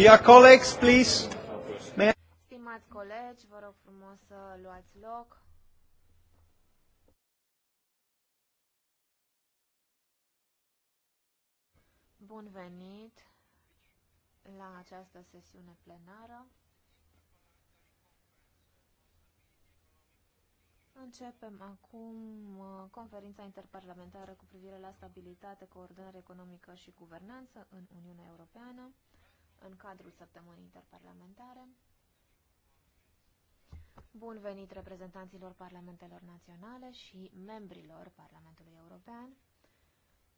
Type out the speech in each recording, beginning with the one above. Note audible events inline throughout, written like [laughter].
Dear colleagues, please. Stimați colegi, vă rog frumos să luați loc. Bun venit la această sesiune plenară. Începem acum uh, conferința interparlamentară cu privire la stabilitate, coordonare economică și guvernanță în Uniunea Europeană în cadrul săptămânii interparlamentare. Bun venit reprezentanților parlamentelor naționale și membrilor Parlamentului European.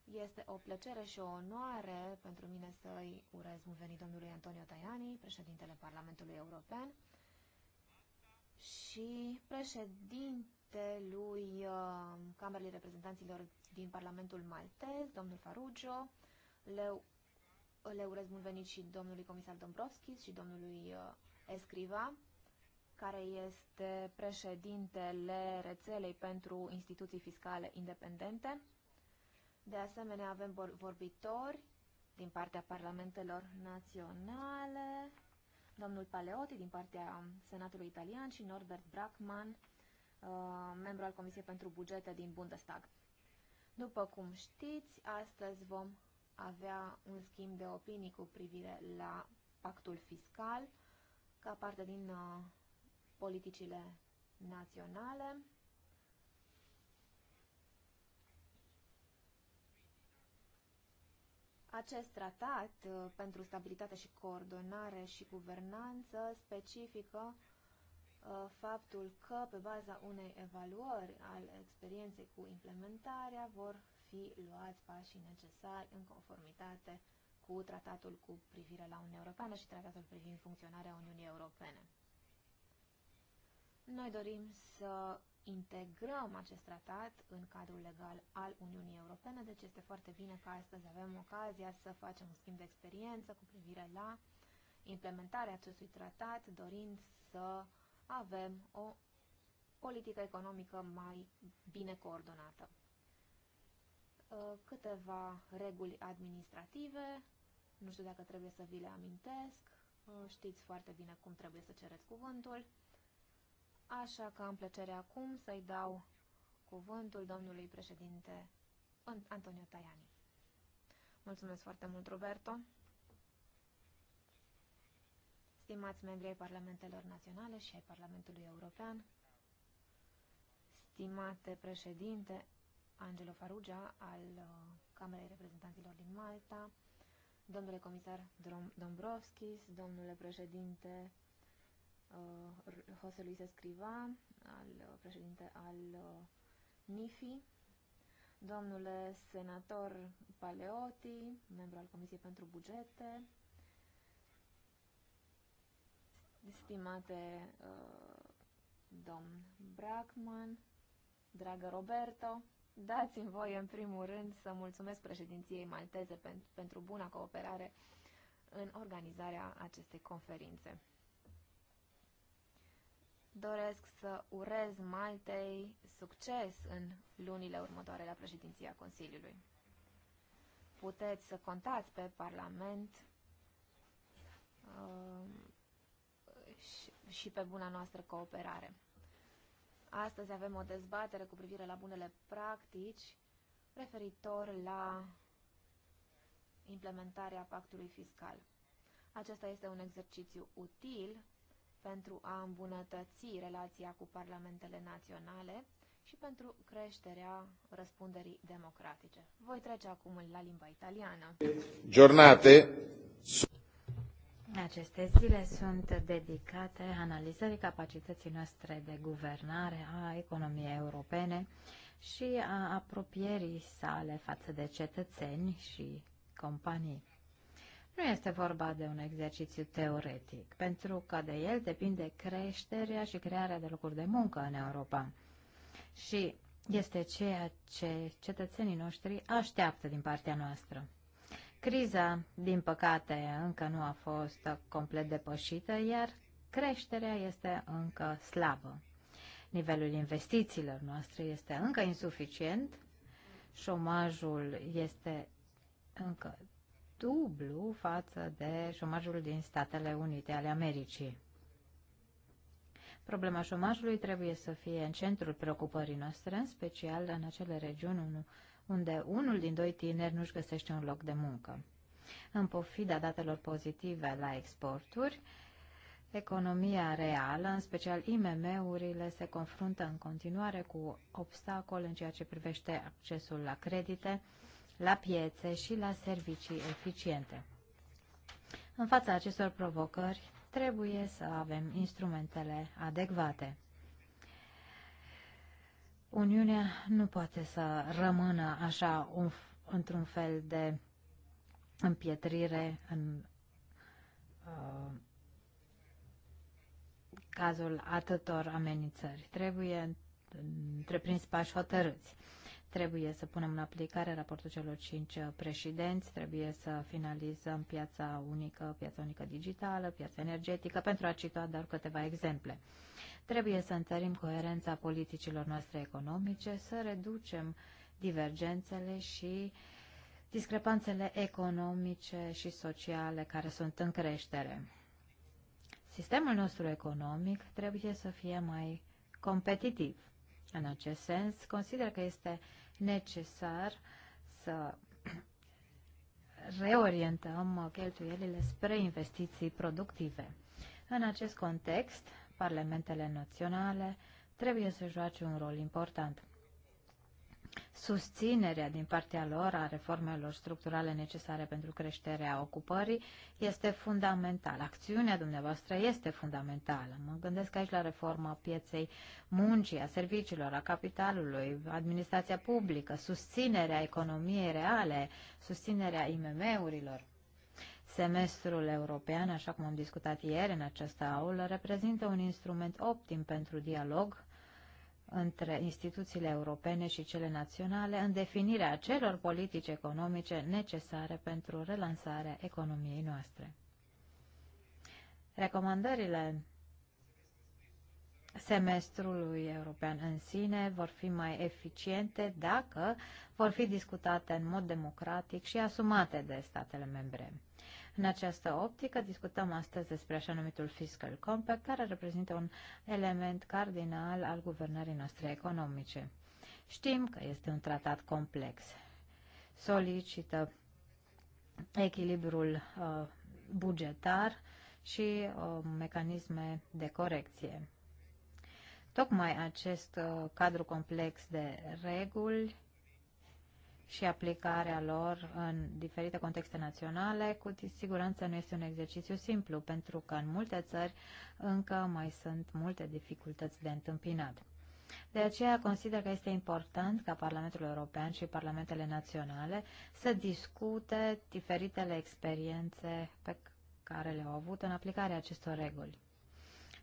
Este o plăcere și o onoare pentru mine să-i urez bun venit domnului Antonio Tajani, președintele Parlamentului European și președintelui uh, Camerei Reprezentanților din Parlamentul Maltez, domnul Farugio, le le urez bun venit și domnului comisar Dombrovskis și domnului uh, Escriva, care este președintele rețelei pentru instituții fiscale independente. De asemenea, avem vorbitori din partea parlamentelor naționale, domnul Paleotti din partea Senatului Italian și Norbert Brackman, uh, membru al Comisiei pentru Bugete din Bundestag. După cum știți, astăzi vom avea un schimb de opinii cu privire la pactul fiscal ca parte din uh, politicile naționale. Acest tratat uh, pentru stabilitate și coordonare și guvernanță specifică uh, faptul că, pe baza unei evaluări al experienței cu implementarea, vor fi luați pașii necesari în conformitate cu tratatul cu privire la Uniunea Europeană și tratatul privind funcționarea Uniunii Europene. Noi dorim să integrăm acest tratat în cadrul legal al Uniunii Europene, deci este foarte bine că astăzi avem ocazia să facem un schimb de experiență cu privire la implementarea acestui tratat, dorind să avem o politică economică mai bine coordonată. Uh, câteva reguli administrative, nu știu dacă trebuie să vi le amintesc, uh, știți foarte bine cum trebuie să cereți cuvântul, așa că am plăcere acum să-i dau cuvântul domnului președinte Antonio Tajani. Mulțumesc foarte mult, Roberto! Stimați membri ai Parlamentelor Naționale și ai Parlamentului European, stimate președinte Angelo Farugia al uh, Camerei Reprezentanților din Malta, domnule comisar Dombrovskis, domnule președinte uh, José Luis Escriva, al, uh, președinte al NIFI, domnule senator Paleotti, membru al Comisiei pentru Bugete, stimate uh, domn Brackman, dragă Roberto, Dați-mi voie, în primul rând, să mulțumesc președinției malteze pentru, pentru buna cooperare în organizarea acestei conferințe. Doresc să urez Maltei succes în lunile următoare la președinția Consiliului. Puteți să contați pe Parlament uh, și, și pe buna noastră cooperare. Astăzi avem o dezbatere cu privire la bunele practici referitor la implementarea pactului fiscal. Acesta este un exercițiu util pentru a îmbunătăți relația cu parlamentele naționale și pentru creșterea răspunderii democratice. Voi trece acum la limba italiană. Giornate aceste zile sunt dedicate analizării capacității noastre de guvernare a economiei europene și a apropierii sale față de cetățeni și companii. Nu este vorba de un exercițiu teoretic, pentru că de el depinde creșterea și crearea de locuri de muncă în Europa. Și este ceea ce cetățenii noștri așteaptă din partea noastră. Criza, din păcate, încă nu a fost complet depășită, iar creșterea este încă slabă. Nivelul investițiilor noastre este încă insuficient, șomajul este încă dublu față de șomajul din Statele Unite ale Americii. Problema șomajului trebuie să fie în centrul preocupării noastre, în special în acele regiuni unde unul din doi tineri nu-și găsește un loc de muncă. În pofida datelor pozitive la exporturi, economia reală, în special IMM-urile, se confruntă în continuare cu obstacol în ceea ce privește accesul la credite, la piețe și la servicii eficiente. În fața acestor provocări, trebuie să avem instrumentele adecvate. Uniunea nu poate să rămână așa un, într-un fel de împietrire în uh, cazul atâtor amenințări. Trebuie întreprins pași hotărâți. Trebuie să punem în aplicare raportul celor cinci uh, președinți, trebuie să finalizăm piața unică, piața unică digitală, piața energetică, pentru a cita doar câteva exemple. Trebuie să întărim coerența politicilor noastre economice, să reducem divergențele și discrepanțele economice și sociale care sunt în creștere. Sistemul nostru economic trebuie să fie mai competitiv. În acest sens, consider că este necesar să [clears throat] reorientăm cheltuielile spre investiții productive. În acest context, parlamentele naționale trebuie să joace un rol important susținerea din partea lor a reformelor structurale necesare pentru creșterea ocupării este fundamentală. Acțiunea dumneavoastră este fundamentală. Mă gândesc aici la reforma pieței muncii, a serviciilor, a capitalului, administrația publică, susținerea economiei reale, susținerea IMM-urilor. Semestrul european, așa cum am discutat ieri în această aulă, reprezintă un instrument optim pentru dialog între instituțiile europene și cele naționale în definirea celor politici economice necesare pentru relansarea economiei noastre. Recomandările semestrului european în sine vor fi mai eficiente dacă vor fi discutate în mod democratic și asumate de statele membre. În această optică discutăm astăzi despre așa numitul Fiscal Compact, care reprezintă un element cardinal al guvernării noastre economice. Știm că este un tratat complex. Solicită echilibrul uh, bugetar și uh, mecanisme de corecție. Tocmai acest uh, cadru complex de reguli și aplicarea lor în diferite contexte naționale, cu siguranță nu este un exercițiu simplu, pentru că în multe țări încă mai sunt multe dificultăți de întâmpinat. De aceea consider că este important ca Parlamentul European și Parlamentele Naționale să discute diferitele experiențe pe care le-au avut în aplicarea acestor reguli.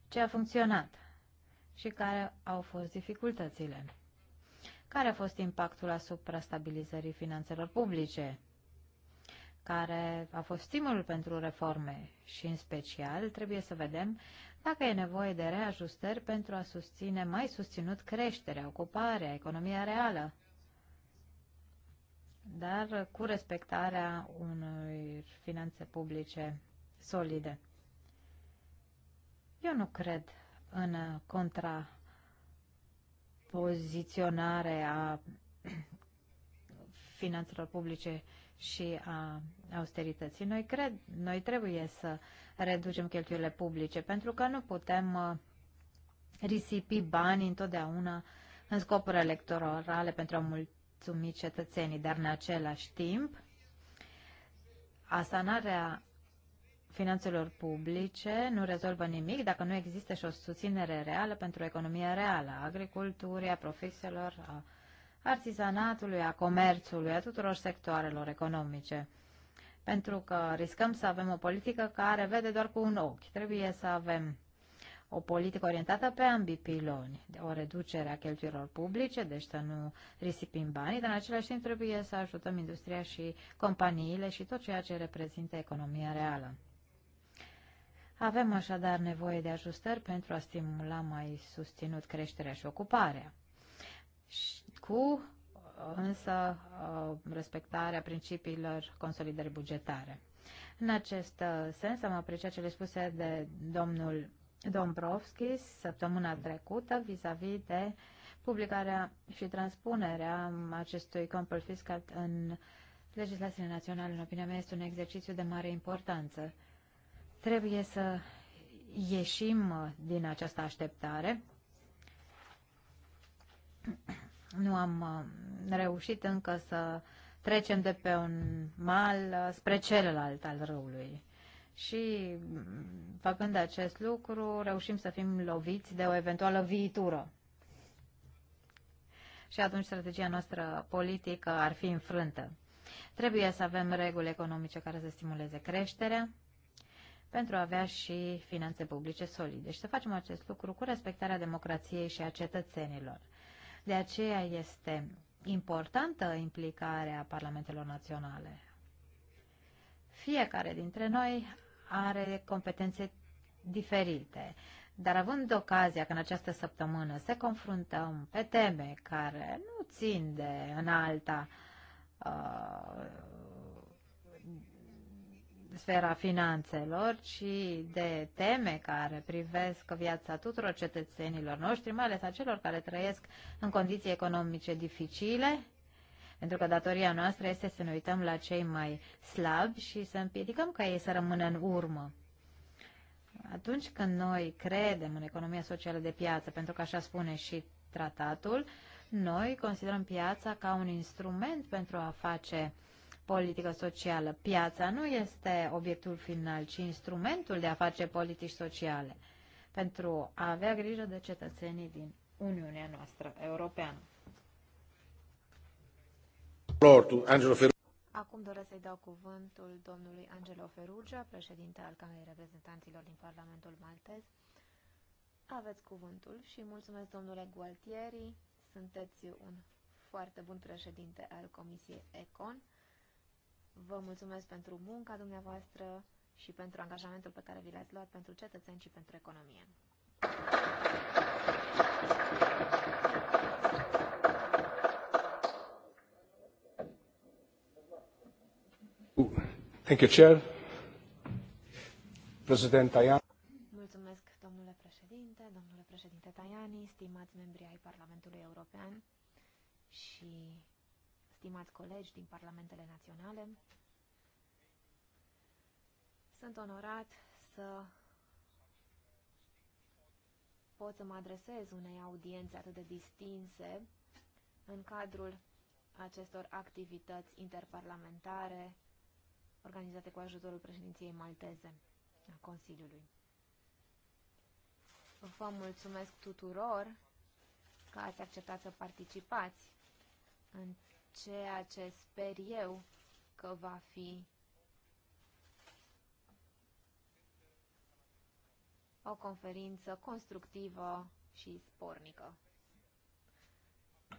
Ce a funcționat și care au fost dificultățile. Care a fost impactul asupra stabilizării finanțelor publice? Care a fost stimulul pentru reforme? Și, în special, trebuie să vedem dacă e nevoie de reajustări pentru a susține mai susținut creșterea, ocuparea, economia reală dar cu respectarea unui finanțe publice solide. Eu nu cred în contra poziționare a finanțelor publice și a austerității. Noi, cred, noi trebuie să reducem cheltuielile publice pentru că nu putem uh, risipi bani întotdeauna în scopuri electorale pentru a mulțumi cetățenii, dar în același timp asanarea finanțelor publice nu rezolvă nimic dacă nu există și o susținere reală pentru economia reală, a agriculturii, a profesiilor, a artizanatului, a comerțului, a tuturor sectoarelor economice. Pentru că riscăm să avem o politică care vede doar cu un ochi. Trebuie să avem o politică orientată pe ambii piloni, o reducere a cheltuielor publice, deci să nu risipim banii, dar în același timp trebuie să ajutăm industria și companiile și tot ceea ce reprezintă economia reală. Avem așadar nevoie de ajustări pentru a stimula mai susținut creșterea și ocuparea. Cu însă uh, respectarea principiilor consolidării bugetare. În acest uh, sens am apreciat cele spuse de domnul Dombrovski săptămâna trecută vis-a-vis -vis de publicarea și transpunerea acestui compul fiscal în legislațiile naționale. În opinia mea este un exercițiu de mare importanță. Trebuie să ieșim uh, din această așteptare. Nu am uh, reușit încă să trecem de pe un mal uh, spre celălalt al râului. Și mm, făcând acest lucru, reușim să fim loviți de o eventuală viitură. Și atunci strategia noastră politică ar fi înfrântă. Trebuie să avem reguli economice care să stimuleze creșterea, pentru a avea și finanțe publice solide și să facem acest lucru cu respectarea democrației și a cetățenilor. De aceea este importantă implicarea parlamentelor naționale. Fiecare dintre noi are competențe diferite, dar având ocazia că în această săptămână se confruntăm pe teme care nu țin de înalta uh, sfera finanțelor, ci de teme care privesc viața tuturor cetățenilor noștri, mai ales a celor care trăiesc în condiții economice dificile, pentru că datoria noastră este să ne uităm la cei mai slabi și să împiedicăm ca ei să rămână în urmă. Atunci când noi credem în economia socială de piață, pentru că așa spune și tratatul, noi considerăm piața ca un instrument pentru a face uh, politică socială. Piața nu este obiectul final, ci instrumentul de a face politici sociale pentru a avea grijă de cetățenii din Uniunea noastră europeană. Acum doresc să-i dau cuvântul domnului Angelo Ferugia, președinte al Camerei Reprezentanților din Parlamentul Maltez. Aveți cuvântul și mulțumesc domnule Gualtieri, sunteți un foarte bun președinte al Comisiei ECON. Vă mulțumesc pentru munca dumneavoastră și pentru angajamentul pe care vi l-ați luat pentru cetățeni și pentru economie. Thank you, Chair. President Tajani. Mulțumesc, domnule președinte, domnule președinte Tajani, stimați membri ai Parlamentului European și stimați colegi din parlamentele naționale, sunt onorat să pot să mă adresez unei audiențe atât de distinse în cadrul acestor activități interparlamentare organizate cu ajutorul președinției malteze a Consiliului. Vă mulțumesc tuturor că ați acceptat să participați în ceea ce sper eu că va fi o conferință constructivă și spornică.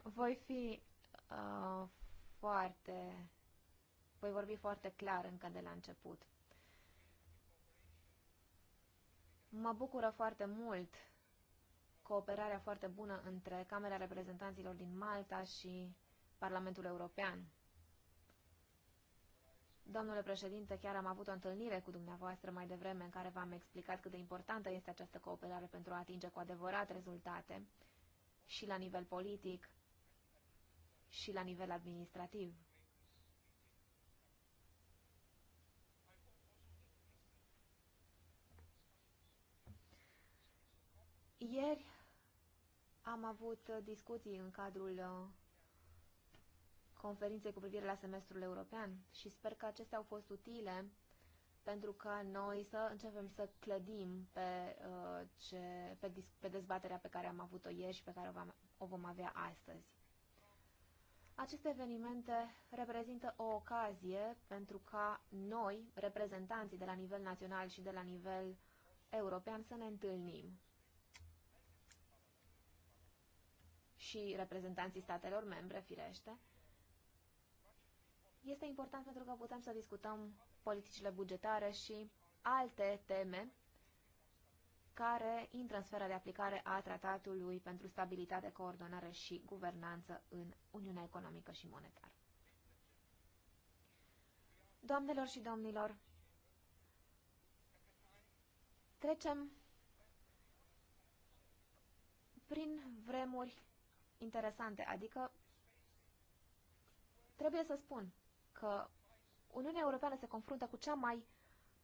Voi fi uh, foarte. voi vorbi foarte clar încă de la început. Mă bucură foarte mult cooperarea foarte bună între Camera Reprezentanților din Malta și Parlamentul European. Domnule președinte, chiar am avut o întâlnire cu dumneavoastră mai devreme în care v-am explicat cât de importantă este această cooperare pentru a atinge cu adevărat rezultate și la nivel politic și la nivel administrativ. Ieri am avut discuții în cadrul uh, Conferințe cu privire la semestrul european și sper că acestea au fost utile pentru ca noi să începem să clădim pe, uh, ce, pe, pe dezbaterea pe care am avut-o ieri și pe care o vom, o vom avea astăzi. Aceste evenimente reprezintă o ocazie pentru ca noi, reprezentanții de la nivel național și de la nivel european, să ne întâlnim. Și reprezentanții statelor membre, firește, este important pentru că putem să discutăm politicile bugetare și alte teme care intră în sfera de aplicare a Tratatului pentru Stabilitate, Coordonare și Guvernanță în Uniunea Economică și Monetară. Doamnelor și domnilor, trecem prin vremuri interesante, adică trebuie să spun că Uniunea Europeană se confruntă cu cea mai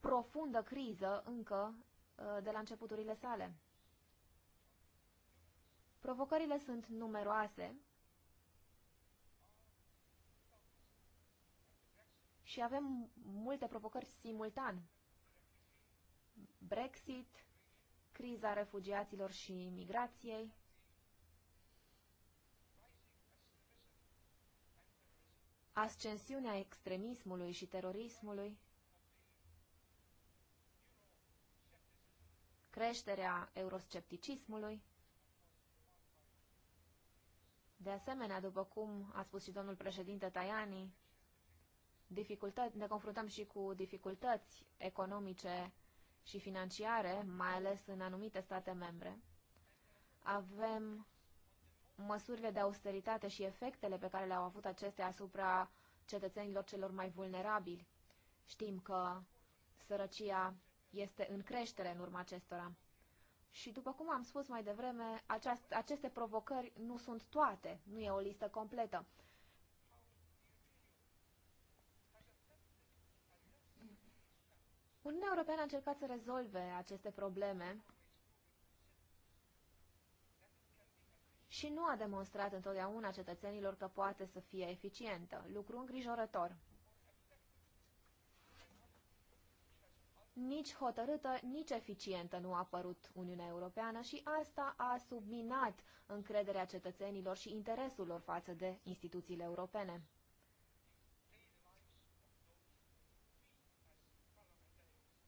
profundă criză încă uh, de la începuturile sale. Provocările sunt numeroase și avem multe provocări simultan. Brexit, criza refugiaților și migrației, ascensiunea extremismului și terorismului, creșterea euroscepticismului. De asemenea, după cum a spus și domnul președinte Tajani, dificultăți, ne confruntăm și cu dificultăți economice și financiare, mai ales în anumite state membre. Avem măsurile de austeritate și efectele pe care le-au avut acestea asupra cetățenilor celor mai vulnerabili. Știm că sărăcia este în creștere în urma acestora. Și după cum am spus mai devreme, aceast- aceste provocări nu sunt toate, nu e o listă completă. Uniunea Europeană a încercat să rezolve aceste probleme și nu a demonstrat întotdeauna cetățenilor că poate să fie eficientă, lucru îngrijorător. Nici hotărâtă, nici eficientă nu a apărut Uniunea Europeană și asta a subminat încrederea cetățenilor și interesul lor față de instituțiile europene.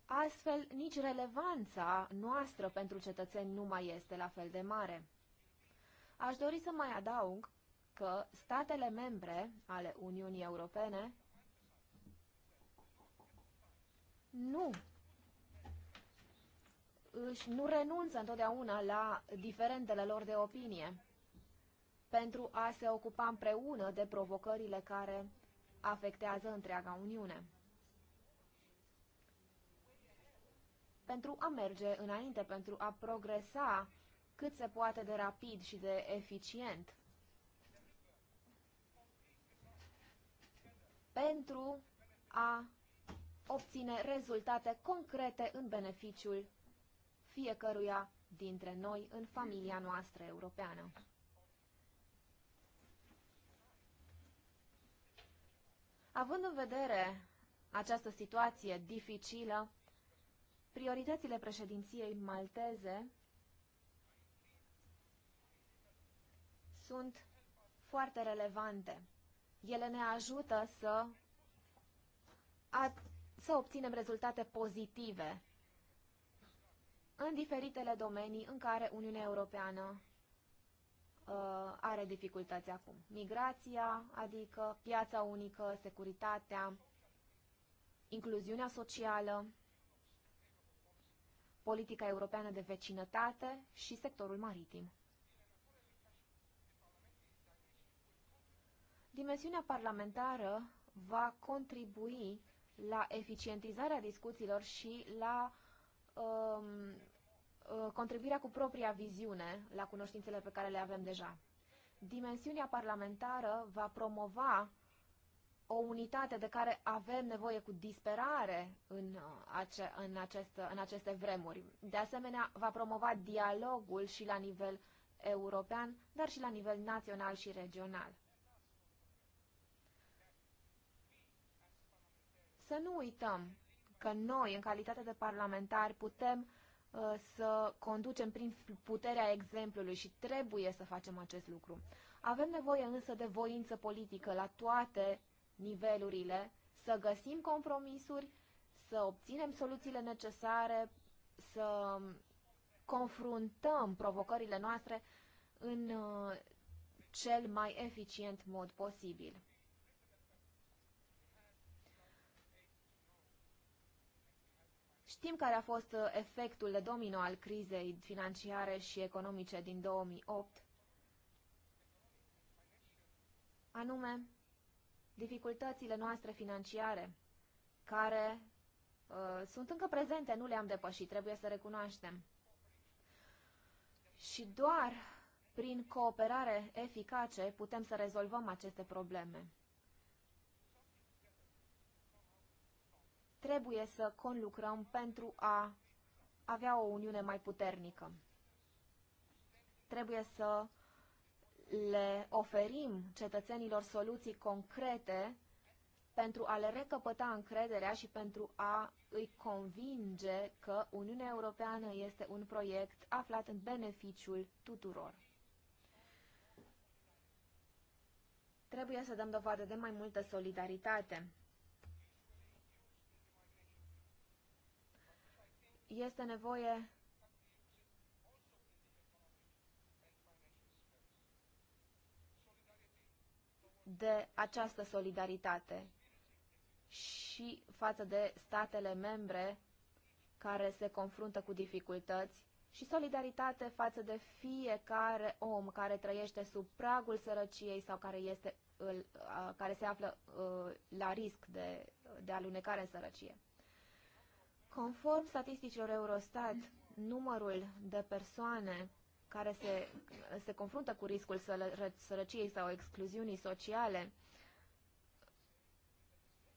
Astfel, nici relevanța noastră pentru cetățeni nu mai este la fel de mare. Aș dori să mai adaug că statele membre ale Uniunii Europene nu își nu renunță întotdeauna la diferentele lor de opinie pentru a se ocupa împreună de provocările care afectează întreaga Uniune. Pentru a merge înainte, pentru a progresa cât se poate de rapid și de eficient pentru a obține rezultate concrete în beneficiul fiecăruia dintre noi în familia noastră europeană. Având în vedere această situație dificilă, prioritățile președinției malteze sunt foarte relevante. Ele ne ajută să, a, să obținem rezultate pozitive în diferitele domenii în care Uniunea Europeană uh, are dificultăți acum. Migrația, adică piața unică, securitatea, incluziunea socială, politica europeană de vecinătate și sectorul maritim. Dimensiunea parlamentară va contribui la eficientizarea discuțiilor și la um, uh, contribuirea cu propria viziune la cunoștințele pe care le avem deja. Dimensiunea parlamentară va promova o unitate de care avem nevoie cu disperare în, uh, ace, în, acest, în aceste vremuri. De asemenea, va promova dialogul și la nivel european, dar și la nivel național și regional. Să nu uităm că noi, în calitate de parlamentari, putem uh, să conducem prin puterea exemplului și trebuie să facem acest lucru. Avem nevoie însă de voință politică la toate nivelurile, să găsim compromisuri, să obținem soluțiile necesare, să confruntăm provocările noastre în uh, cel mai eficient mod posibil. Știm care a fost uh, efectul de domino al crizei financiare și economice din 2008, anume dificultățile noastre financiare, care uh, sunt încă prezente, nu le-am depășit, trebuie să recunoaștem. Și doar prin cooperare eficace putem să rezolvăm aceste probleme. trebuie să conlucrăm pentru a avea o uniune mai puternică. Trebuie să le oferim cetățenilor soluții concrete pentru a le recăpăta încrederea și pentru a îi convinge că Uniunea Europeană este un proiect aflat în beneficiul tuturor. Trebuie să dăm dovadă de mai multă solidaritate. este nevoie de această solidaritate și față de statele membre care se confruntă cu dificultăți și solidaritate față de fiecare om care trăiește sub pragul sărăciei sau care, este, care se află uh, la risc de, de alunecare în sărăcie. Conform statisticilor Eurostat, numărul de persoane care se, se confruntă cu riscul sărăciei sau excluziunii sociale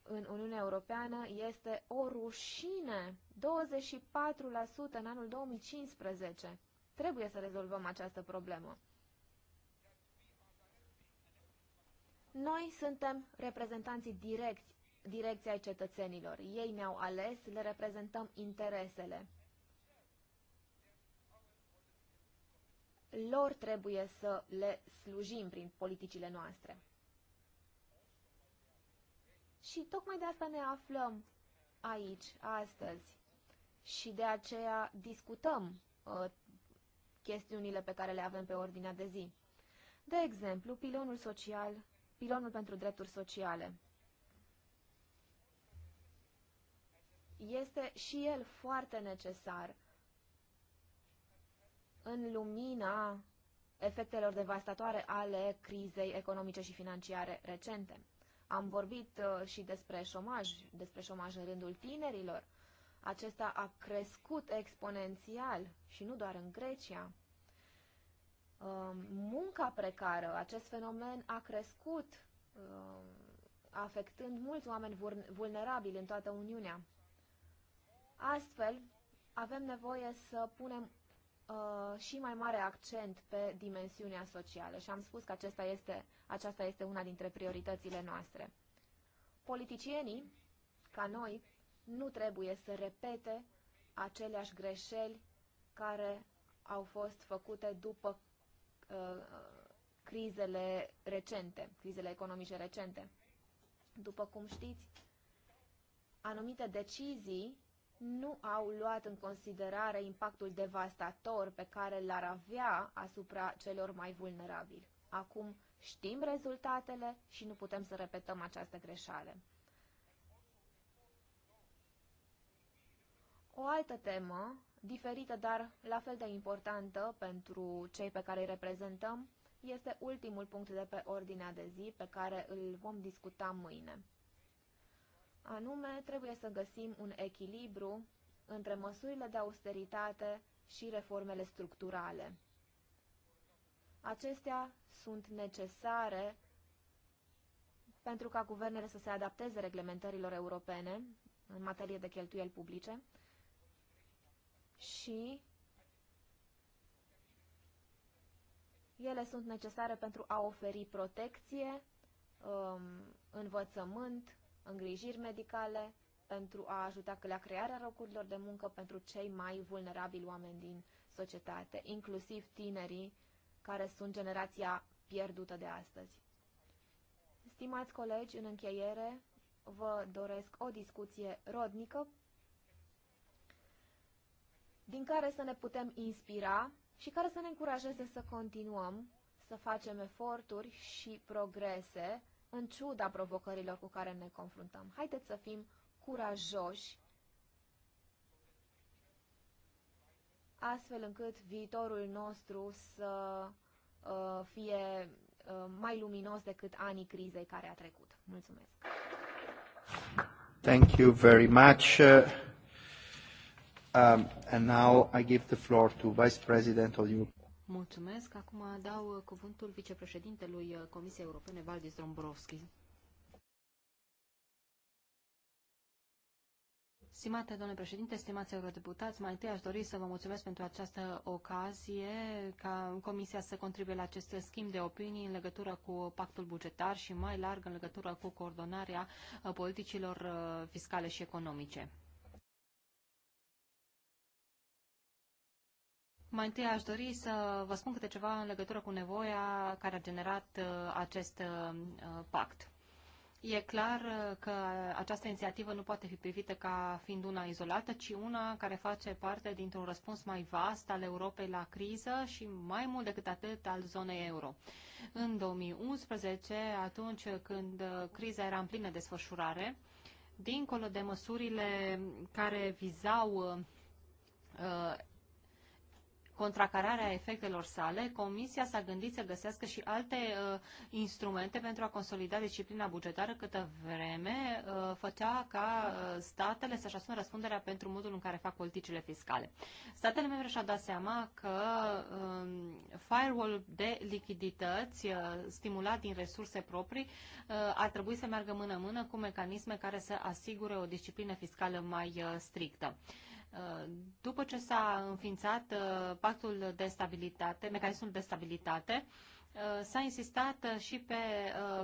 în Uniunea Europeană este o rușine. 24% în anul 2015. Trebuie să rezolvăm această problemă. Noi suntem reprezentanții direcți direcția ai cetățenilor. Ei ne-au ales, le reprezentăm interesele. Lor trebuie să le slujim prin politicile noastre. Și tocmai de asta ne aflăm aici, astăzi. Și de aceea discutăm uh, chestiunile pe care le avem pe ordinea de zi. De exemplu, pilonul social, pilonul pentru drepturi sociale. este și el foarte necesar în lumina efectelor devastatoare ale crizei economice și financiare recente. Am vorbit uh, și despre șomaj, despre șomaj în rândul tinerilor. Acesta a crescut exponențial și nu doar în Grecia. Uh, munca precară, acest fenomen a crescut, uh, afectând mulți oameni vulnerabili în toată Uniunea. Astfel, avem nevoie să punem uh, și mai mare accent pe dimensiunea socială și am spus că acesta este, aceasta este una dintre prioritățile noastre. Politicienii, ca noi, nu trebuie să repete aceleași greșeli care au fost făcute după uh, crizele recente, crizele economice recente. După cum știți, anumite decizii nu au luat în considerare impactul devastator pe care l-ar avea asupra celor mai vulnerabili. Acum știm rezultatele și nu putem să repetăm această greșeală. O altă temă, diferită, dar la fel de importantă pentru cei pe care îi reprezentăm, este ultimul punct de pe ordinea de zi pe care îl vom discuta mâine. Anume, trebuie să găsim un echilibru între măsurile de austeritate și reformele structurale. Acestea sunt necesare pentru ca guvernele să se adapteze reglementărilor europene în materie de cheltuieli publice și ele sunt necesare pentru a oferi protecție, um, învățământ, îngrijiri medicale, pentru a ajuta la crearea locurilor de muncă pentru cei mai vulnerabili oameni din societate, inclusiv tinerii care sunt generația pierdută de astăzi. Stimați colegi, în încheiere vă doresc o discuție rodnică din care să ne putem inspira și care să ne încurajeze să continuăm să facem eforturi și progrese în ciuda provocărilor cu care ne confruntăm. Haideți să fim curajoși, astfel încât viitorul nostru să uh, fie uh, mai luminos decât anii crizei care a trecut. Mulțumesc! Thank you very much. Uh, um, and now I give the floor to Vice President of the Mulțumesc. Acum dau uh, cuvântul vicepreședintelui uh, Comisiei Europene, Valdis Dombrovski. Stimate domnule președinte, stimați eurodeputați, mai întâi aș dori să vă mulțumesc pentru această ocazie ca Comisia să contribuie la acest schimb de opinii în legătură cu pactul bugetar și mai larg în legătură cu coordonarea uh, politicilor fiscale și economice. Mai întâi aș dori să vă spun câte ceva în legătură cu nevoia care a generat uh, acest uh, pact. E clar uh, că această inițiativă nu poate fi privită ca fiind una izolată, ci una care face parte dintr-un răspuns mai vast al Europei la criză și mai mult decât atât al zonei euro. În 2011, atunci când criza era în plină desfășurare, dincolo de măsurile care vizau contracararea efectelor sale, Comisia s-a gândit să găsească și alte uh, instrumente pentru a consolida disciplina bugetară câtă vreme uh, făcea ca uh, statele să-și asume răspunderea pentru modul în care fac politicile fiscale. Statele membre și-au dat seama că uh, firewall de lichidități uh, stimulat din resurse proprii uh, ar trebui să meargă mână-mână cu mecanisme care să asigure o disciplină fiscală mai uh, strictă. Uh, Uh, după ce s-a înființat uh, pactul de stabilitate, mecanismul de stabilitate, uh, S-a insistat și pe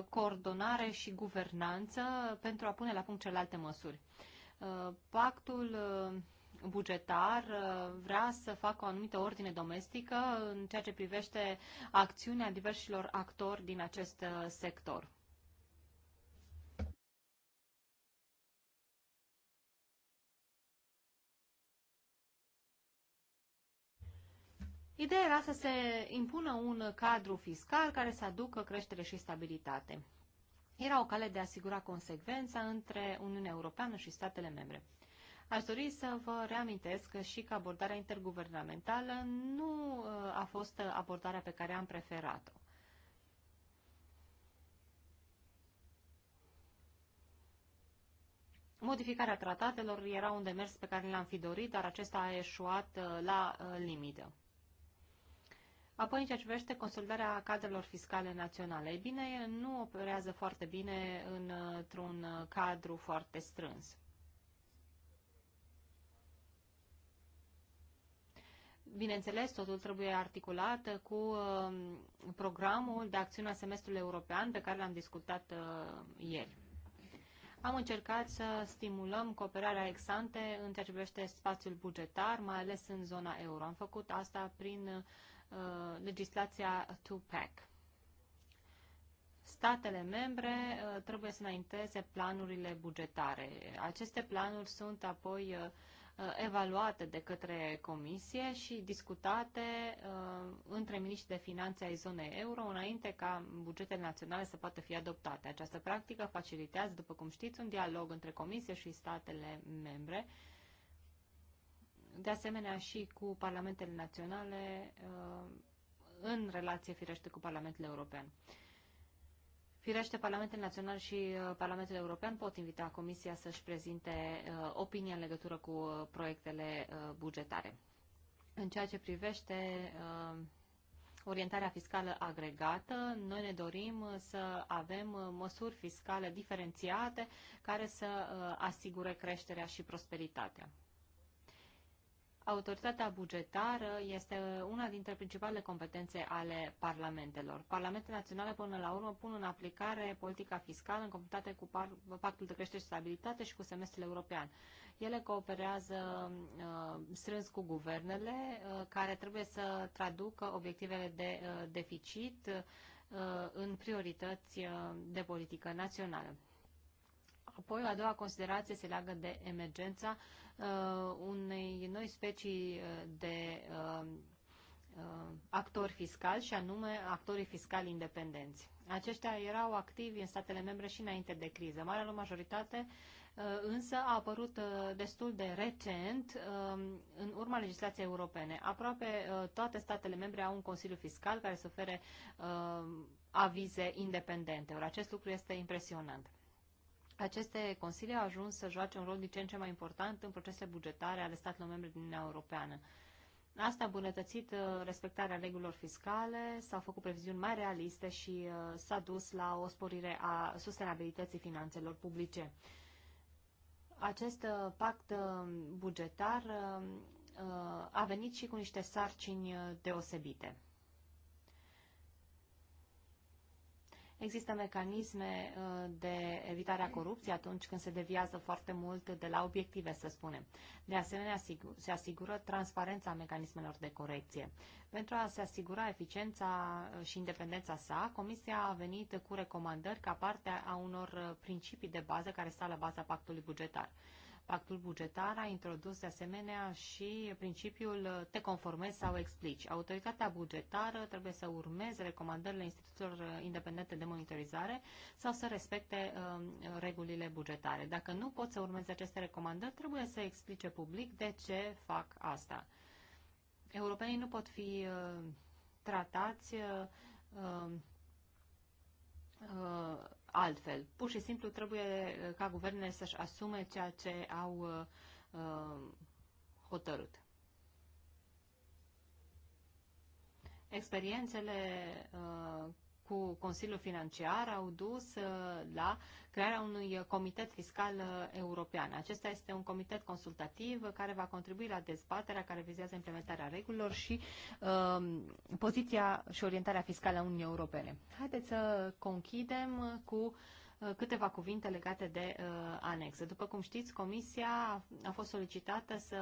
coordonare și guvernanță pentru a pune la punct celelalte măsuri. Pactul bugetar vrea să facă o anumită ordine domestică în ceea ce privește acțiunea diversilor actori din acest sector. Ideea era să se impună un cadru fiscal care să aducă creștere și stabilitate. Era o cale de a asigura consecvența între Uniunea Europeană și statele membre. Aș dori să vă reamintesc că și că abordarea interguvernamentală nu uh, a fost abordarea pe care am preferat-o. Modificarea tratatelor era un demers pe care l-am fi dorit, dar acesta a eșuat uh, la uh, limită. Apoi, în ceea ce privește consolidarea cadrelor fiscale naționale, e bine, nu operează foarte bine într-un cadru foarte strâns. Bineînțeles, totul trebuie articulat cu um, programul de acțiune a semestrului european pe care l-am discutat uh, ieri. Am încercat să stimulăm cooperarea exante în ceea ce privește spațiul bugetar, mai ales în zona euro. Am făcut asta prin Uh, legislația two-pack. Statele membre uh, trebuie să înainteze planurile bugetare. Aceste planuri sunt apoi uh, evaluate de către comisie și discutate uh, între miniștri de finanțe ai zonei euro înainte ca bugetele naționale să poată fi adoptate. Această practică facilitează, după cum știți, un dialog între comisie și statele membre de asemenea și cu parlamentele naționale, uh, în relație firește cu Parlamentul European. Firește, Parlamentul Național și uh, Parlamentul European pot invita Comisia să-și prezinte uh, opinia în legătură cu proiectele bugetare. În ceea ce privește orientarea fiscală agregată, noi ne dorim să avem măsuri fiscale diferențiate care să asigure creșterea și prosperitatea. Autoritatea bugetară este una dintre principalele competențe ale parlamentelor. Parlamentele naționale, până la urmă, pun în aplicare politica fiscală în conformitate cu Pactul de Creștere și Stabilitate și cu semestrul european. Ele cooperează uh, strâns cu guvernele, uh, care trebuie să traducă obiectivele de uh, deficit uh, în priorități uh, de politică națională. Apoi, o a doua considerație se leagă de emergența uh, unei noi specii uh, de uh, uh, actori fiscali și anume actorii fiscali independenți. Aceștia erau activi în statele membre și înainte de criză. Marea lor majoritate uh, însă a apărut uh, destul de recent în urma legislației europene. Aproape toate statele membre au un Consiliu Fiscal care să ofere avize independente. Or acest lucru este impresionant aceste consilii au ajuns să joace un rol din ce în ce mai important în procesele bugetare ale statelor membre din Uniunea Europeană. Asta a îmbunătățit uh, respectarea regulilor fiscale, s-au făcut previziuni mai realiste și uh, s-a dus la o sporire a sustenabilității finanțelor publice. Acest uh, pact bugetar a venit și cu niște sarcini deosebite. Există mecanisme uh, de evitare a corupției atunci când se deviază foarte mult de la obiective, să spunem. De asemenea, se asigură transparența mecanismelor de corecție. Pentru a se asigura eficiența uh, și independența sa, Comisia a venit cu recomandări ca parte a unor uh, principii de bază care stau la baza pactului bugetar. Pactul bugetar a introdus de asemenea și principiul te conformezi sau explici. Autoritatea bugetară trebuie să urmeze recomandările instituțiilor uh, independente de monitorizare sau să respecte uh, regulile bugetare. Dacă nu pot să urmeze aceste recomandări, trebuie să explice public de ce fac asta. Europenii nu pot fi uh, tratați uh, um, uh, altfel. Pur și simplu trebuie uh, ca guvernele să-și asume ceea ce au uh, uh hotărât. Experiențele uh, cu Consiliul Financiar au dus uh, la crearea unui comitet fiscal uh, european. Acesta este un comitet consultativ care va contribui la dezbaterea care vizează implementarea regulilor și um, poziția și orientarea fiscală a Uniunii Europene. Haideți să conchidem cu uh, câteva cuvinte legate de uh, anexă. După cum știți, Comisia a fost solicitată să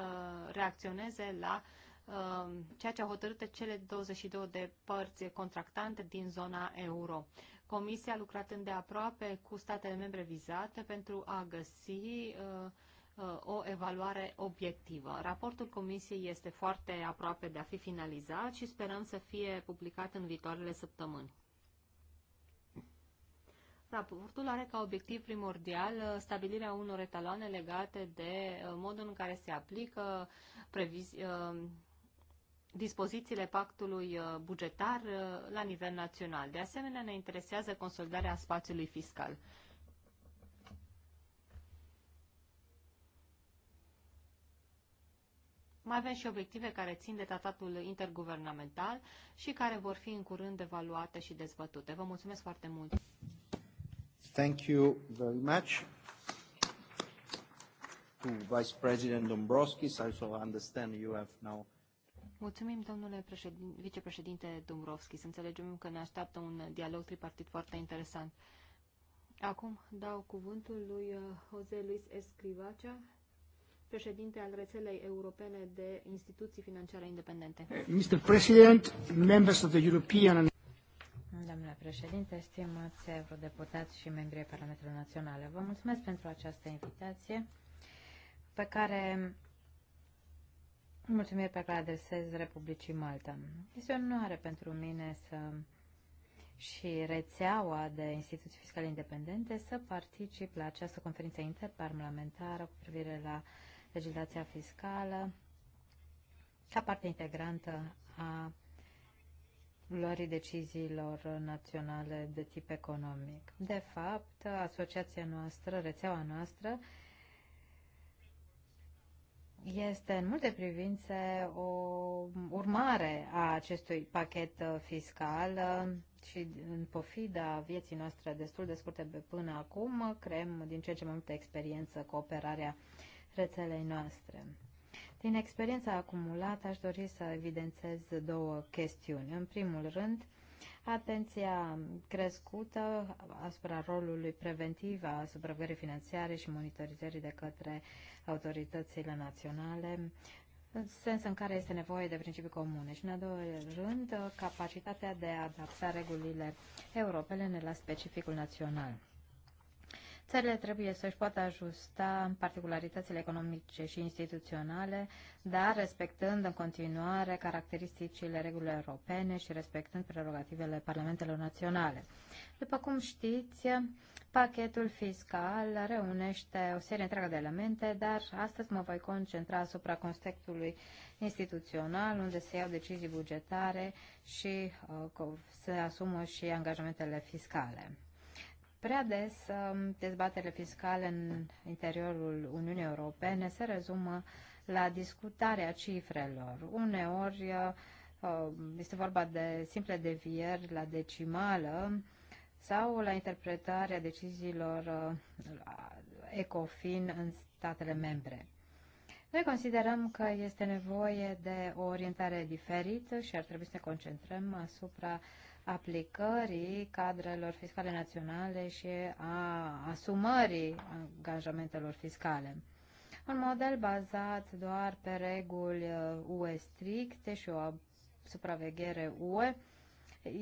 reacționeze la uh, Um, ceea ce au hotărât cele 22 de părți contractante din zona euro. Comisia a lucrat îndeaproape cu statele membre vizate pentru a găsi uh, uh, o evaluare obiectivă. Raportul Comisiei este foarte aproape de a fi finalizat și sperăm să fie publicat în viitoarele săptămâni. Raportul are ca obiectiv primordial uh, stabilirea unor etaloane legate de modul în care se aplică previzi, dispozițiile pactului uh, bugetar uh, la nivel național. De asemenea, ne interesează consolidarea spațiului fiscal. Mai avem și obiective care țin de tratatul interguvernamental și care vor fi în curând evaluate și dezbătute. Vă mulțumesc foarte mult! Thank you very much to Vice President Dombrovskis. I also understand you have now Mulțumim, domnule președin, vicepreședinte Dumbrovski. Să înțelegem că ne așteaptă un dialog tripartit foarte interesant. Acum dau cuvântul lui uh, Jose Luis Escrivacea, președinte al rețelei europene de instituții financiare independente. Eh, Mr. President, members of the European Domnule președinte, stimați eurodeputați și membrii Parlamentului Național, vă mulțumesc pentru această invitație pe care mulțumiri pe care adresez Republicii Malta. Este o onoare pentru mine să și rețeaua de instituții fiscale independente să particip la această conferință interparlamentară cu privire la legislația fiscală ca parte integrantă a luării deciziilor naționale de tip economic. De fapt, asociația noastră, rețeaua noastră, este în multe privințe o urmare a acestui pachet uh, fiscal uh, și în pofida vieții noastre destul de scurte până acum, creăm din ce ce mai multă experiență cooperarea rețelei noastre. Din experiența acumulată aș dori să evidențez două chestiuni. În primul rând, atenția crescută asupra rolului preventiv a supravegării financiare și monitorizării de către autoritățile naționale, în sens în care este nevoie de principii comune și, în al doilea rând, capacitatea de a adapta regulile europene la specificul național. Țările trebuie să-și poată ajusta particularitățile economice și instituționale, dar respectând în continuare caracteristicile regulilor europene și respectând prerogativele parlamentelor naționale. După cum știți, pachetul fiscal reunește o serie întreagă de elemente, dar astăzi mă voi concentra asupra contextului instituțional, unde se iau decizii bugetare și uh, se asumă și angajamentele fiscale. Prea des, um, dezbaterile fiscale în interiorul Uniunii Europene se rezumă la discutarea cifrelor. Uneori uh, uh, este vorba de simple devieri la decimală sau la interpretarea deciziilor uh, ECOFIN în statele membre. Noi considerăm că este nevoie de o orientare diferită și ar trebui să ne concentrăm asupra aplicării cadrelor fiscale naționale și a asumării angajamentelor fiscale. Un model bazat doar pe reguli UE uh, stricte și o supraveghere UE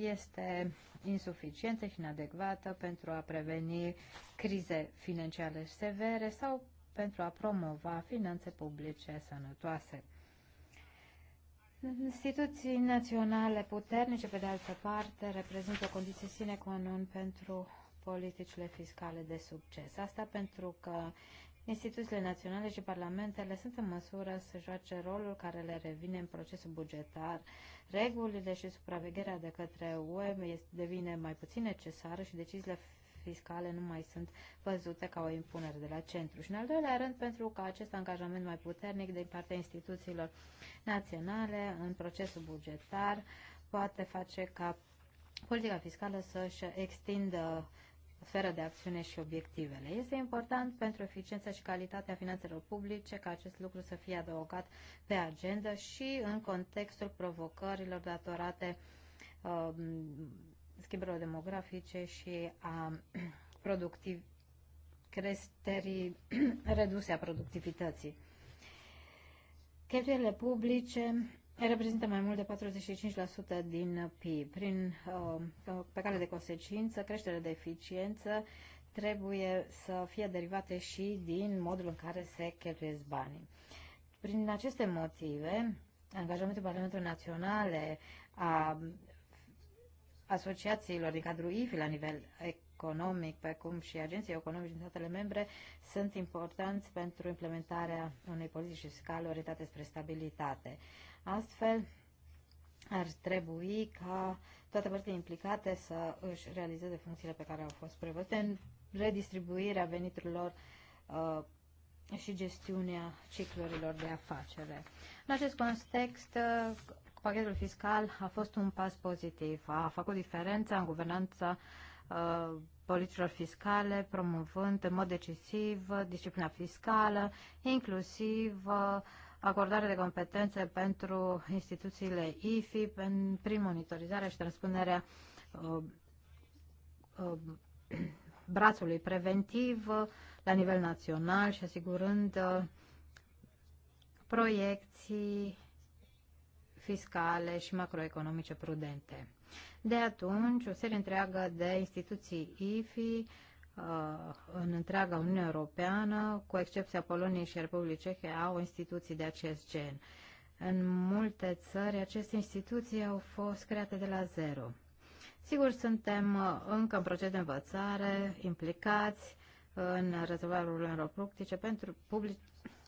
este insuficientă și inadecvată pentru a preveni crize financiare severe sau pentru a promova finanțe publice sănătoase. Instituții naționale puternice, pe de altă parte, reprezintă o condiție sine qua non pentru politicile fiscale de succes. Asta pentru că instituțiile naționale și parlamentele sunt în măsură să joace rolul care le revine în procesul bugetar. Regulile și supravegherea de către UE devine mai puțin necesară și deciziile fiscale nu mai sunt văzute ca o impunere de la centru. Și în al doilea rând, pentru că acest angajament mai puternic din partea instituțiilor naționale în procesul bugetar poate face ca politica fiscală să-și extindă sferă de acțiune și obiectivele. Este important pentru eficiența și calitatea finanțelor publice ca acest lucru să fie adăugat pe agenda și în contextul provocărilor datorate um, schimbărilor demografice și a [clears throat] productiv, creșterii [clears throat] reduse a productivității. Cheltuielile publice reprezintă mai mult de 45% din PIB. Prin, uh, uh, pe care de consecință, creșterea de eficiență trebuie să fie derivate și din modul în care se cheltuiesc banii. Prin aceste motive, angajamentul Parlamentului Naționale a asociațiilor din cadrul IFI la nivel economic, precum și agenții economici din statele membre, sunt importanți pentru implementarea unei politici fiscale orientate spre stabilitate. Astfel, ar trebui ca toate părțile implicate să își realizeze funcțiile pe care au fost prevăzute în redistribuirea veniturilor uh, și gestiunea ciclurilor de afacere. În acest context, uh, pachetul fiscal a fost un pas pozitiv. A făcut diferența în guvernanța uh, politicilor fiscale, promovând în mod decisiv disciplina fiscală, inclusiv uh, acordarea de competențe pentru instituțiile IFI prin monitorizarea și transpunerea uh, [clears throat] brațului preventiv la nivel național și asigurând proiecții fiscale și macroeconomice prudente. De atunci, o serie întreagă de instituții IFI uh, în întreaga Uniune Europeană, cu excepția Poloniei și Republicii Cehe, au instituții de acest gen. În multe țări, aceste instituții au fost create de la zero. Sigur, suntem uh, încă în proces de învățare, implicați în rezolvarea problemelor publice pentru, public,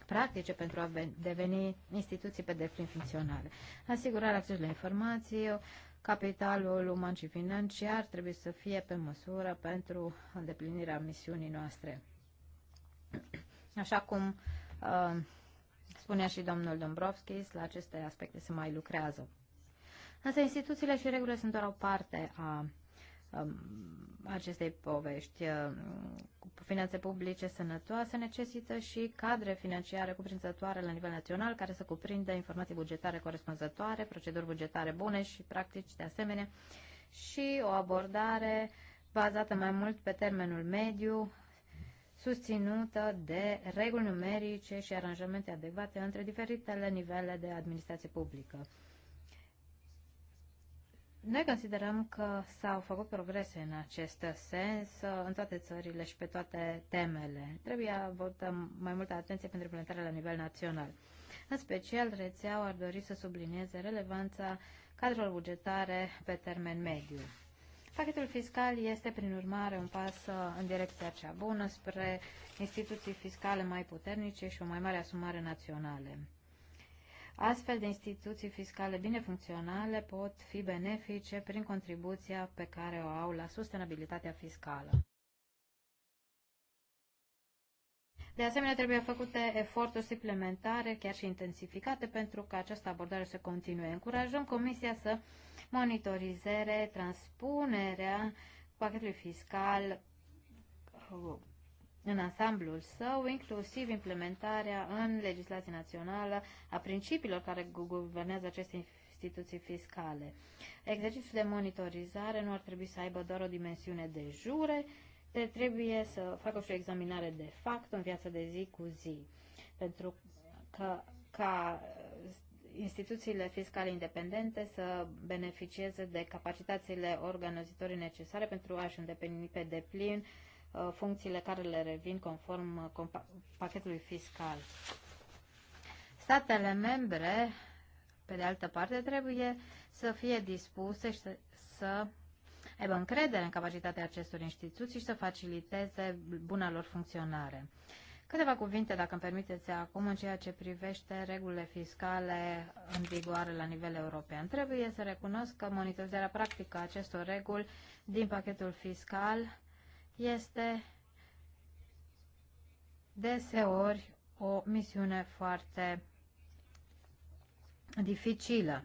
practice pentru a deveni instituții pe deplin funcționale. Asigurarea accesului la informații, capitalul uman și financiar trebuie să fie pe măsură pentru îndeplinirea misiunii noastre. Așa cum uh, spunea și domnul Dombrovskis, la aceste aspecte se mai lucrează. Însă instituțiile și regulile sunt doar o parte a Um, acestei povești. Um, cu Finanțe publice sănătoase necesită și cadre financiare cuprinzătoare la nivel național, care să cuprindă informații bugetare corespunzătoare, proceduri bugetare bune și practici de asemenea, și o abordare bazată mai mult pe termenul mediu, susținută de reguli numerice și aranjamente adecvate între diferitele nivele de administrație publică. Noi considerăm că s-au făcut progrese în acest sens uh, în toate țările și pe toate temele. Trebuie avutăm mai multă atenție pentru implementarea la nivel național. În special, rețeaua ar dori să sublinieze relevanța cadrelor bugetare pe termen mediu. Pachetul fiscal este, prin urmare, un pas uh, în direcția cea bună spre instituții fiscale mai puternice și o mai mare asumare naționale. Astfel de instituții fiscale bine funcționale pot fi benefice prin contribuția pe care o au la sustenabilitatea fiscală. De asemenea, trebuie făcute eforturi suplimentare, chiar și intensificate, pentru ca această abordare să continue. Încurajăm Comisia să monitorizeze transpunerea pachetului fiscal în ansamblul său, inclusiv implementarea în legislație națională a principiilor care guvernează aceste instituții fiscale. Exercițiul de monitorizare nu ar trebui să aibă doar o dimensiune de jure, te trebuie să facă și o examinare de fapt în viața de zi cu zi. Pentru că ca instituțiile fiscale independente să beneficieze de capacitățile organizatorii necesare pentru a-și îndeplini pe deplin uh, Uh, funcțiile care le revin conform uh, pachetului fiscal. Statele membre, pe de altă parte, trebuie să fie dispuse și să, aibă încredere în capacitatea acestor instituții și să faciliteze buna lor funcționare. Câteva cuvinte, dacă îmi permiteți, acum în ceea ce privește regulile fiscale în vigoare la nivel european. Trebuie să recunosc că monitorizarea practică a acestor reguli din pachetul fiscal este deseori o misiune foarte dificilă.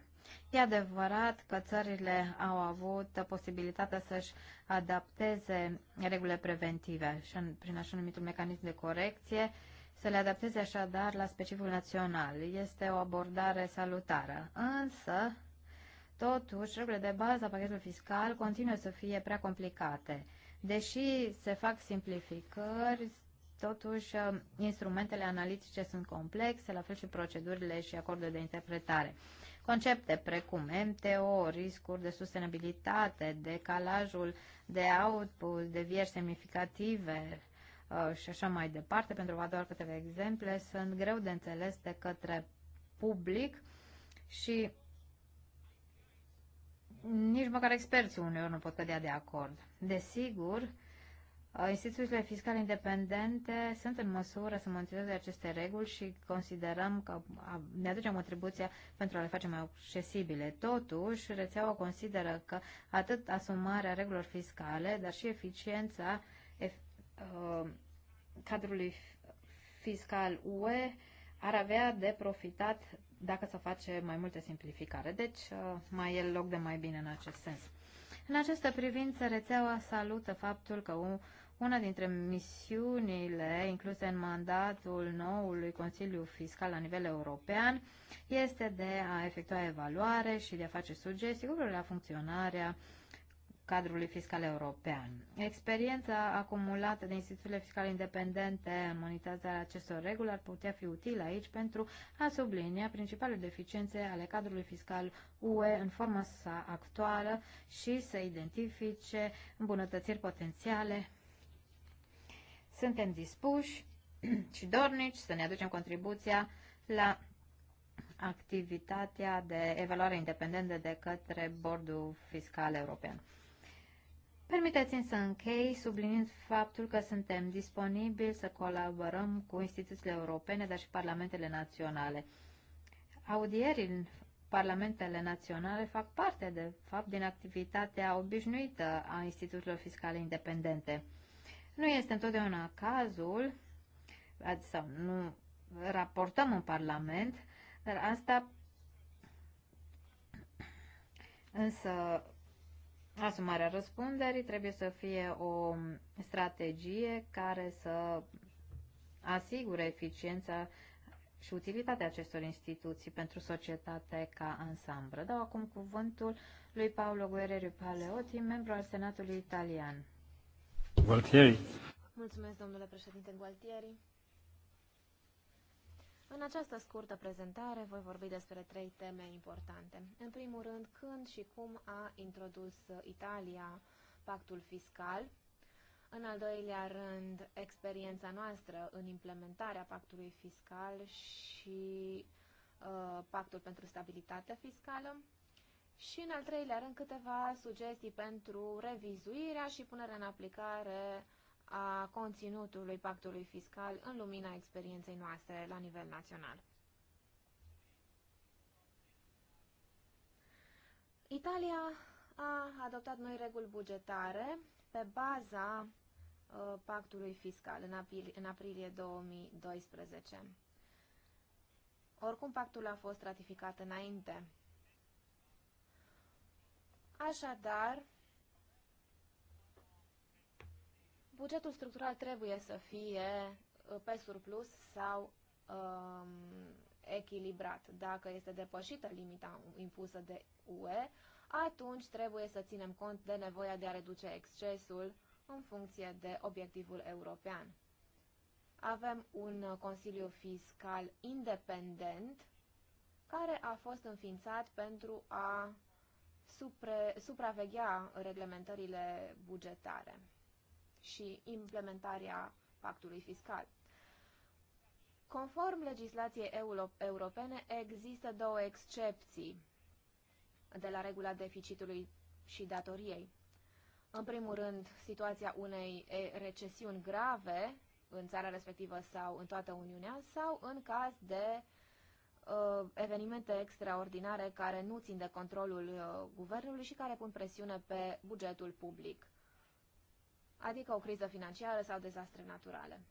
E adevărat că țările au avut posibilitatea să-și adapteze regulile preventive și prin așa numitul mecanism de corecție, să le adapteze așadar la specificul național. Este o abordare salutară. Însă, totuși, regulile de bază a pachetului fiscal continuă să fie prea complicate Deși se fac simplificări, totuși uh, instrumentele analitice sunt complexe, la fel și procedurile și acordurile de interpretare. Concepte precum MTO, riscuri de sustenabilitate, decalajul de output, vieri semnificative uh, și așa mai departe, pentru a vă da doar câteva exemple, sunt greu de înțeles de către public și nici măcar experții uneori nu pot cădea de acord. Desigur, uh, instituțiile fiscale independente sunt în măsură să monitorizeze aceste reguli și considerăm că ne aducem contribuția pentru a le face mai accesibile. Totuși, rețeaua consideră că atât asumarea regulilor fiscale, dar și eficiența uh, cadrului fiscal UE ar avea de profitat dacă se face mai multe simplificare. Deci uh, mai e loc de mai bine în acest sens. În această privință, rețeaua salută faptul că una dintre misiunile incluse în mandatul noului Consiliu Fiscal la nivel european este de a efectua evaluare și de a face sugestii cu la funcționarea uh, cadrului fiscal european. Experiența acumulată de instituțiile fiscale independente în monitorizarea acestor reguli ar putea fi utilă aici pentru a sublinia principalele deficiențe ale cadrului fiscal UE în forma sa actuală și să identifice îmbunătățiri potențiale. Suntem dispuși [clears throat] și dornici să ne aducem contribuția la activitatea de evaluare independentă de către Bordul Fiscal European. Permiteți-mi să închei subliniind faptul că suntem disponibili să colaborăm cu instituțiile europene, dar și parlamentele naționale. Audierii în parlamentele naționale fac parte, de fapt, din activitatea obișnuită a instituțiilor fiscale independente. Nu este întotdeauna cazul, sau nu raportăm în Parlament, dar asta însă asumarea răspunderii trebuie să fie o strategie care să asigure eficiența și utilitatea acestor instituții pentru societate ca ansamblă. Dau acum cuvântul lui Paolo Guerrero Paleotti, membru al Senatului Italian. Gualtieri. Mulțumesc, domnule președinte Gualtieri. În această scurtă prezentare voi vorbi despre trei teme importante. În primul rând, când și cum a introdus Italia pactul fiscal. În al doilea rând, experiența noastră în implementarea pactului fiscal și uh, pactul pentru stabilitate fiscală. Și în al treilea rând, câteva sugestii pentru revizuirea și punerea în aplicare a conținutului pactului fiscal în lumina experienței noastre la nivel național. Italia a adoptat noi reguli bugetare pe baza uh, pactului fiscal în, april, în aprilie 2012. Oricum, pactul a fost ratificat înainte. Așadar, Bugetul structural trebuie să fie uh, pe surplus sau um, echilibrat. Dacă este depășită limita impusă de UE, atunci trebuie să ținem cont de nevoia de a reduce excesul în funcție de obiectivul european. Avem un uh, Consiliu Fiscal independent care a fost înființat pentru a supraveghea reglementările bugetare și implementarea pactului fiscal. Conform legislației europene, există două excepții de la regula deficitului și datoriei. În primul rând, situația unei recesiuni grave în țara respectivă sau în toată Uniunea sau în caz de uh, evenimente extraordinare care nu țin de controlul uh, guvernului și care pun presiune pe bugetul public adică o criză financiară sau dezastre naturale.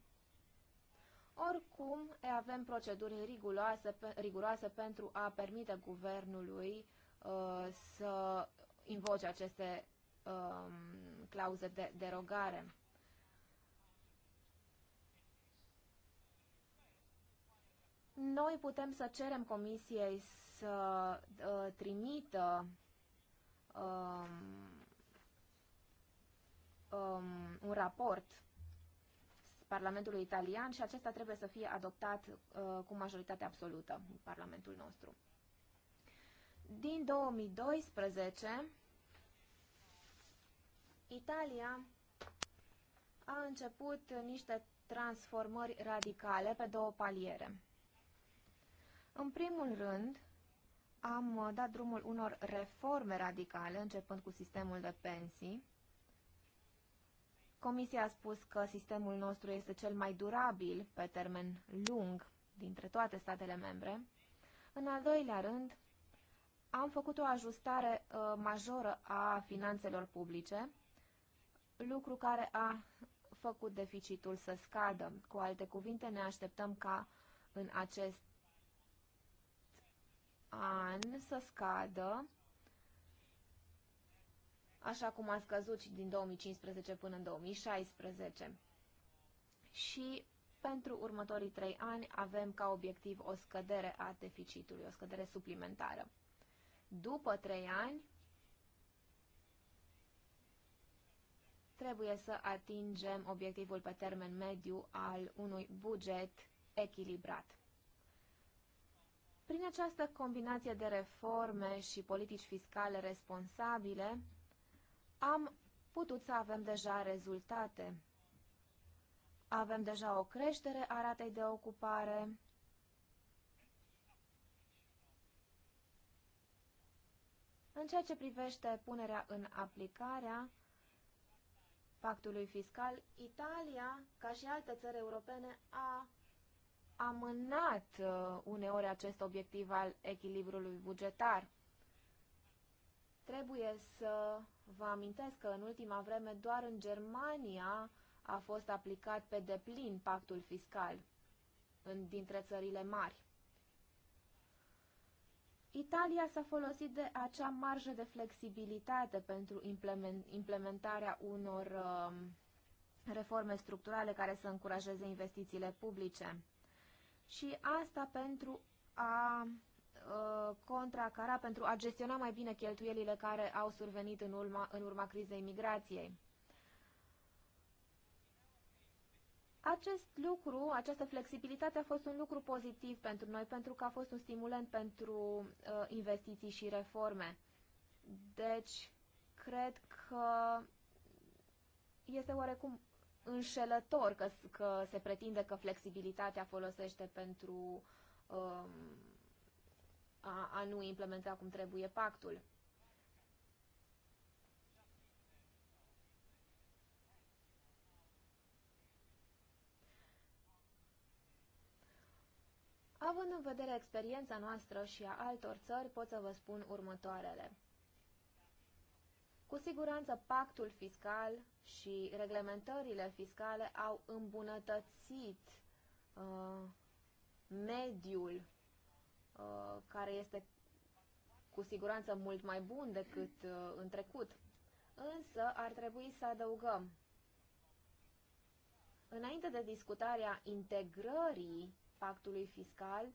Oricum, avem proceduri riguroase, riguroase pentru a permite guvernului uh, să invoce aceste uh, clauze de derogare. Noi putem să cerem comisiei să uh, trimită uh, um, un raport Parlamentului italian și acesta trebuie să fie adoptat uh, cu majoritate absolută în Parlamentul nostru. Din 2012, Italia a început niște transformări radicale pe două paliere. În primul rând, am dat drumul unor reforme radicale, începând cu sistemul de pensii, Comisia a spus că sistemul nostru este cel mai durabil pe termen lung dintre toate statele membre. În al doilea rând, am făcut o ajustare uh, majoră a finanțelor publice, lucru care a făcut deficitul să scadă. Cu alte cuvinte, ne așteptăm ca în acest an să scadă așa cum a scăzut și din 2015 până în 2016. Și pentru următorii trei ani avem ca obiectiv o scădere a deficitului, o scădere suplimentară. După trei ani, trebuie să atingem obiectivul pe termen mediu al unui buget echilibrat. Prin această combinație de reforme și politici fiscale responsabile, am putut să avem deja rezultate. Avem deja o creștere a ratei de ocupare, În ceea ce privește punerea în aplicare pactului fiscal, Italia, ca și alte țări europene, a amânat uh, uneori acest obiectiv al echilibrului bugetar. Trebuie să Vă amintesc că în ultima vreme doar în Germania a fost aplicat pe deplin pactul fiscal în, dintre țările mari. Italia s-a folosit de acea marjă de flexibilitate pentru implementarea unor um, reforme structurale care să încurajeze investițiile publice. Și asta pentru a uh, Cara pentru a gestiona mai bine cheltuielile care au survenit în urma, în urma crizei migrației. Acest lucru, această flexibilitate a fost un lucru pozitiv pentru noi, pentru că a fost un stimulant pentru uh, investiții și reforme. Deci, cred că este oarecum înșelător că, că se pretinde că flexibilitatea folosește pentru Uh, a, a nu implementa cum trebuie pactul. Având în vedere experiența noastră și a altor țări, pot să vă spun următoarele. Cu siguranță, pactul fiscal și reglementările fiscale au îmbunătățit uh, mediul Uh, care este cu siguranță mult mai bun decât uh, în trecut. Însă ar trebui să adăugăm, înainte de discutarea integrării pactului fiscal,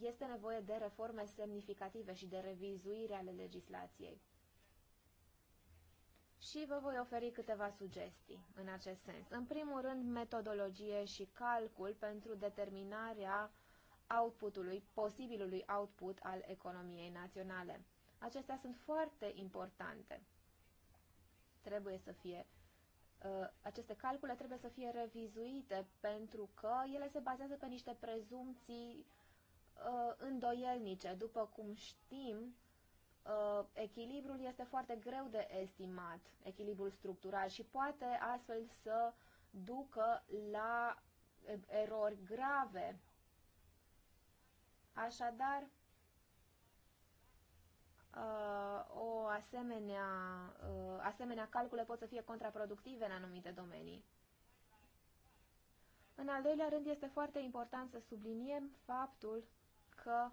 este nevoie de reforme semnificative și de revizuire ale legislației. Și vă voi oferi câteva sugestii în acest sens. În primul rând, metodologie și calcul pentru determinarea outputului, posibilului output al economiei naționale. Acestea sunt foarte importante. Trebuie să fie uh, aceste calcule trebuie să fie revizuite pentru că ele se bazează pe niște prezumții uh, îndoielnice. După cum știm, uh, echilibrul este foarte greu de estimat, echilibrul structural și poate astfel să ducă la uh, erori grave Așadar, uh, o asemenea, uh, asemenea calcule pot să fie contraproductive în anumite domenii. În al doilea rând, este foarte important să subliniem faptul că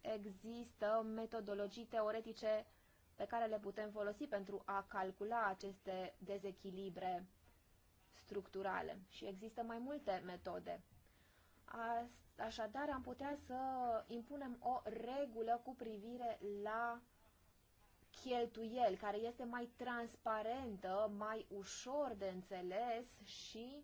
există metodologii teoretice pe care le putem folosi pentru a calcula aceste dezechilibre structurale și există mai multe metode. Așadar, am putea să impunem o regulă cu privire la cheltuiel care este mai transparentă, mai ușor de înțeles și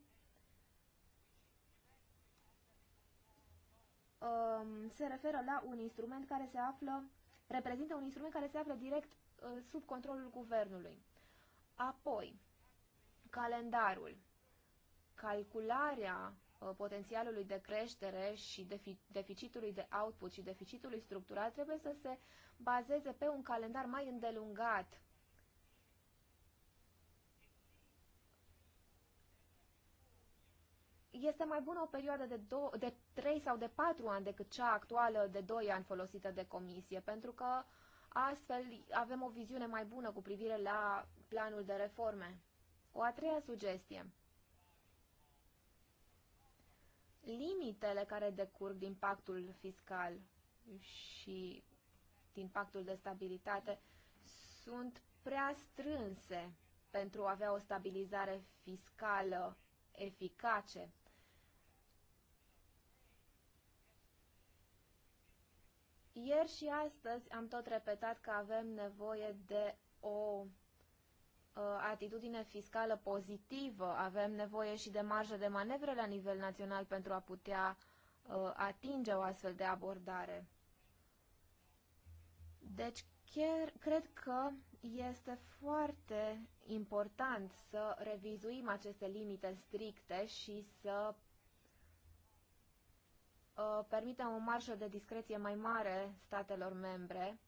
um, se referă la un instrument care se află, reprezintă un instrument care se află direct uh, sub controlul guvernului. Apoi, calendarul, calcularea Uh, potențialului de creștere și deficitului de output și deficitului structural trebuie să se bazeze pe un calendar mai îndelungat. Este mai bună o perioadă de, do- de 3 sau de 4 ani decât cea actuală de 2 ani folosită de comisie, pentru că astfel avem o viziune mai bună cu privire la planul de reforme. O a treia sugestie limitele care decurg din pactul fiscal și din pactul de stabilitate sunt prea strânse pentru a avea o stabilizare fiscală eficace. Ieri și astăzi am tot repetat că avem nevoie de o Uh, atitudine fiscală pozitivă, avem nevoie și de marjă de manevră la nivel național pentru a putea uh, atinge o astfel de abordare. Deci, chiar cred că este foarte important să revizuim aceste limite stricte și să uh, permitem o marjă de discreție mai mare statelor membre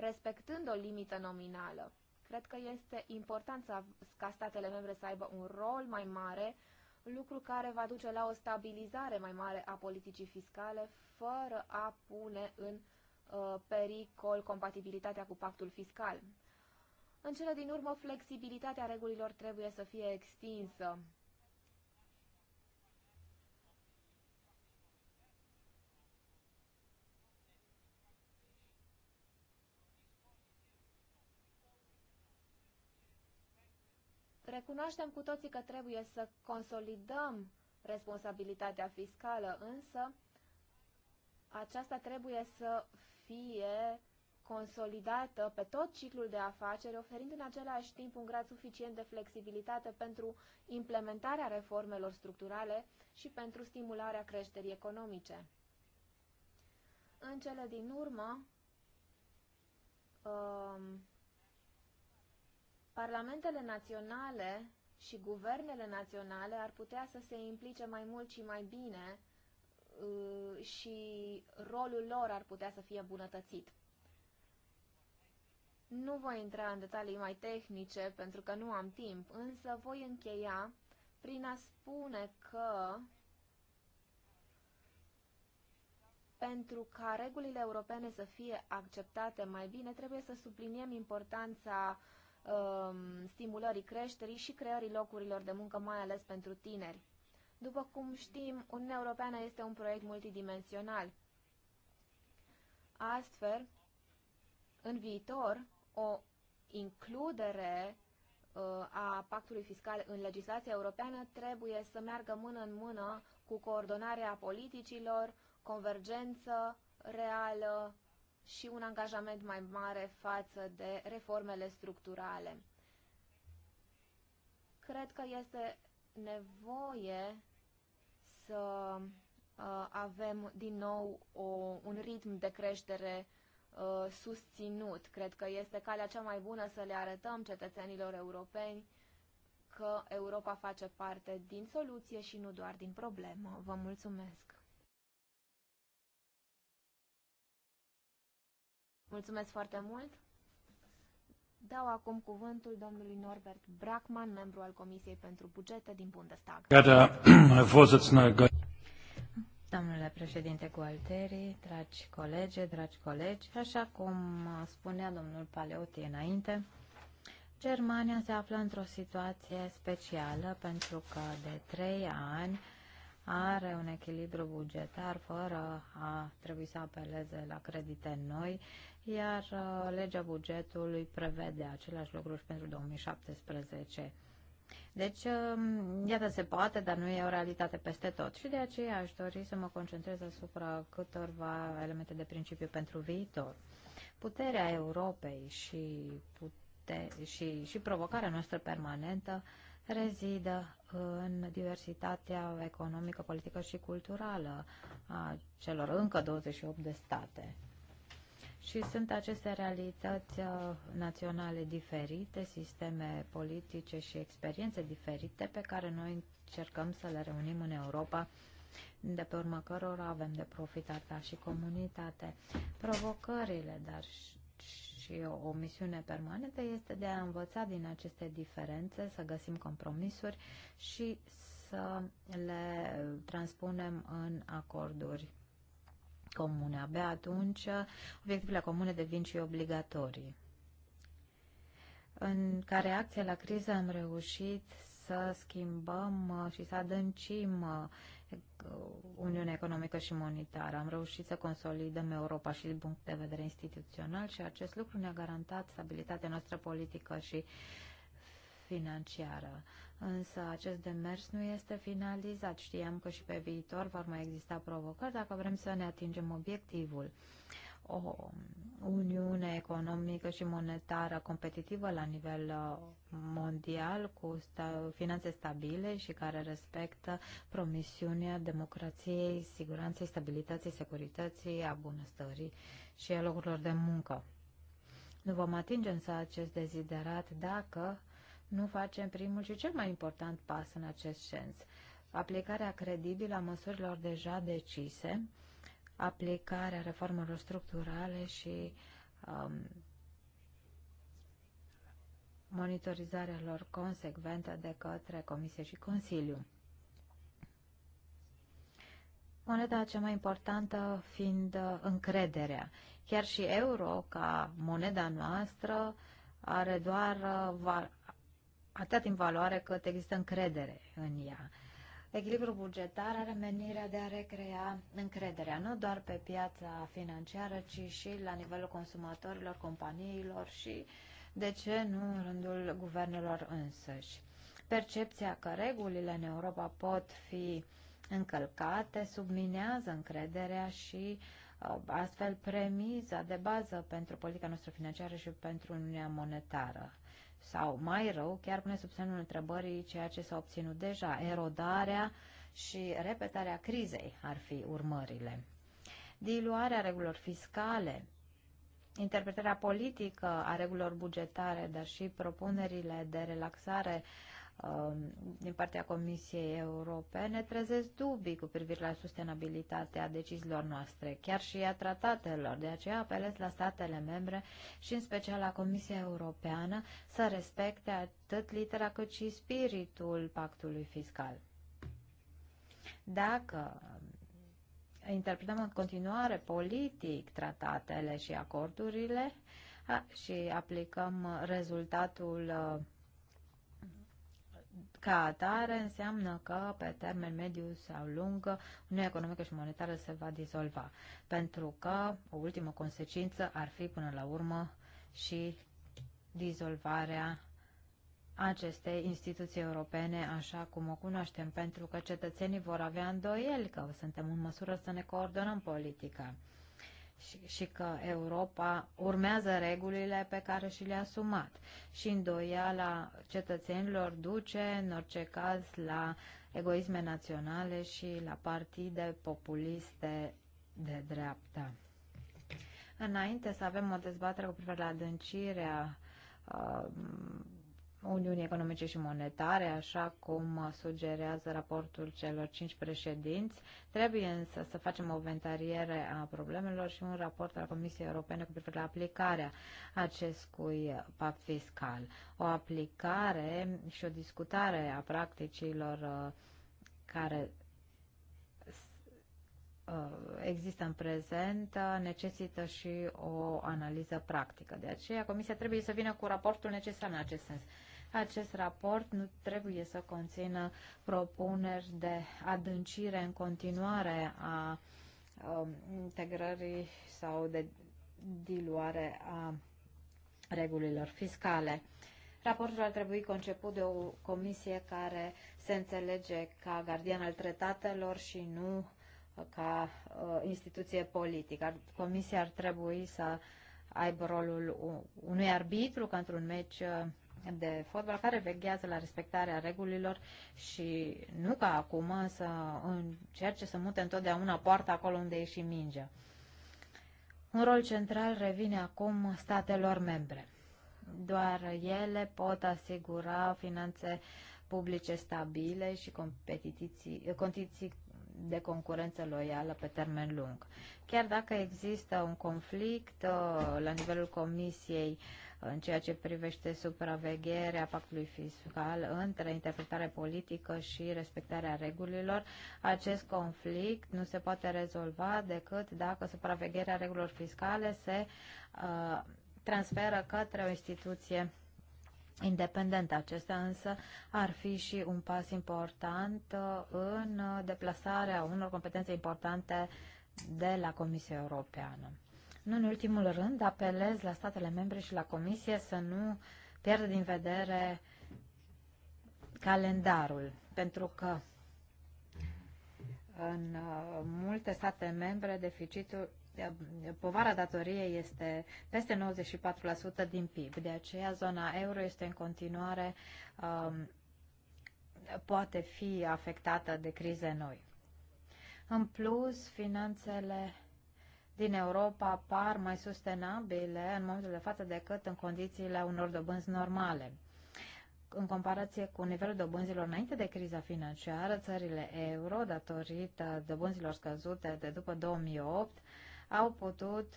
respectând o limită nominală. Cred că este important să, ca statele membre să aibă un rol mai mare, lucru care va duce la o stabilizare mai mare a politicii fiscale, fără a pune în uh, pericol compatibilitatea cu pactul fiscal. În cele din urmă, flexibilitatea regulilor trebuie să fie extinsă Recunoaștem cu toții că trebuie să consolidăm responsabilitatea fiscală, însă aceasta trebuie să fie consolidată pe tot ciclul de afaceri, oferind în același timp un grad suficient de flexibilitate pentru implementarea reformelor structurale și pentru stimularea creșterii economice. În cele din urmă, um, Parlamentele naționale și guvernele naționale ar putea să se implice mai mult și mai bine uh, și rolul lor ar putea să fie îmbunătățit. Nu voi intra în detalii mai tehnice pentru că nu am timp, însă voi încheia prin a spune că pentru ca regulile europene să fie acceptate mai bine, trebuie să subliniem importanța uh, Um, stimulării creșterii și creării locurilor de muncă, mai ales pentru tineri. După cum știm, Uniunea Europeană este un proiect multidimensional. Astfel, în viitor, o includere uh, a pactului fiscal în legislația europeană trebuie să meargă mână în mână cu coordonarea politicilor, convergență reală și un angajament mai mare față de reformele structurale. Cred că este nevoie să uh, avem din nou o, un ritm de creștere uh, susținut. Cred că este calea cea mai bună să le arătăm cetățenilor europeni că Europa face parte din soluție și nu doar din problemă. Vă mulțumesc! Mulțumesc foarte mult! Dau acum cuvântul domnului Norbert Brackman, membru al Comisiei pentru Bugete din Bundestag. [clears throat] Uh, Domnule președinte Gualteri, dragi colegi, dragi colegi, așa cum spunea domnul Paleotti înainte, Germania se află într-o situație specială pentru că de trei ani are un echilibru bugetar fără a trebui să apeleze la credite noi, iar uh, legea bugetului prevede același lucru și pentru 2017. Deci, um, iată, se poate, dar nu e o realitate peste tot. Și de aceea aș dori să mă concentrez asupra câtorva elemente de principiu pentru viitor. Puterea Europei și, pute- și, și provocarea noastră permanentă uh, rezidă în diversitatea economică, politică și culturală a celor încă 28 de state. Și sunt aceste realități uh, naționale diferite, sisteme politice și experiențe diferite pe care noi încercăm să le reunim în Europa, de pe urma cărora avem de profitat ca și comunitate. Provocările, dar și și o misiune permanentă este de a învăța din aceste diferențe, să găsim compromisuri și să le transpunem în acorduri comune. Abia atunci obiectivele comune devin și obligatorii. În care reacție la criză am reușit să schimbăm uh, și să adâncim uh, Uniunea Economică și Monetară. Am reușit să consolidăm Europa și din punct de vedere instituțional și acest lucru ne-a garantat stabilitatea noastră politică și financiară. Însă acest demers nu este finalizat. Știam că și pe viitor vor mai exista provocări dacă vrem să ne atingem obiectivul. O uniune economică și monetară competitivă la nivel uh, mondial cu sta- finanțe stabile și care respectă promisiunea democrației, siguranței, stabilității, securității, a bunăstării și a locurilor de muncă. Nu vom atinge însă acest deziderat dacă nu facem primul și cel mai important pas în acest sens. Aplicarea credibilă a măsurilor deja decise, aplicarea reformelor structurale și um, monitorizarea lor consecventă de către Comisie și Consiliu. Moneda cea mai importantă fiind încrederea. Chiar și euro, ca moneda noastră, are doar uh, atâta timp valoare cât există încredere în ea. Echilibrul bugetar are menirea de a recrea încrederea, nu doar pe piața financiară, ci și la nivelul consumatorilor, companiilor și uh, de ce nu în rândul guvernelor însăși? Percepția că regulile în Europa pot fi încălcate subminează încrederea și uh, astfel premiza de bază pentru politica noastră financiară și pentru Uniunea Monetară. Sau mai rău, chiar pune sub semnul întrebării ceea ce s-a obținut deja, erodarea și repetarea crizei ar fi urmările. Diluarea regulilor fiscale interpretarea politică a regulilor bugetare, dar și propunerile de relaxare um, din partea Comisiei Europene trezesc dubii cu privire la sustenabilitatea deciziilor noastre, chiar și a tratatelor. De aceea apelez la statele membre și în special la Comisia Europeană să respecte atât litera cât și spiritul pactului fiscal. Dacă interpretăm în continuare politic tratatele și acordurile și aplicăm rezultatul uh, ca atare, înseamnă că pe termen mediu sau lung Uniunea Economică și Monetară se va dizolva, pentru că o ultimă consecință ar fi până la urmă și dizolvarea aceste instituții europene așa cum o cunoaștem, pentru că cetățenii vor avea îndoieli că suntem în măsură să ne coordonăm politica și, și că Europa urmează regulile pe care și le-a asumat. Și îndoiala cetățenilor duce, în orice caz, la egoisme naționale și la partide populiste de dreapta. Înainte să avem o dezbatere cu privire la adâncirea uh, Uniunii Economice și Monetare, așa cum sugerează raportul celor cinci președinți. Trebuie însă să facem o inventariere a problemelor și un raport al Comisiei Europene cu privire la aplicarea acestui pact fiscal. O aplicare și o discutare a practicilor uh, care uh, există în prezent uh, necesită și o analiză practică. De aceea Comisia trebuie să vină cu raportul necesar în acest sens. Acest raport nu trebuie să conțină propuneri de adâncire în continuare a um, integrării sau de diluare a regulilor fiscale. Raportul ar trebui conceput de o comisie care se înțelege ca gardian al tratatelor și nu uh, ca uh, instituție politică. Comisia ar trebui să aibă rolul unui arbitru că într-un meci uh, de fotbal care veghează la respectarea regulilor și nu ca acum să încerce să mute întotdeauna poarta acolo unde e și mingea. Un rol central revine acum statelor membre. Doar ele pot asigura finanțe publice stabile și condiții de concurență loială pe termen lung. Chiar dacă există un conflict uh, la nivelul Comisiei uh, în ceea ce privește supravegherea pactului fiscal între interpretare politică și respectarea regulilor. Acest conflict nu se poate rezolva decât dacă supravegherea regulilor fiscale se uh, transferă către o instituție independentă. Acesta însă ar fi și un pas important uh, în uh, deplasarea unor competențe importante de la Comisia Europeană. Nu în ultimul rând, apelez la statele membre și la Comisie să nu pierdă din vedere calendarul, pentru că în uh, multe state membre deficitul povara datoriei este peste 94% din PIB. De aceea zona euro este în continuare um, poate fi afectată de crize noi. În plus, finanțele din Europa par mai sustenabile în momentul de față decât în condițiile unor dobânzi normale. În comparație cu nivelul dobânzilor înainte de criza financiară, țările euro, datorită dobânzilor scăzute de după 2008, au putut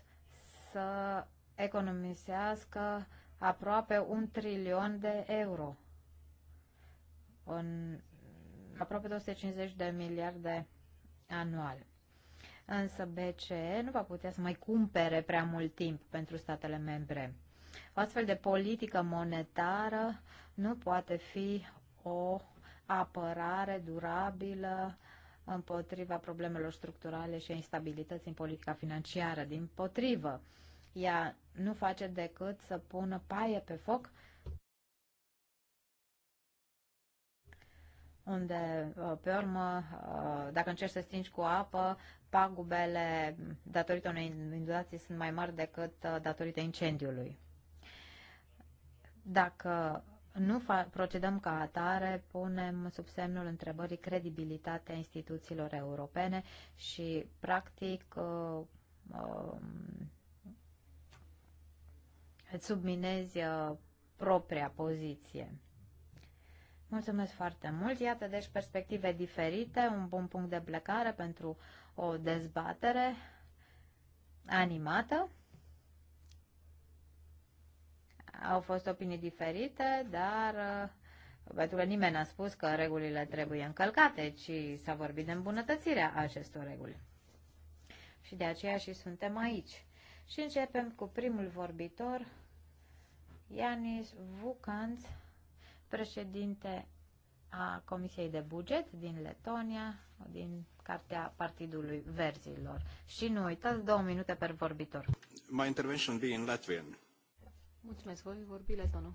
să economisească aproape un trilion de euro, în aproape 250 de miliarde anuale însă BCE nu va putea să mai cumpere prea mult timp pentru statele membre. O astfel de politică monetară nu poate fi o apărare durabilă împotriva problemelor structurale și a instabilității în politica financiară. Din potrivă, ea nu face decât să pună paie pe foc unde, uh, pe urmă, uh, dacă încerci să stingi cu apă, pagubele mm, datorită unei inundații sunt mai mari decât uh, datorită incendiului. Dacă nu procedăm ca atare, punem sub semnul întrebării credibilitatea instituțiilor europene și, practic, um, îți subminezi propria poziție. Mulțumesc foarte mult. Iată, deci, perspective diferite, un bun punct de plecare pentru o dezbatere animată. Au fost opinii diferite, dar uh, pentru că nimeni n-a spus că regulile trebuie încălcate, ci s-a vorbit de îmbunătățirea acestor reguli. Și de aceea și suntem aici. Și începem cu primul vorbitor, Ianis Vucanț președinte a Comisiei de Buget din Letonia, din cartea Partidului Verzilor. Și nu uitați, două minute per vorbitor. My intervention be in Latvian. Mulțumesc, voi vorbi letonul.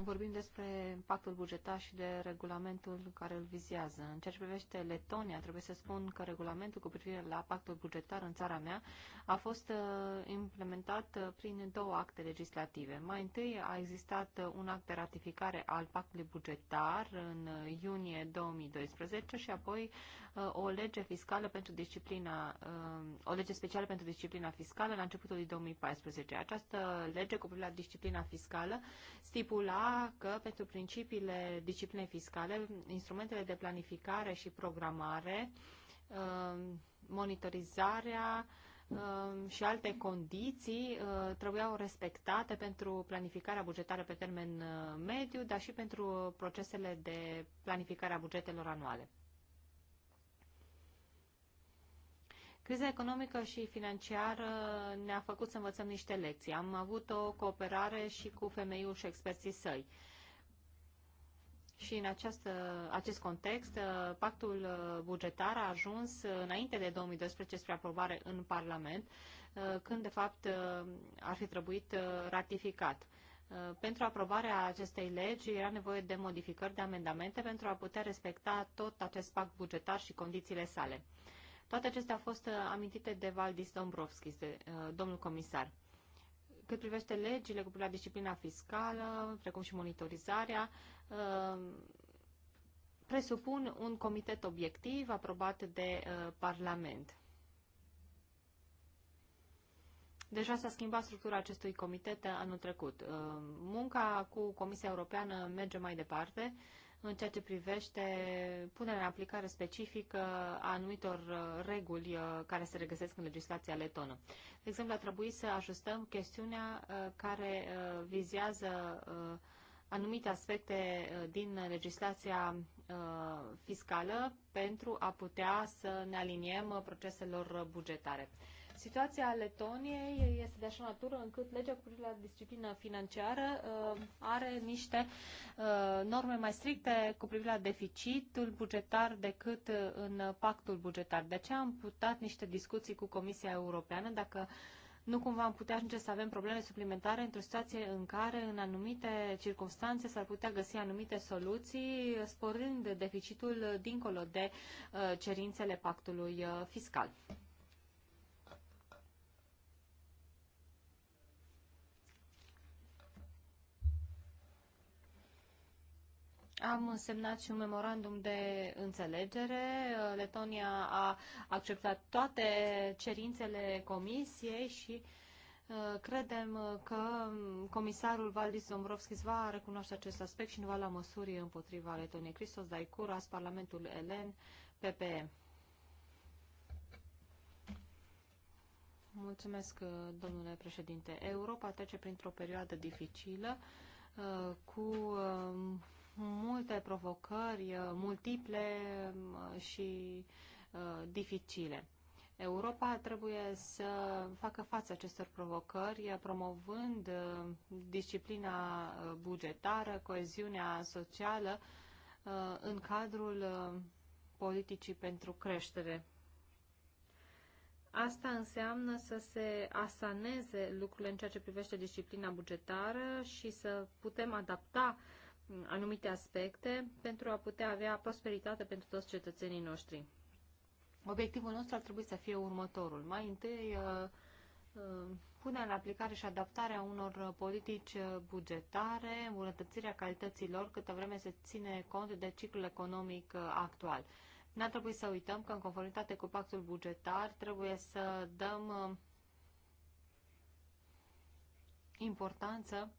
vorbim despre pactul bugetar și de regulamentul care îl vizează. În ceea ce privește Letonia, trebuie să spun că regulamentul cu privire la pactul bugetar în țara mea a fost uh, implementat uh, prin două acte legislative. Mai întâi a existat uh, un act de ratificare al pactului bugetar în iunie 2012 și apoi Uh, o lege fiscală pentru disciplina, uh, o lege specială pentru disciplina fiscală la începutul lui 2014. Această lege cu privire la disciplina fiscală stipula că pentru principiile disciplinei fiscale, instrumentele de planificare și programare, uh, monitorizarea, și alte condiții trebuiau respectate pentru planificarea bugetară pe termen mediu, dar și pentru procesele de planificare a bugetelor anuale. Criza economică și financiară ne-a făcut să învățăm niște lecții. Am avut o cooperare și cu femeiul și experții săi. Și în această, acest context, pactul bugetar a ajuns înainte de 2012 spre aprobare în Parlament, când de fapt ar fi trebuit ratificat. Pentru aprobarea acestei legi era nevoie de modificări, de amendamente pentru a putea respecta tot acest pact bugetar și condițiile sale. Toate acestea au fost uh, amintite de Valdis Dombrovskis, de uh, domnul comisar. Cât privește legile cu privire la disciplina fiscală, precum și monitorizarea, uh, presupun un comitet obiectiv aprobat de uh, Parlament. Deja s-a schimbat structura acestui comitet anul trecut. Uh, munca cu Comisia Europeană merge mai departe în ceea ce privește punerea în aplicare specifică a anumitor uh, reguli uh, care se regăsesc în legislația letonă. De exemplu, a trebuit să ajustăm chestiunea uh, care vizează anumite aspecte din legislația fiscală pentru a putea să ne aliniem proceselor bugetare. Situația Letoniei este de așa natură încât legea cu privire la disciplina financiară uh, are niște uh, norme mai stricte cu privire la deficitul bugetar decât uh, în pactul bugetar. De aceea am putat niște discuții cu Comisia Europeană dacă nu cumva am putea ajunge să avem probleme suplimentare într-o situație în care, în anumite circunstanțe, s-ar putea găsi anumite soluții, sporind deficitul dincolo de cerințele pactului fiscal. Am semnat și un memorandum de înțelegere. Letonia a acceptat toate cerințele comisiei și uh, credem că comisarul Valdis Dombrovskis va recunoaște acest aspect și nu va lua măsuri împotriva Letoniei. Cristos Daicuras, Parlamentul Elen, PPE. Mulțumesc, uh, domnule președinte. Europa trece printr-o perioadă dificilă uh, cu multe provocări uh, multiple um, uh, și uh, dificile. Europa trebuie să facă față acestor provocări, promovând disciplina bugetară, coeziunea socială în cadrul politicii pentru creștere. Asta înseamnă să se asaneze lucrurile în ceea ce privește disciplina bugetară și să putem adapta uh, anumite aspecte pentru a putea avea prosperitate pentru toți cetățenii noștri. Obiectivul nostru ar trebui să fie următorul. Mai întâi, uh, uh, punerea în aplicare și adaptarea unor politici bugetare, îmbunătățirea calității lor, câtă vreme se ține cont de ciclul economic uh, actual. N-ar trebui să uităm că, în conformitate cu pactul bugetar, trebuie să dăm importanță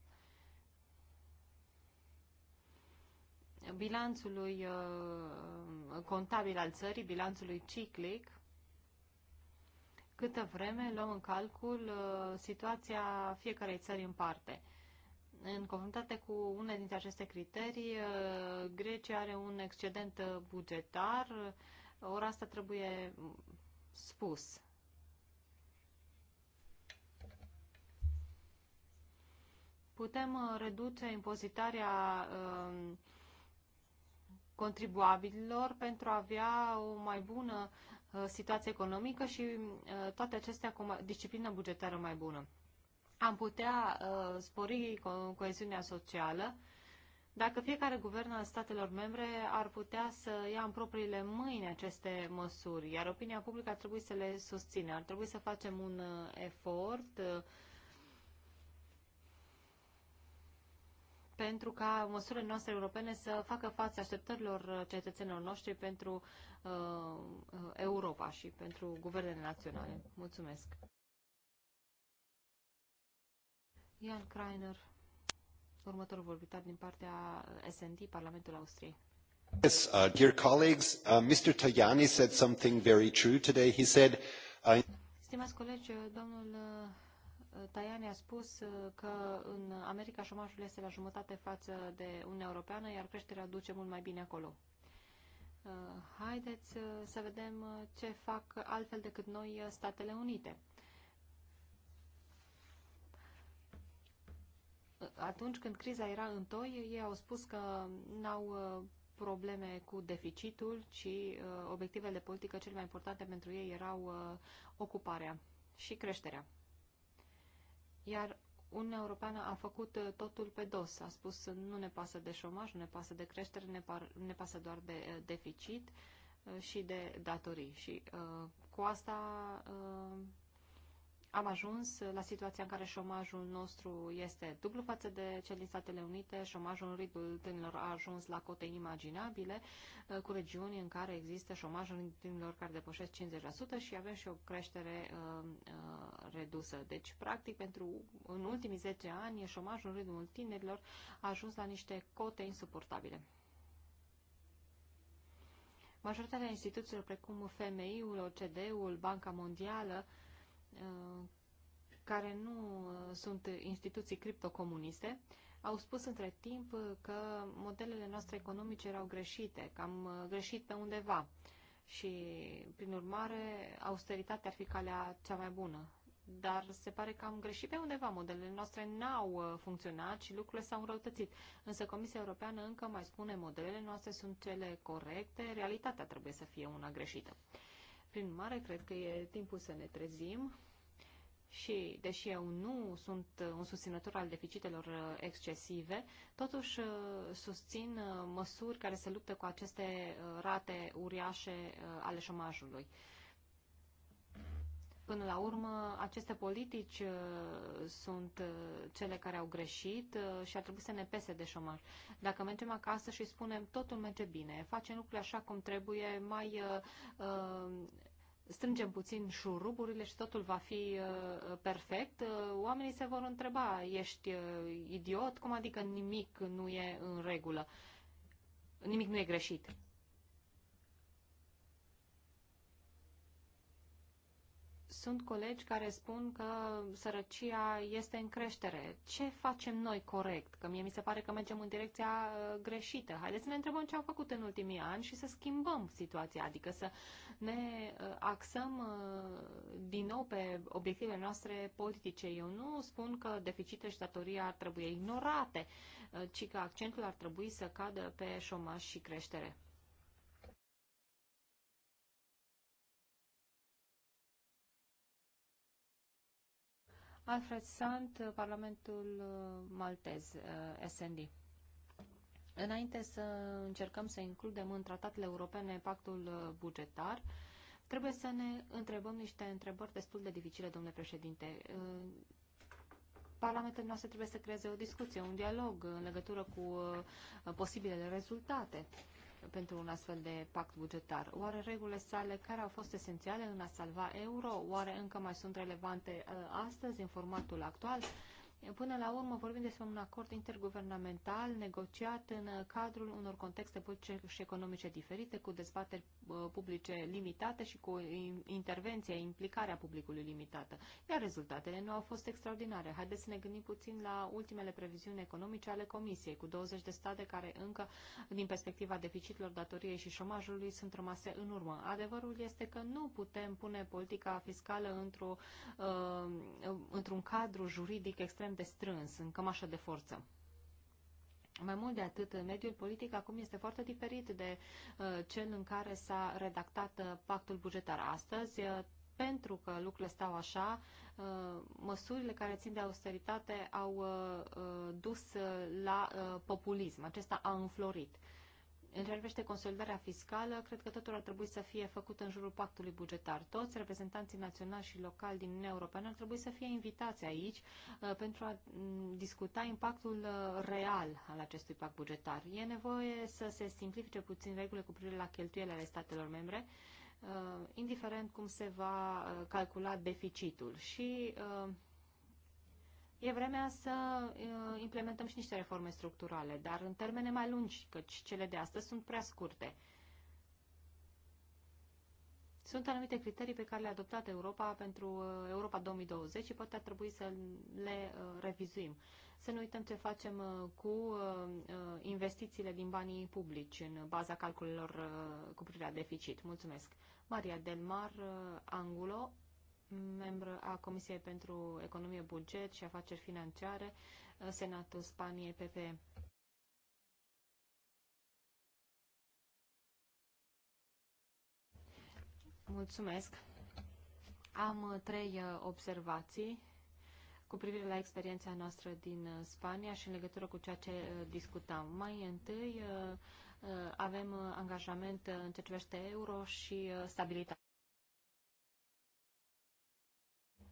bilanțului uh, contabil al țării, bilanțului ciclic, câtă vreme luăm în calcul uh, situația fiecarei țări în parte. În conformitate cu unele dintre aceste criterii, uh, Grecia are un excedent bugetar, ori asta trebuie spus. Putem reduce impozitarea uh, contribuabililor pentru a avea o mai bună uh, situație economică și uh, toate acestea cu disciplină bugetară mai bună. Am putea uh, spori coeziunea socială dacă fiecare guvern al statelor membre ar putea să ia în propriile mâini aceste măsuri, iar opinia publică ar trebui să le susțină, ar trebui să facem un efort uh, pentru ca măsurile noastre europene să facă față așteptărilor cetățenilor noștri pentru uh, uh Europa și pentru guvernele naționale. Mulțumesc! Ian Kreiner, următorul vorbitor din partea SND, Parlamentul Austriei. Yes, uh, dear colleagues, uh, Mr. Tajani said something very true today. He said... Uh... Stimați colegi, domnul uh, Tajani a spus uh, că în America șomajul este la jumătate față de Uniunea Europeană, iar creșterea duce mult mai bine acolo. Uh, haideți uh, să vedem ce fac altfel decât noi Statele Unite. Atunci când criza era în toi, ei au spus că n-au probleme cu deficitul, ci obiectivele de politică cele mai importante pentru ei erau ocuparea și creșterea. Iar Uniunea Europeană a făcut uh, totul pe dos. A spus nu ne pasă de șomaj, nu ne pasă de creștere, ne, par, ne pasă doar de uh, deficit uh, și de datorii. Și uh, cu asta uh, am ajuns la situația în care șomajul nostru este dublu față de cel din Statele Unite, șomajul în rândul tinerilor a ajuns la cote inimaginabile, uh, cu regiuni în care există șomajul în tinerilor care depășesc 50% și avem și o creștere uh, uh, redusă. Deci, practic, pentru în ultimii 10 ani, șomajul în rândul tinerilor a ajuns la niște cote insuportabile. Majoritatea instituțiilor precum FMI-ul, OCD-ul, Banca Mondială, uh, Uh, care nu uh, sunt instituții criptocomuniste, au spus între timp că modelele noastre economice erau greșite, că am uh, greșit pe undeva și, prin urmare, austeritatea ar fi calea cea mai bună. Dar se pare că am greșit pe undeva, modelele noastre n-au funcționat și lucrurile s-au înrăutățit. Însă Comisia Europeană încă mai spune modelele noastre sunt cele corecte, realitatea trebuie să fie una greșită. Prin mare cred că e timpul să ne trezim și, deși eu nu sunt un susținător al deficitelor uh, excesive, totuși uh, susțin uh, măsuri care se luptă cu aceste rate uriașe ale șomajului. Până la urmă, aceste politici uh, sunt uh, cele care au greșit uh, și ar trebui să ne pese de șomaj. Dacă mergem acasă și spunem totul merge bine, facem lucrurile așa cum trebuie, mai strângem puțin șuruburile și totul va fi perfect, oamenii se vor întreba, ești idiot? Cum adică nimic nu e în regulă? Nimic nu e greșit. Sunt colegi care spun că sărăcia este în creștere. Ce facem noi corect? Că mie mi se pare că mergem în direcția uh, greșită. Haideți să ne întrebăm ce au făcut în ultimii ani și să schimbăm situația, adică să ne uh, axăm uh, din nou pe obiectivele noastre politice. Eu nu spun că deficite și datoria ar trebui ignorate, ci că accentul ar trebui să cadă pe șomaș și creștere. Alfred Sant, Parlamentul uh, Maltez, uh, SND. Înainte să încercăm să includem în tratatele europene pactul uh, bugetar, trebuie să ne întrebăm niște întrebări destul de dificile, domnule președinte. Parlamentul noastră trebuie să creeze o discuție, un dialog în legătură cu posibilele rezultate pentru un astfel de pact bugetar? Oare regulile sale care au fost esențiale în a salva euro? Oare încă mai sunt relevante uh, astăzi în formatul actual? Până la urmă vorbim despre un acord interguvernamental negociat în cadrul unor contexte politice și economice diferite, cu dezbateri uh, publice limitate și cu intervenție, implicarea publicului limitată. Iar rezultatele nu au fost extraordinare. Haideți să ne gândim puțin la ultimele previziuni economice ale Comisiei, cu 20 de state care încă, din perspectiva deficitelor, datoriei și șomajului, sunt rămase în urmă. Adevărul este că nu putem pune politica fiscală uh, într-un uh, într cadru juridic extrem extrem de strâns, în cămașă de forță. Mai mult de atât, mediul politic acum este foarte diferit de uh, cel în care s-a redactat uh, pactul bugetar astăzi. Uh, pentru că lucrurile stau așa, uh, măsurile care țin de austeritate au uh, uh, dus la populism. Acesta a înflorit. În ce privește consolidarea fiscală, cred că totul ar trebui să fie făcut în jurul pactului bugetar. Toți reprezentanții naționali și locali din Uniunea Europeană ar trebui să fie invitați aici uh, pentru a mm, discuta impactul uh, real al acestui pact bugetar. E nevoie să se simplifice puțin regulile cu privire la cheltuielile ale statelor membre, uh, indiferent cum se va calcula deficitul. Și E vremea să implementăm și niște reforme structurale, dar în termene mai lungi, căci cele de astăzi sunt prea scurte. Sunt anumite criterii pe care le-a adoptat Europa pentru Europa 2020 și poate ar trebui să le revizuim. Să nu uităm ce facem cu investițiile din banii publici în baza calculelor cu privire la deficit. Mulțumesc. Maria Delmar Angulo membră a Comisiei pentru Economie, Buget și Afaceri Financiare, uh, Senatul Spaniei, PP. Mulțumesc. Am uh, trei uh, observații cu privire la experiența noastră din Spania și în legătură cu ceea ce discutam. Mai întâi avem angajament în ce privește euro și stabilitate.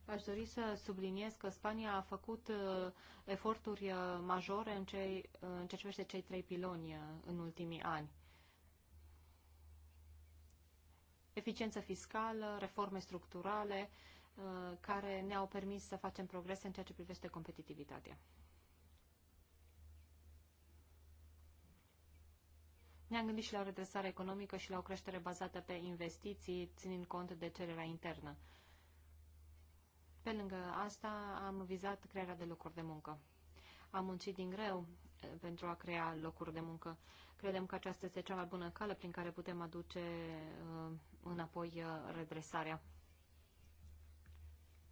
Aș dori să subliniez că Spania a făcut uh, eforturi uh, majore în, cei, uh, în ce privește cei trei piloni în ultimii ani. Eficiență fiscală, reforme structurale, care ne-au permis să facem progrese în ceea ce privește competitivitatea. Ne-am gândit și la o redresare economică și la o creștere bazată pe investiții, ținând cont de cererea internă. Pe lângă asta am vizat crearea de locuri de muncă. Am muncit din greu eh, pentru a crea locuri de muncă. Credem că aceasta este cea mai bună cale prin care putem aduce eh, înapoi eh, redresarea.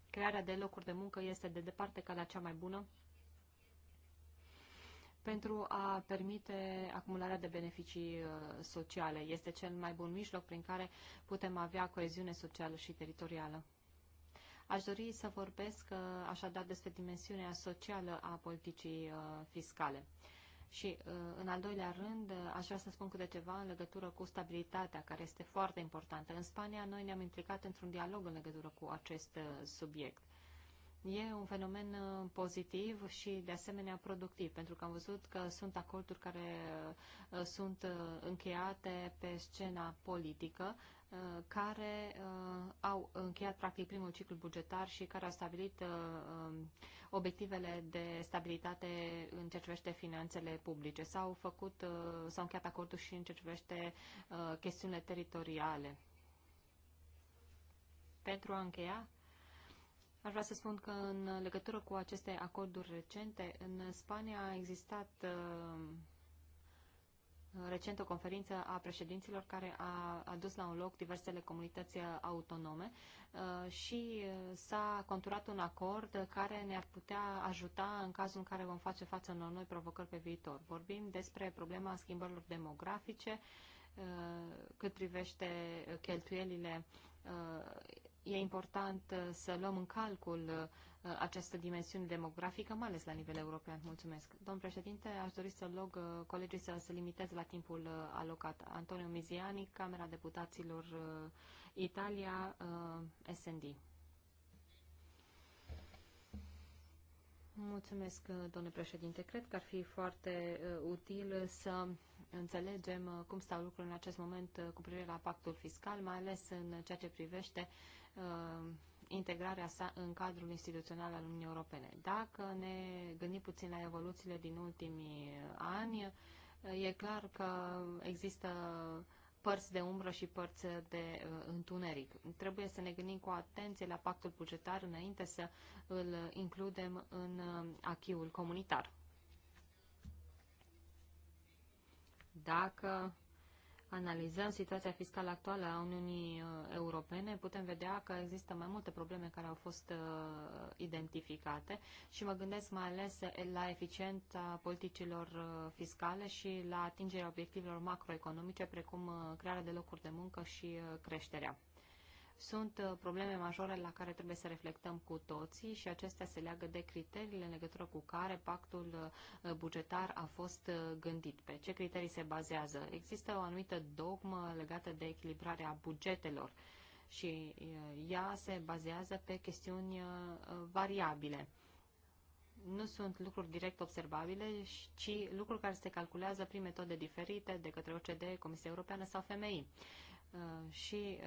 Crearea de locuri de muncă este de departe calea cea mai bună pentru a permite acumularea de beneficii sociale. Este cel mai bun mijloc prin care putem avea coeziune socială și teritorială. Aș dori să vorbesc uh, așadar despre dimensiunea socială a politicii uh, fiscale. Și, uh, în al doilea rând, aș vrea să spun câte ceva în legătură cu stabilitatea, care este foarte importantă. În Spania, noi ne-am implicat într-un dialog în legătură cu acest subiect. E un fenomen uh, pozitiv și, de asemenea, productiv, pentru că am văzut că sunt acorduri care uh, sunt uh, încheiate pe scena politică, care au încheiat, practic, primul ciclu bugetar și care au stabilit um, obiectivele de stabilitate în ce privește finanțele publice. S-au făcut, s-au încheiat acorduri și în ce privește chestiunile teritoriale. Pentru a încheia, Aș vrea să spun că în legătură cu aceste acorduri recente, în Spania a existat uh, recent o conferință a președinților care a adus la un loc diversele comunități uh, autonome uh, și s-a conturat un acord care ne-ar putea ajuta în cazul în care vom face față unor noi provocări pe viitor. Vorbim despre problema schimbărilor demografice, cât privește cheltuielile E important uh, să luăm în calcul uh, această dimensiune demografică, mai ales la nivel european. Mulțumesc. Domn președinte, aș dori să log uh, colegii să se limiteze la timpul alocat. Antonio Miziani, Camera Deputaților Italia, SND. Mulțumesc, domnule președinte. Cred că ar fi foarte uh, util să înțelegem uh, cum stau lucrurile în acest moment uh, cu privire la pactul fiscal, mai ales în ceea ce privește uh, Uh, integrarea sa în cadrul instituțional al Uniunii Europene. Dacă ne gândim puțin la evoluțiile din ultimii ani, uh, e clar că există părți de umbră și părți de uh, întuneric. Trebuie să ne gândim cu atenție la pactul bugetar înainte să îl includem în uh, achiul comunitar. Dacă analizăm situația fiscală actuală a Uniunii uh, Europene, putem vedea că există mai multe probleme care au fost uh, identificate și mă gândesc mai ales la eficiența politicilor uh, fiscale și la atingerea obiectivelor macroeconomice, precum crearea de locuri de muncă și creșterea. Sunt uh, probleme majore la care trebuie să reflectăm cu toții și acestea se leagă de criteriile în legătură cu care pactul uh, bugetar a fost uh, gândit. Pe ce criterii se bazează? Există o anumită dogmă legată de echilibrarea bugetelor și ea se bazează pe chestiuni variabile nu sunt lucruri direct observabile, ci lucruri care se calculează prin metode diferite de către OCDE, Comisia Europeană sau FMI. Și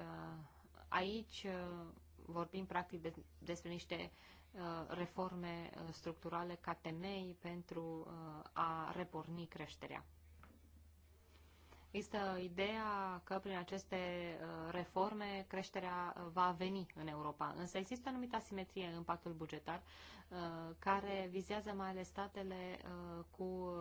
Aici uh, vorbim practic despre niște uh, reforme uh, structurale ca temei pentru a reporni creșterea. Există ideea că prin aceste reforme creșterea va veni în Europa, însă există anumită asimetrie în pactul bugetar care vizează mai ales statele cu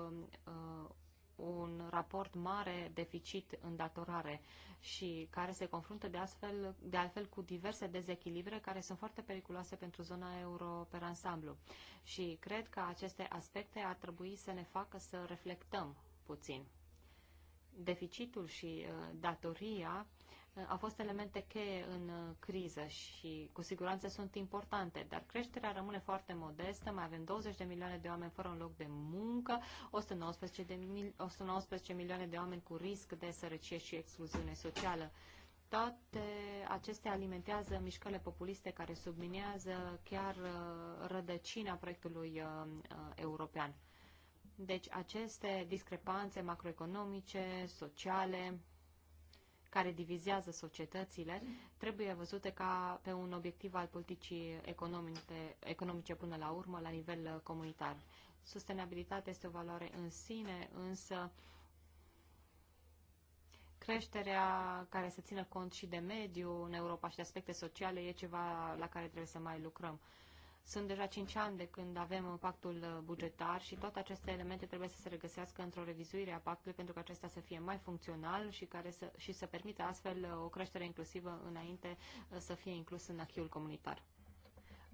un raport mare deficit în datorare și care se confruntă de, astfel, de altfel cu diverse dezechilibre care sunt foarte periculoase pentru zona euro pe ansamblu. Și cred că aceste aspecte ar trebui să ne facă să reflectăm puțin. Deficitul și uh, datoria au fost elemente cheie în uh, criză și cu siguranță sunt importante, dar creșterea rămâne foarte modestă, mai avem 20 de milioane de oameni fără un loc de muncă, 119, de mil- 119 milioane de oameni cu risc de sărăcie și excluziune socială. Toate acestea alimentează mișcările populiste care subminează chiar uh, rădăcina proiectului uh, european. Deci aceste discrepanțe macroeconomice, sociale, care divizează societățile trebuie văzute ca pe un obiectiv al politicii economice, economice până la urmă, la nivel uh, comunitar. Sustenabilitatea este o valoare în sine, însă creșterea care să țină cont și de mediu în Europa și de aspecte sociale e ceva la care trebuie să mai lucrăm. Sunt deja 5 ani de când avem uh, pactul uh, bugetar și toate aceste elemente trebuie să se regăsească într-o revizuire a pactului pentru că acesta să fie mai funcțional și, care să, și să permită astfel uh, o creștere inclusivă înainte să fie inclus în achiul comunitar.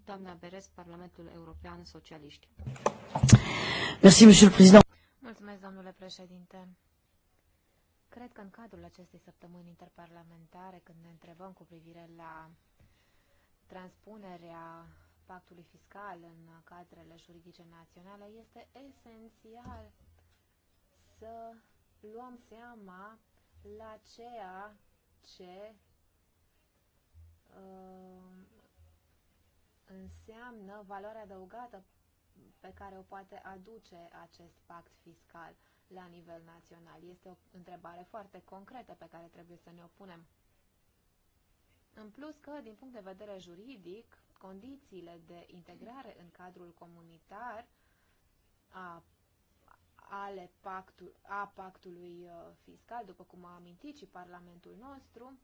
Doamna Beres, Parlamentul European Socialiști. Merci, Monsieur le Mulțumesc, domnule președinte. Cred că în cadrul acestei săptămâni interparlamentare, când ne întrebăm cu privire la transpunerea pactului fiscal în cadrele juridice naționale, este esențial să luăm seama la ceea ce uh, înseamnă valoarea adăugată pe care o poate aduce acest pact fiscal la nivel național. Este o întrebare foarte concretă pe care trebuie să ne o punem. În plus că, din punct de vedere juridic, condițiile de integrare în cadrul comunitar a, ale pactul, a pactului uh, fiscal, după cum a amintit și Parlamentul nostru,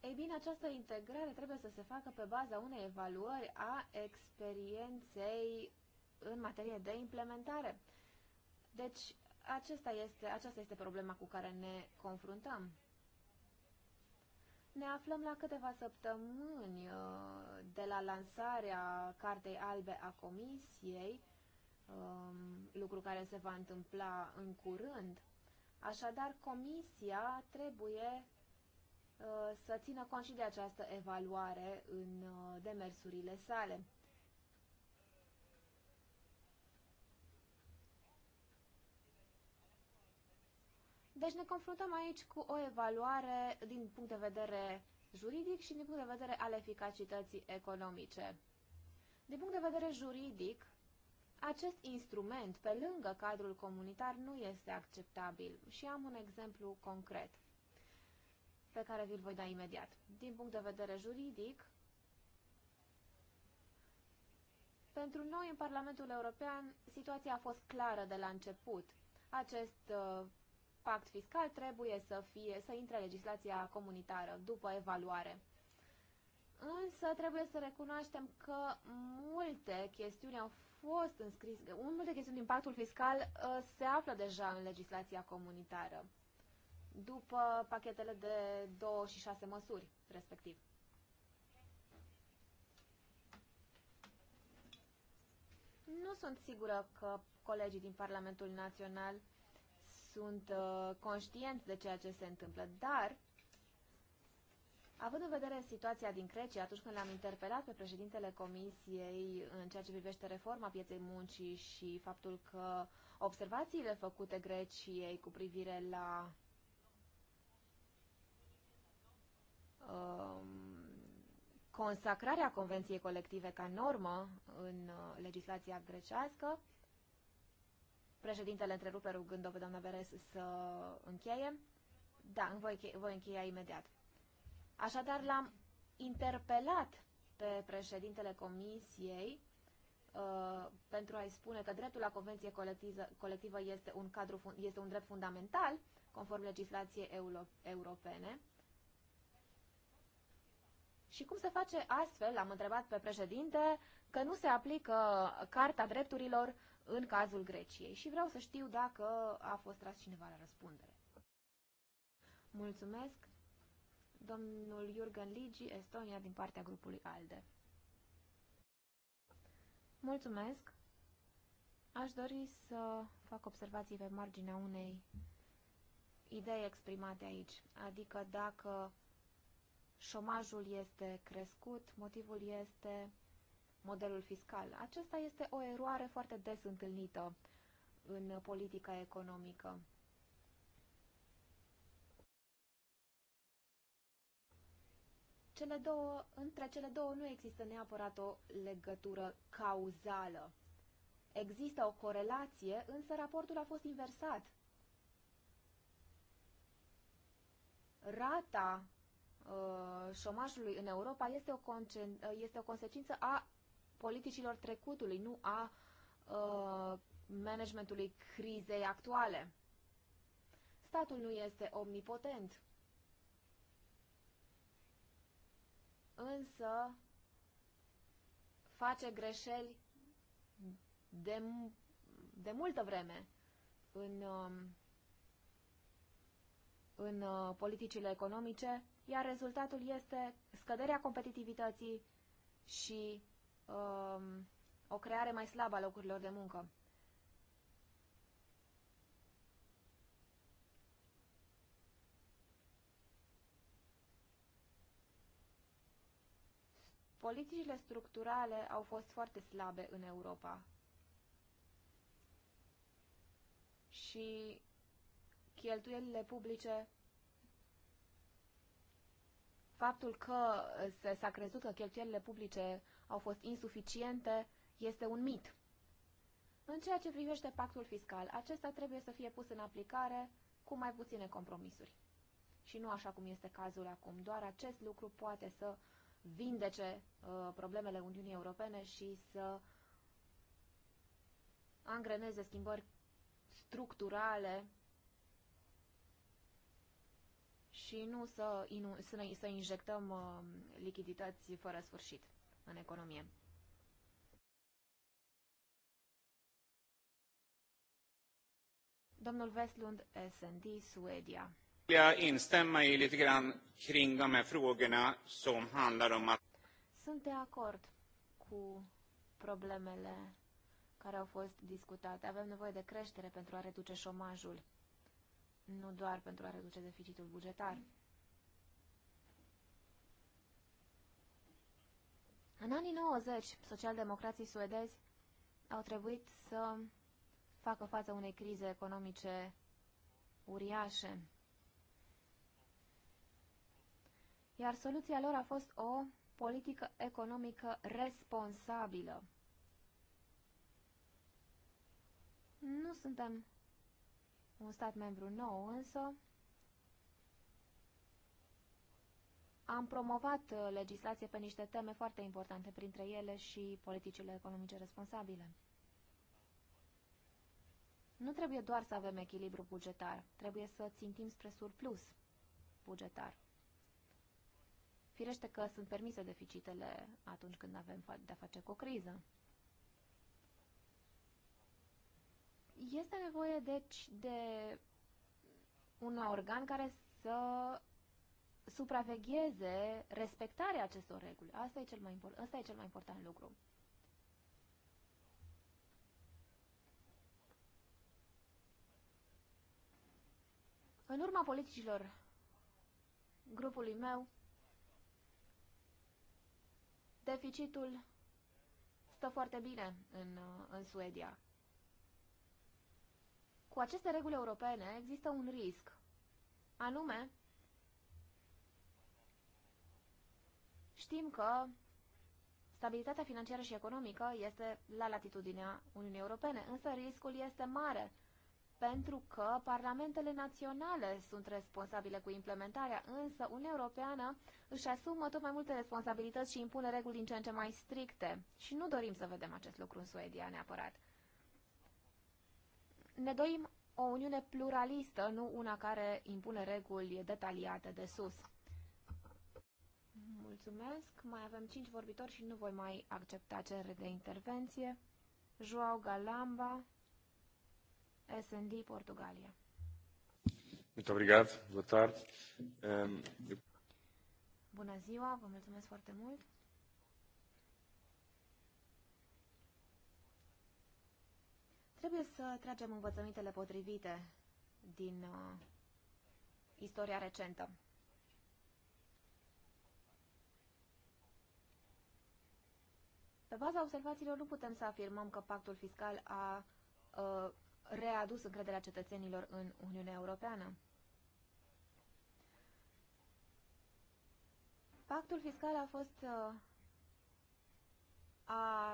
ei bine, această integrare trebuie să se facă pe baza unei evaluări a experienței în materie de implementare. Deci, acesta este, aceasta este problema cu care ne confruntăm. Ne aflăm la câteva săptămâni uh, de la lansarea Cartei Albe a Comisiei, um, lucru care se va întâmpla în curând. Așadar, Comisia trebuie uh, să țină cont și de această evaluare în uh, demersurile sale. Deci ne confruntăm aici cu o evaluare din punct de vedere juridic și din punct de vedere al eficacității economice. Din punct de vedere juridic, acest instrument, pe lângă cadrul comunitar, nu este acceptabil și am un exemplu concret pe care vi-l voi da imediat. Din punct de vedere juridic, pentru noi în Parlamentul European situația a fost clară de la început. Acest uh, pact fiscal trebuie să, fie, să intre legislația comunitară după evaluare. Însă trebuie să recunoaștem că multe chestiuni au fost înscrise, multe chestiuni din pactul fiscal ă, se află deja în legislația comunitară, după pachetele de 26 și măsuri, respectiv. Nu sunt sigură că colegii din Parlamentul Național sunt uh, conștienți de ceea ce se întâmplă, dar Având în vedere situația din Grecia, atunci când l-am interpelat pe președintele Comisiei în ceea ce privește reforma pieței muncii și faptul că observațiile făcute Greciei cu privire la um, consacrarea convenției colective ca normă în uh, legislația grecească, Președintele întrerupe rugând-o pe doamna Beres să încheie. Da, voi, voi încheia imediat. Așadar, l-am interpelat pe președintele comisiei uh, pentru a-i spune că dreptul la convenție colectivă este un, cadru, este un drept fundamental conform legislației euro, europene. Și cum se face astfel, l-am întrebat pe președinte, că nu se aplică Carta Drepturilor în cazul Greciei și vreau să știu dacă a fost tras cineva la răspundere. Mulțumesc, domnul Jurgen Ligi, Estonia, din partea grupului ALDE. Mulțumesc. Aș dori să fac observații pe marginea unei idei exprimate aici, adică dacă șomajul este crescut, motivul este modelul fiscal. Aceasta este o eroare foarte des întâlnită în politica economică. Cele două, între cele două nu există neapărat o legătură cauzală. Există o corelație, însă raportul a fost inversat. Rata uh, șomajului în Europa este o, este o consecință a politicilor trecutului, nu a uh, managementului crizei actuale. Statul nu este omnipotent. Însă face greșeli de, de multă vreme în, um, în uh, politicile economice, iar rezultatul este scăderea competitivității și uh, o creare mai slabă a locurilor de muncă. Politicile structurale au fost foarte slabe în Europa. Și cheltuielile publice, faptul că s-a crezut că cheltuielile publice au fost insuficiente este un mit. În ceea ce privește pactul fiscal, acesta trebuie să fie pus în aplicare cu mai puține compromisuri. Și nu așa cum este cazul acum. Doar acest lucru poate să vindece uh, problemele Uniunii Europene și să angreneze schimbări structurale și nu să, inu- să, să injectăm uh, lichidități fără sfârșit în economie. Domnul Westlund, SND, Suedia. Jag instämmer i lite grann kring de här frågorna som handlar om att... Sunt de acord cu problemele care au fost discutate. Avem nevoie de creștere pentru a reduce șomajul, nu doar pentru a reduce deficitul bugetar. Mm. În anii 90, socialdemocrații suedezi au trebuit să facă față unei crize economice uriașe. Iar soluția lor a fost o politică economică responsabilă. Nu suntem un stat membru nou, însă am promovat uh, legislație pe niște teme foarte importante, printre ele și politicile economice responsabile. Nu trebuie doar să avem echilibru bugetar, trebuie să țintim spre surplus bugetar. Firește că sunt permise deficitele atunci când avem de-a face cu o criză. Este nevoie, deci, de un organ care să supravegheze respectarea acestor reguli. Asta e cel mai, import, asta e cel mai important lucru. În urma politicilor grupului meu, deficitul stă foarte bine în, în Suedia. Cu aceste reguli europene există un risc, anume Știm că stabilitatea financiară și economică este la latitudinea Uniunii Europene, însă riscul este mare, pentru că parlamentele naționale sunt responsabile cu implementarea, însă Uniunea Europeană își asumă tot mai multe responsabilități și impune reguli din ce în ce mai stricte. Și nu dorim să vedem acest lucru în Suedia neapărat. Ne dorim o Uniune pluralistă, nu una care impune reguli detaliate de sus. Mulțumesc. Mai avem cinci vorbitori și nu voi mai accepta cerere de intervenție. João Galamba, SND Portugalia. Muito obrigado. Boa tarde. Um... Bună ziua, vă mulțumesc foarte mult. Trebuie să tragem învățămintele potrivite din uh, istoria recentă. Pe baza observațiilor nu putem să afirmăm că pactul fiscal a uh, readus încrederea cetățenilor în Uniunea Europeană. Pactul fiscal a fost uh,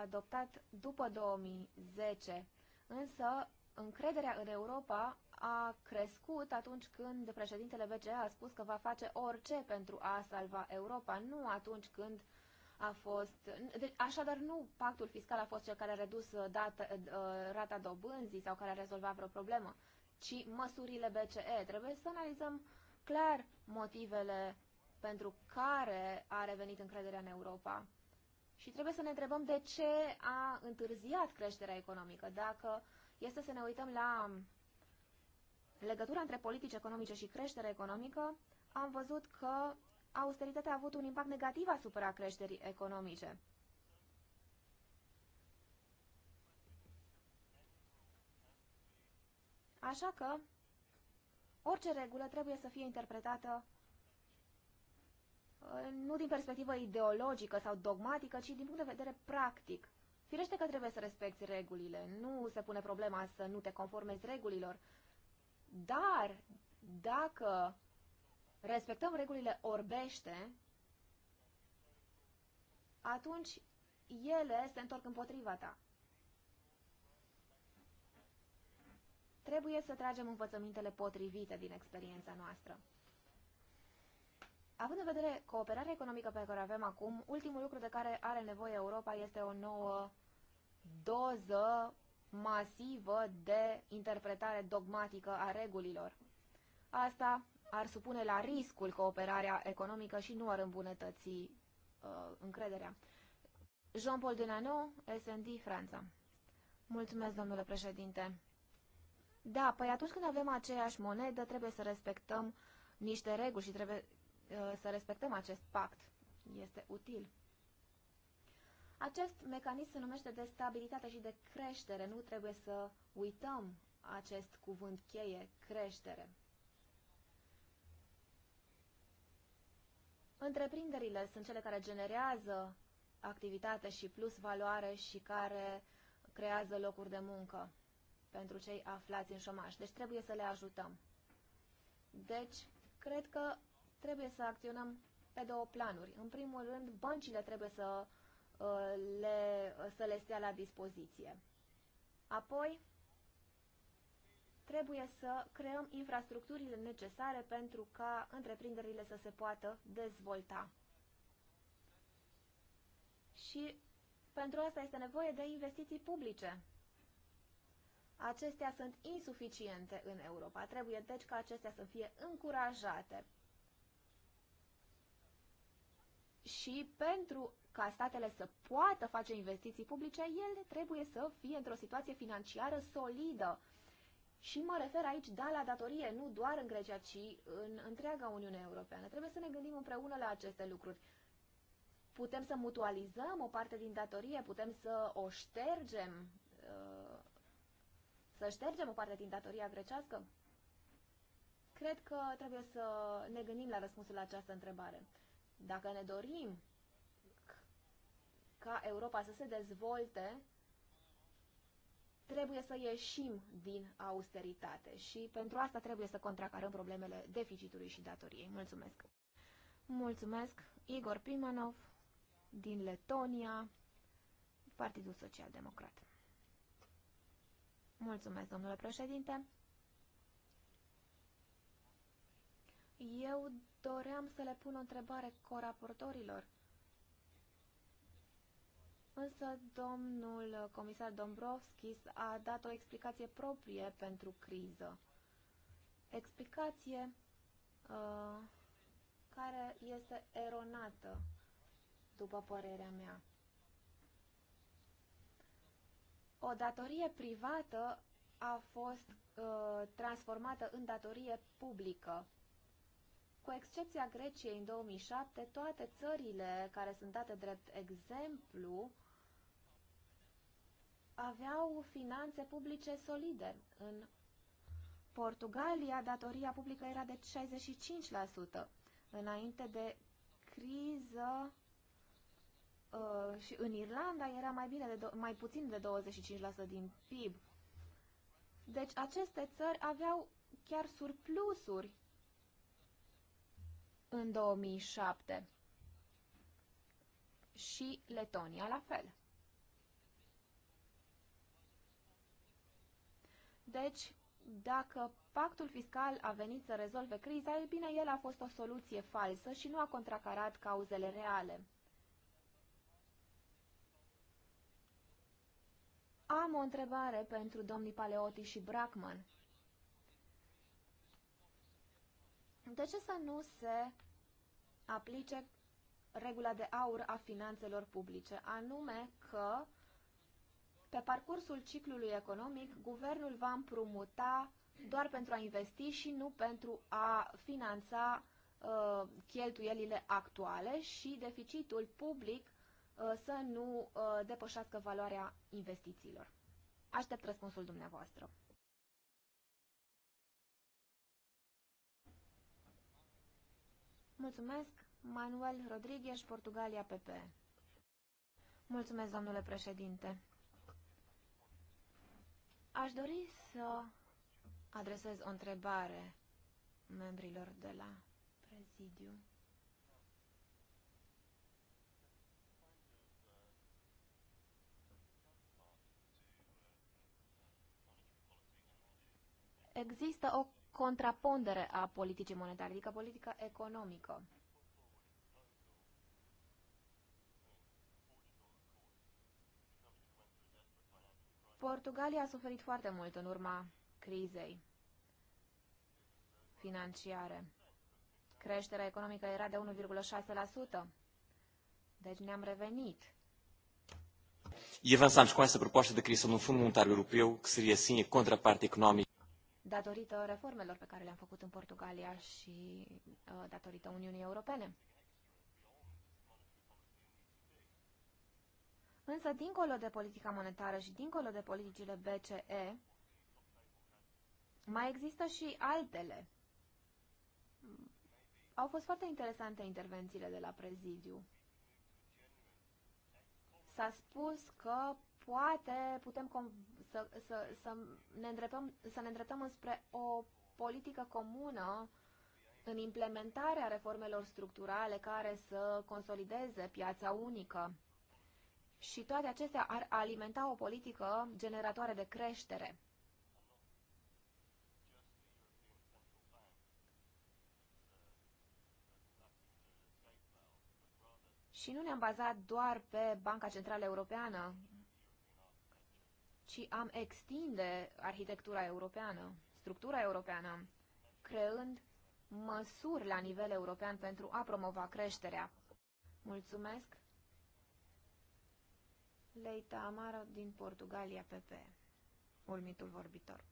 adoptat după 2010, însă încrederea în Europa a crescut atunci când președintele BCE a spus că va face orice pentru a salva Europa, nu atunci când uh, a fost... Deci, așadar, nu pactul fiscal a fost cel care a redus uh, data, uh, uh, rata dobânzii sau care a rezolvat vreo problemă, ci măsurile BCE. Trebuie să analizăm clar motivele pentru care a revenit încrederea în Europa. Și trebuie să ne întrebăm de ce a întârziat creșterea economică. Dacă este să ne uităm la legătura între politici economice și creștere economică, am văzut că austeritatea a avut un impact negativ asupra creșterii economice. Așa că orice regulă trebuie să fie interpretată uh, nu din perspectivă ideologică sau dogmatică, ci din punct de vedere practic. Firește că trebuie să respecti regulile, nu se pune problema să nu te conformezi regulilor, dar dacă respectăm regulile orbește, atunci ele se întorc împotriva ta. Trebuie să tragem învățămintele potrivite din experiența noastră. Având în vedere cooperarea economică pe care o avem acum, ultimul lucru de care are nevoie Europa este o nouă doză masivă de interpretare dogmatică a regulilor. Asta ar supune la riscul cooperarea economică și nu ar îmbunătăți uh, încrederea. Jean-Paul Dunano, SND, Franța. Mulțumesc, domnule președinte. Da, păi atunci când avem aceeași monedă, trebuie să respectăm niște reguli și trebuie uh, să respectăm acest pact. Este util. Acest mecanism se numește de stabilitate și de creștere. Nu trebuie să uităm acest cuvânt cheie, creștere. Întreprinderile sunt cele care generează activitate și plus valoare și care creează locuri de muncă pentru cei aflați în șomaș. Deci trebuie să le ajutăm. Deci, cred că trebuie să acționăm pe două planuri. În primul rând, băncile trebuie să, uh, le, să le stea la dispoziție. Apoi, trebuie să creăm infrastructurile necesare pentru ca întreprinderile să se poată dezvolta. Și pentru asta este nevoie de investiții publice. Acestea sunt insuficiente în Europa. Trebuie deci ca acestea să fie încurajate. Și pentru ca statele să poată face investiții publice, ele trebuie să fie într-o situație financiară solidă și mă refer aici, da, la datorie, nu doar în Grecia, ci în întreaga Uniune Europeană. Trebuie să ne gândim împreună la aceste lucruri. Putem să mutualizăm o parte din datorie, putem să o ștergem, uh, să ștergem o parte din datoria grecească? Cred că trebuie să ne gândim la răspunsul la această întrebare. Dacă ne dorim ca Europa să se dezvolte, trebuie să ieșim din austeritate și pentru asta trebuie să contracarăm problemele deficitului și datoriei. Mulțumesc! Mulțumesc, Igor Pimanov, din Letonia, Partidul Social Democrat. Mulțumesc, domnule președinte. Eu doream să le pun o întrebare coraportorilor. Însă domnul comisar Dombrovskis a dat o explicație proprie pentru criză. Explicație uh, care este eronată, după părerea mea. O datorie privată a fost uh, transformată în datorie publică. Cu excepția Greciei în 2007, toate țările care sunt date drept exemplu aveau finanțe publice solide. În Portugalia, datoria publică era de 65%. Înainte de criză, uh, și în Irlanda era mai, bine de mai puțin de 25% din PIB. Deci aceste țări aveau chiar surplusuri în 2007 și Letonia la fel. Deci, dacă pactul fiscal a venit să rezolve criza, e bine, el a fost o soluție falsă și nu a contracarat cauzele reale. Am o întrebare pentru domnii Paleotti și Brackman. De ce să nu se aplice regula de aur a finanțelor publice, anume că pe parcursul ciclului economic, guvernul va împrumuta doar pentru a investi și nu pentru a finanța uh, cheltuielile actuale și deficitul public uh, să nu uh, depășească valoarea investițiilor. Aștept răspunsul dumneavoastră. Mulțumesc, Manuel Rodriguez, Portugalia PP. Mulțumesc, domnule președinte. Aș dori să adresez o întrebare membrilor de la prezidiu. Există o contrapondere a politicii monetare, adică politica economică. Portugalia a suferit foarte mult în urma crizei financiare. Creșterea economică era de 1,6%. Deci ne-am revenit. E avançamos com essa proposta de criação de um fundo monetário europeu, que seria sim a contraparte económica. Datorită reformelor pe care le-am făcut în Portugalia și uh, datorită Uniunii Europene. Însă, dincolo de politica monetară și dincolo de politicile BCE, mai există și altele. Au fost foarte interesante intervențiile de la prezidiu. S-a spus că poate putem să, să, să, ne îndreptăm, să ne îndreptăm spre o politică comună în implementarea reformelor structurale care să consolideze piața unică și toate acestea ar alimenta o politică generatoare de creștere. Și nu ne-am bazat doar pe Banca Centrală Europeană, ci am extinde arhitectura europeană, structura europeană, creând măsuri la nivel european pentru a promova creșterea. Mulțumesc! Leita Amaro din Portugalia PP, urmitul vorbitor.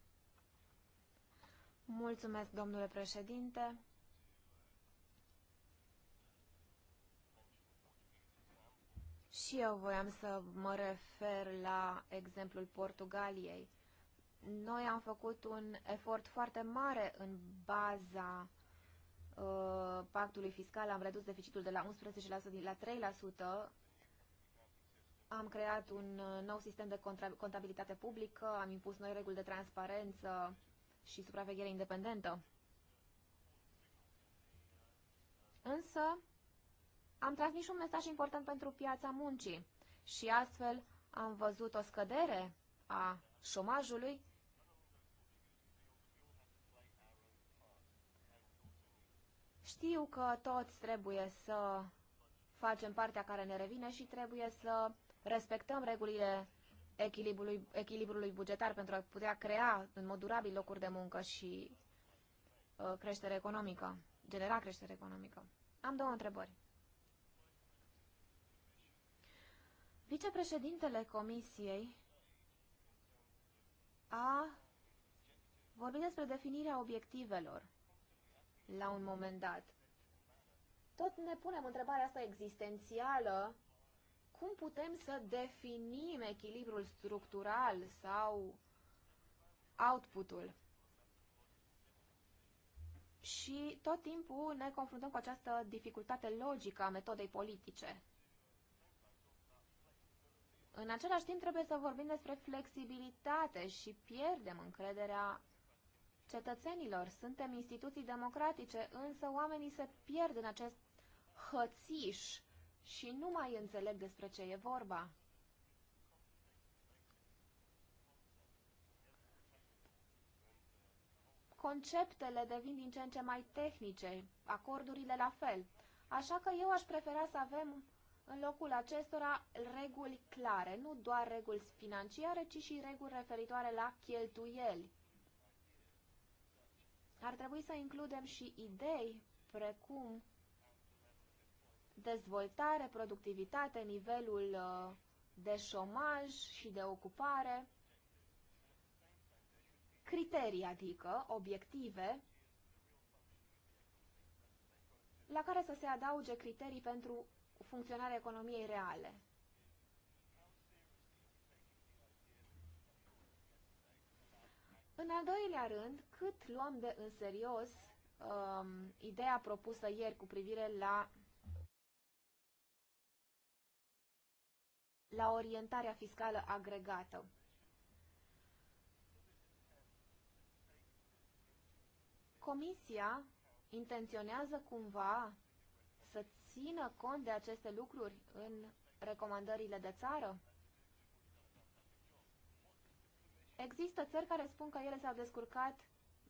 Mulțumesc, domnule președinte. Și eu voiam să mă refer la exemplul Portugaliei. Noi am făcut un efort foarte mare în baza uh, pactului fiscal, am redus deficitul de la 11% la 3%, am creat un uh, nou sistem de contabilitate publică, am impus noi reguli de transparență și supraveghere independentă. Însă, am transmis un mesaj important pentru piața muncii și astfel am văzut o scădere a șomajului Știu că toți trebuie să facem partea care ne revine și trebuie să respectăm regulile echilibrului, echilibrului bugetar pentru a putea crea în mod durabil locuri de muncă și uh, creștere economică, genera creștere economică. Am două întrebări. Vicepreședintele Comisiei a vorbit despre definirea obiectivelor la un moment dat. Tot ne punem întrebarea asta existențială cum putem să definim echilibrul structural sau outputul? Și tot timpul ne confruntăm cu această dificultate logică a metodei politice. În același timp trebuie să vorbim despre flexibilitate și pierdem încrederea cetățenilor. Suntem instituții democratice, însă oamenii se pierd în acest hățiș și nu mai înțeleg despre ce e vorba. Conceptele devin din ce în ce mai tehnice, acordurile la fel. Așa că eu aș prefera să avem în locul acestora reguli clare, nu doar reguli financiare, ci și reguli referitoare la cheltuieli. Ar trebui să includem și idei precum dezvoltare, productivitate, nivelul uh, de șomaj și de ocupare, criterii, adică obiective, la care să se adauge criterii pentru funcționarea economiei reale. În al doilea rând, cât luăm de în serios um, ideea propusă ieri cu privire la la orientarea fiscală agregată. Comisia intenționează cumva să țină cont de aceste lucruri în recomandările de țară? Există țări care spun că ele s-au descurcat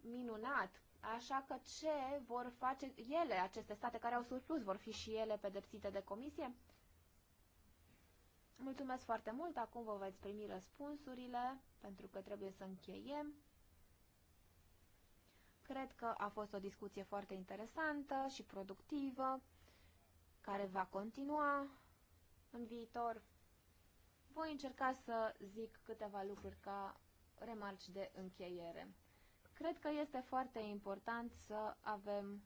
minunat, așa că ce vor face ele, aceste state care au surplus, vor fi și ele pedepsite de comisie? Mulțumesc foarte mult, acum vă veți primi răspunsurile, pentru că trebuie să încheiem. Cred că a fost o discuție foarte interesantă și productivă, care va continua în viitor. Voi încerca să zic câteva lucruri ca remarci de încheiere. Cred că este foarte important să avem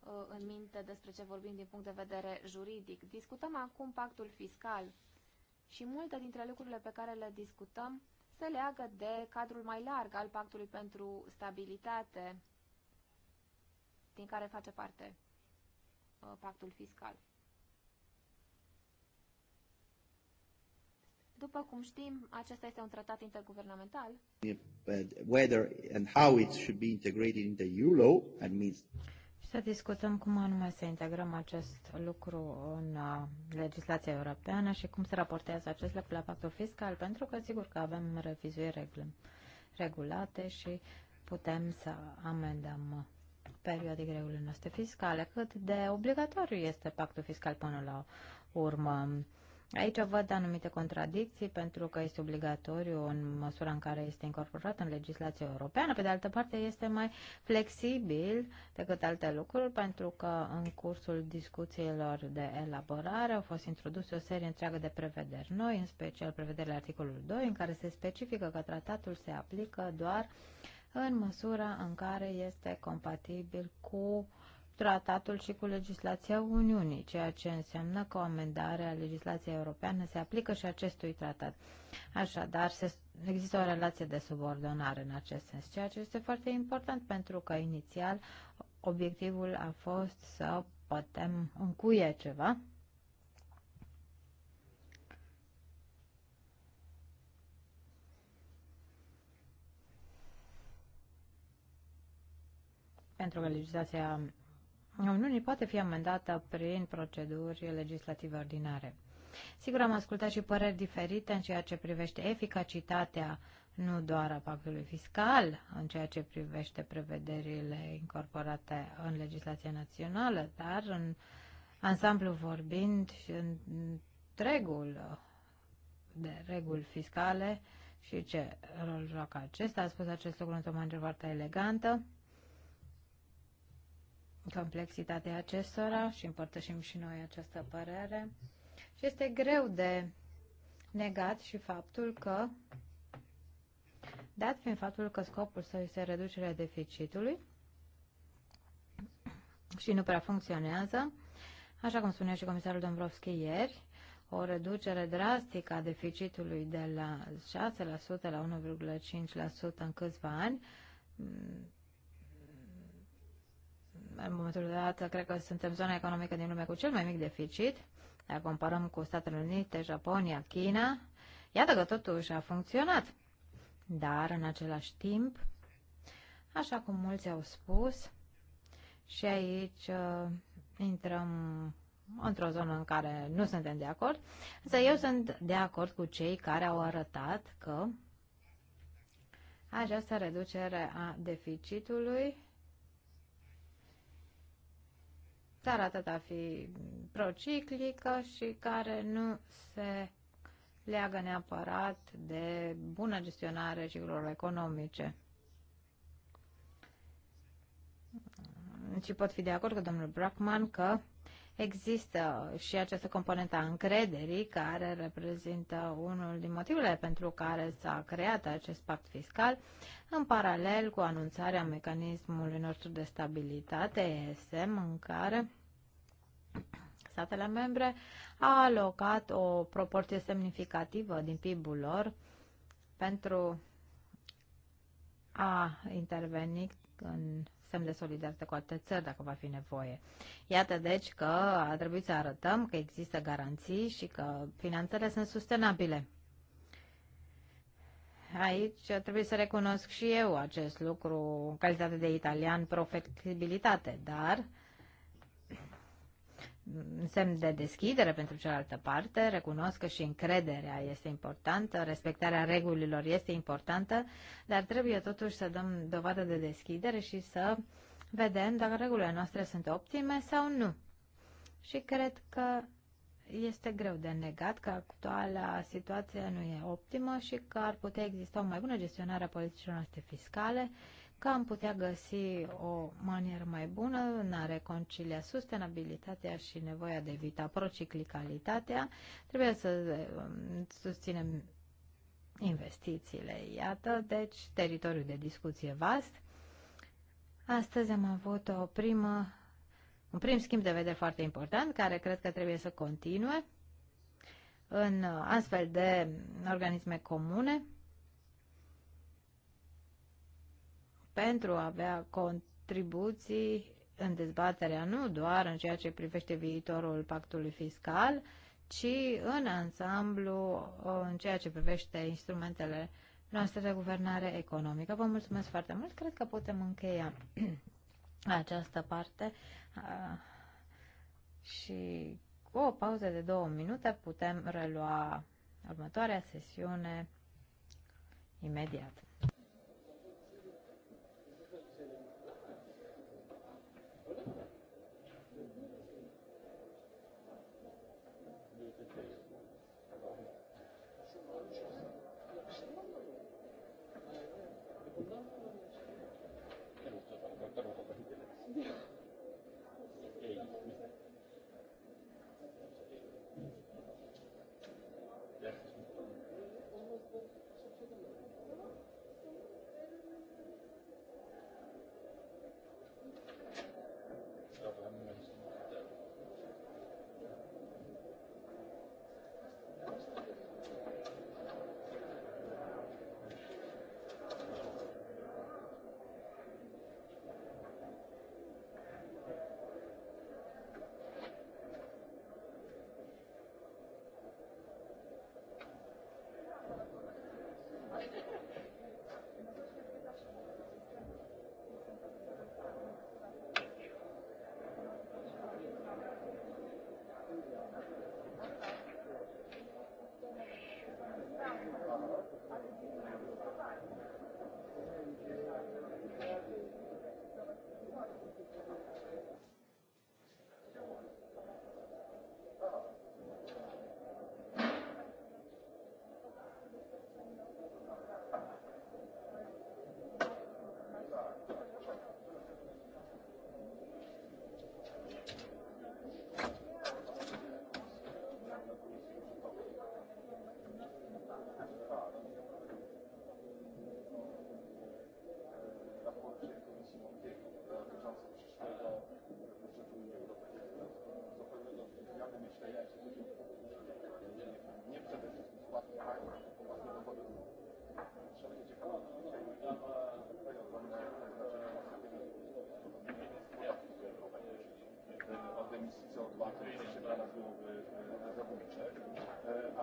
uh, în minte despre ce vorbim din punct de vedere juridic. Discutăm acum pactul fiscal și multe dintre lucrurile pe care le discutăm se leagă de cadrul mai larg al Pactului pentru Stabilitate, din care face parte uh, pactul fiscal. După cum știm, acesta este un tratat interguvernamental. Whether and how it should be integrated into EU law means și să discutăm cum anume să integrăm acest lucru în uh, legislația europeană și cum se raportează acest lucru la pactul fiscal, pentru că sigur că avem revizuiri regulate și putem să amendăm periodic regulile noastre fiscale, cât de obligatoriu este pactul fiscal până la urmă. Aici văd anumite contradicții pentru că este obligatoriu în măsura în care este incorporat în legislația europeană. Pe de altă parte, este mai flexibil decât alte lucruri pentru că în cursul discuțiilor de elaborare au fost introduse o serie întreagă de prevederi noi, în special prevederile articolului 2, în care se specifică că tratatul se aplică doar în măsura în care este compatibil cu tratatul și cu legislația Uniunii, ceea ce înseamnă că o amendare a legislației europeană se aplică și acestui tratat. Așadar, se, există o relație de subordonare în acest sens, ceea ce este foarte important pentru că inițial obiectivul a fost să putem încuie ceva. Pentru că legislația Uniunii poate fi amendată prin proceduri legislative ordinare. Sigur, am ascultat și păreri diferite în ceea ce privește eficacitatea nu doar a pactului fiscal, în ceea ce privește prevederile incorporate în legislația națională, dar în ansamblu vorbind și întregul de reguli fiscale și ce rol joacă acesta. A spus acest lucru într-o manieră foarte elegantă complexitatea acestora și împărtășim și noi această părere. Și este greu de negat și faptul că, dat fiind faptul că scopul său este reducerea deficitului și nu prea funcționează, așa cum spunea și comisarul Dombrovski ieri, o reducere drastică a deficitului de la 6% la 1,5% în câțiva ani în momentul de dată, cred că suntem zona economică din lume cu cel mai mic deficit, dacă comparăm cu Statele Unite, Japonia, China, iată că totuși a funcționat. Dar, în același timp, așa cum mulți au spus, și aici uh, intrăm într-o zonă în care nu suntem de acord, însă eu sunt de acord cu cei care au arătat că această reducere a deficitului țara a da fi prociclică și care nu se leagă neapărat de bună gestionare ciclurilor economice. Și pot fi de acord cu domnul Brockman că Există și această componentă a încrederii care reprezintă unul din motivele pentru care s-a creat acest pact fiscal, în paralel cu anunțarea mecanismului nostru de stabilitate, ESM, în care statele membre au alocat o proporție semnificativă din PIB-ul lor pentru a interveni în semn de solidaritate cu alte țări dacă va fi nevoie. Iată deci că a trebuit să arătăm că există garanții și că finanțele sunt sustenabile. Aici trebuie să recunosc și eu acest lucru în calitate de italian, profectibilitate, dar un semn de deschidere pentru cealaltă parte, recunosc că și încrederea este importantă, respectarea regulilor este importantă, dar trebuie totuși să dăm dovadă de deschidere și să vedem dacă regulile noastre sunt optime sau nu. Și cred că este greu de negat că actuala situație nu e optimă și că ar putea exista o mai bună gestionare a politicilor noastre fiscale, că am putea găsi o manieră mai bună în a reconcilia sustenabilitatea și nevoia de evita prociclicalitatea. Trebuie să um, susținem investițiile. Iată, deci, teritoriul de discuție vast. Astăzi am avut o primă, un prim schimb de vedere foarte important, care cred că trebuie să continue în uh, astfel de organisme comune. pentru a avea contribuții în dezbaterea nu doar în ceea ce privește viitorul pactului fiscal, ci în ansamblu în ceea ce privește instrumentele noastre de guvernare economică. Vă mulțumesc foarte mult. Cred că putem încheia [clears throat] această parte și cu o pauză de două minute putem relua următoarea sesiune imediat.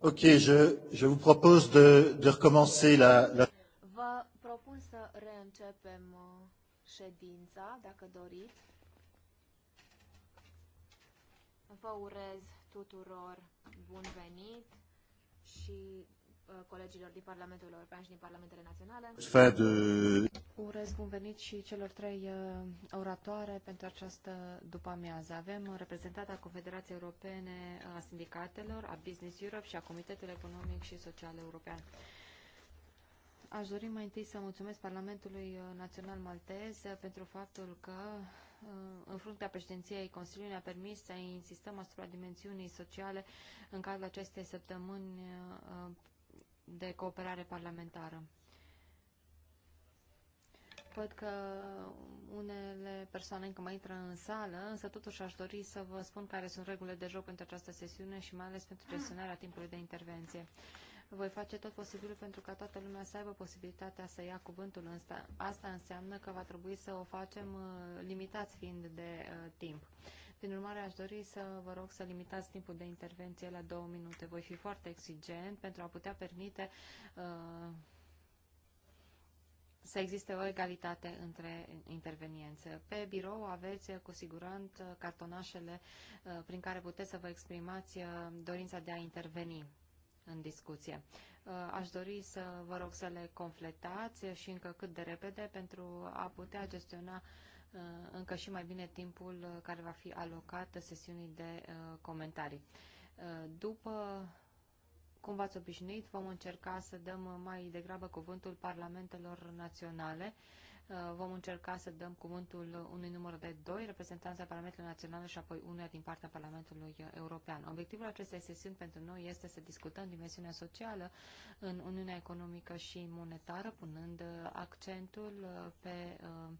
Ok, je, je vous propose de, de recommencer la, la... Vă propun să reîncepem uh, ședința, dacă doriți. Vă urez tuturor bun venit și Uh, colegilor din Parlamentul European și din Parlamentele Naționale. Uh, Urez bun venit și celor trei uh, oratoare pentru această după-amiază. Avem reprezentata Confederației Europene a Sindicatelor, a Business Europe și a Comitetului Economic și Social European. Aș dori mai întâi să mulțumesc Parlamentului Național Maltez pentru faptul că, în fruntea președinției Consiliului, ne-a permis să insistăm asupra dimensiunii sociale în cadrul acestei săptămâni de cooperare parlamentară. Văd că unele persoane încă mai intră în sală, însă totuși aș dori să vă spun care sunt regulile de joc pentru această sesiune și mai ales pentru gestionarea timpului de intervenție. Voi face tot posibilul pentru ca toată lumea să aibă posibilitatea să ia cuvântul. însă Asta înseamnă că va trebui să o facem uh, limitați fiind de uh, timp. Prin urmare, aș dori să vă rog să limitați timpul de intervenție la două minute. Voi fi foarte exigent pentru a putea permite uh, să existe o egalitate între intervenienți. Pe birou aveți cu siguranță cartonașele uh, prin care puteți să vă exprimați uh, dorința de a interveni în discuție. Uh, aș dori să vă rog să le completați și încă cât de repede pentru a putea gestiona uh, Uh, încă și mai bine timpul uh, care va fi alocat sesiunii de uh, comentarii. După cum v-ați obișnuit, vom încerca să dăm mai degrabă cuvântul parlamentelor naționale. Vom încerca să dăm cuvântul unui număr de doi reprezentanți ai Parlamentului Național și apoi unuia din partea Parlamentului European. Obiectivul acestei sesiuni pentru noi este să discutăm dimensiunea socială în Uniunea Economică și Monetară, punând accentul pe uh,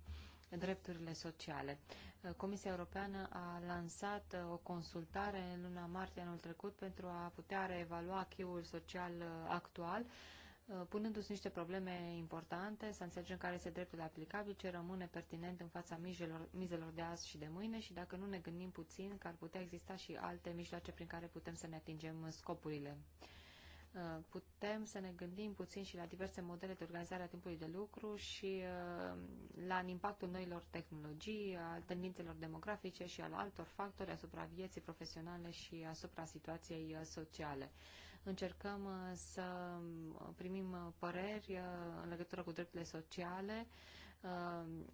drepturile sociale. Uh, Comisia Europeană a lansat uh, o consultare în luna martie anul trecut pentru a putea reevalua chiul social uh, actual punându-ți niște probleme importante, să înțelegem care este dreptul aplicabil, ce rămâne pertinent în fața mijelor, mizelor de azi și de mâine și dacă nu ne gândim puțin că ar putea exista și alte mijloace prin care putem să ne atingem scopurile. Uh, putem să ne gândim puțin și la diverse modele de organizare a timpului de lucru și uh, la impactul noilor tehnologii, al tendințelor demografice și al altor factori asupra vieții profesionale și asupra situației uh, sociale. Încercăm să primim păreri în legătură cu drepturile sociale, Ehm,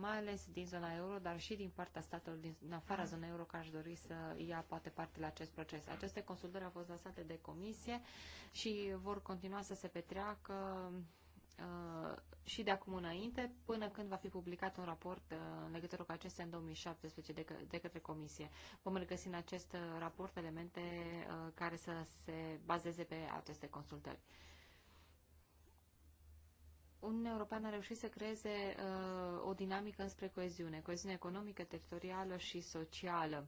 mai ales din zona euro, dar și din partea statelor din afara zonei euro care aș dori să ia poate parte la acest proces. Aceste consultări au fost lăsate de comisie și vor continua să se petreacă ehm, și de acum înainte, până când va fi publicat un raport ehm, în legătură cu acestea în 2017 de, că, de către Comisie. Vom regăsi în acest raport elemente care să se bazeze pe aceste consultări. Uniunea Europeană a reușit să creeze uh, o dinamică înspre coeziune, coeziune economică, teritorială și socială.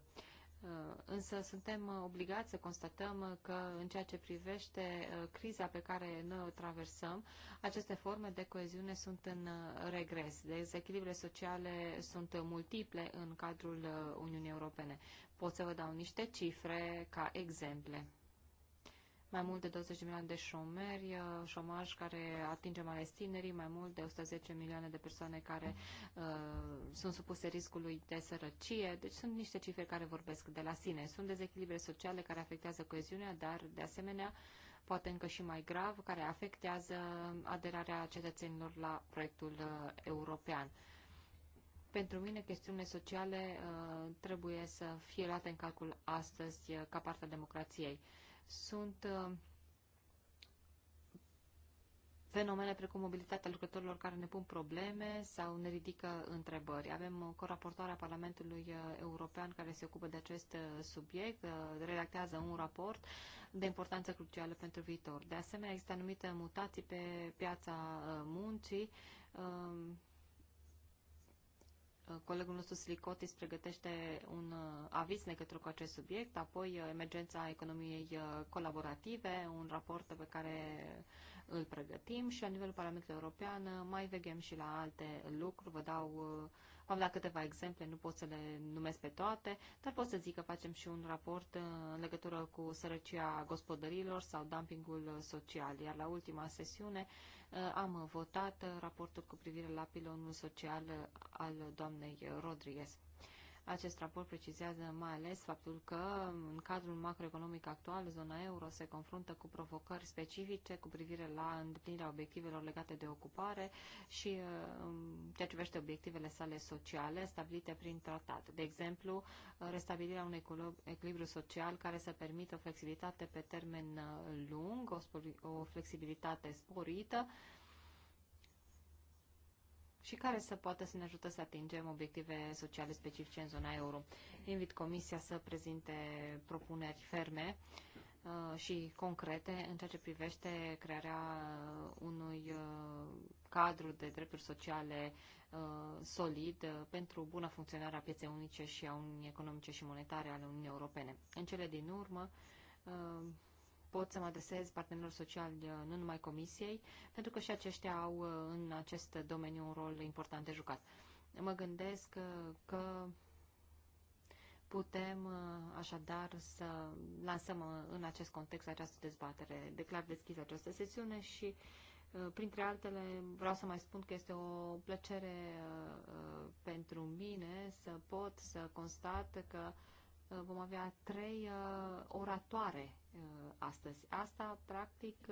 Uh, însă suntem uh, obligați să constatăm uh, că în ceea ce privește uh, criza pe care noi o traversăm, aceste forme de coeziune sunt în uh, regres. Dezechilibrele sociale sunt multiple în cadrul Uniunii Europene. Pot să vă dau niște cifre ca exemple mai mult de 20 de milioane de șomeri, uh, șomaj care atinge mai ales tinerii, mai mult de 110 milioane de persoane care uh, sunt supuse riscului de sărăcie. Deci sunt niște cifre care vorbesc de la sine. Sunt dezechilibre sociale care afectează coeziunea, dar de asemenea poate încă și mai grav, care afectează aderarea cetățenilor la proiectul uh, european pentru mine chestiunile sociale uh, trebuie să fie luate în calcul astăzi uh, ca partea democrației. Uh, sunt uh, fenomene precum mobilitatea lucrătorilor care ne pun probleme sau ne ridică întrebări. Avem uh, o a Parlamentului uh, European care se ocupă de acest subiect, redactează un raport de importanță crucială pentru viitor. De asemenea, există anumite mutații pe piața muncii Uh, colegul nostru Silicotis pregătește un uh, aviz legătură cu acest subiect, apoi uh, emergența economiei colaborative, un raport pe care îl pregătim și la nivelul Parlamentului European mai vegem și la alte lucruri. Vă dau, am dat câteva exemple, nu pot să le numesc pe toate, dar pot să zic că facem și un raport în legătură cu sărăcia gospodărilor sau dumpingul social. Iar la ultima sesiune Uh, am votat uh, raportul cu privire la pilonul social uh, al doamnei Rodriguez. Acest raport precizează mai ales faptul că în cadrul macroeconomic actual zona euro se confruntă cu provocări specifice cu privire la îndeplinirea obiectivelor legate de ocupare și uh, ceea ce privește obiectivele sale sociale stabilite prin tratat. De exemplu, restabilirea unui echilibru social care să permită o flexibilitate pe termen uh, lung, o, o flexibilitate sporită, și care să poată să ne ajute să atingem obiective sociale specifice în zona euro. Invit Comisia să prezinte propuneri ferme uh, și concrete în ceea ce privește crearea uh, unui uh, cadru de drepturi sociale solid pentru buna funcționare a pieței unice și a unii economice și monetare ale Uniunii Europene. În cele din urmă, pot să mă adresez partenerilor sociali, uh, nu numai comisiei, pentru că și aceștia au uh, în acest domeniu un rol important de jucat. Mă gândesc uh, că putem așadar să lansăm în acest context această dezbatere. Declar deschis această sesiune și Printre altele, vreau să mai spun că este o plăcere pentru mine să pot să constat că Uh, vom avea trei uh, oratoare uh, astăzi. Asta, practic,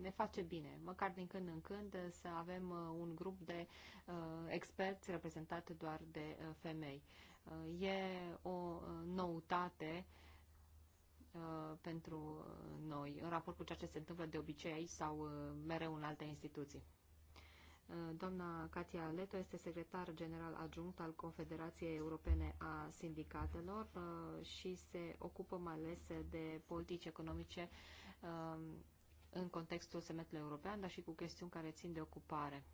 ne face bine, măcar din când în când, să avem un grup de experți reprezentate doar de femei. E o noutate pentru noi, în raport cu ceea ce se întâmplă de obicei aici sau mereu în alte instituții. Doamna Katia Leto este secretar general adjunct al Confederației Europene a Sindicatelor uh, și se ocupă mai ales de politici economice um, în contextul semestrului european, dar și cu chestiuni care țin de ocupare.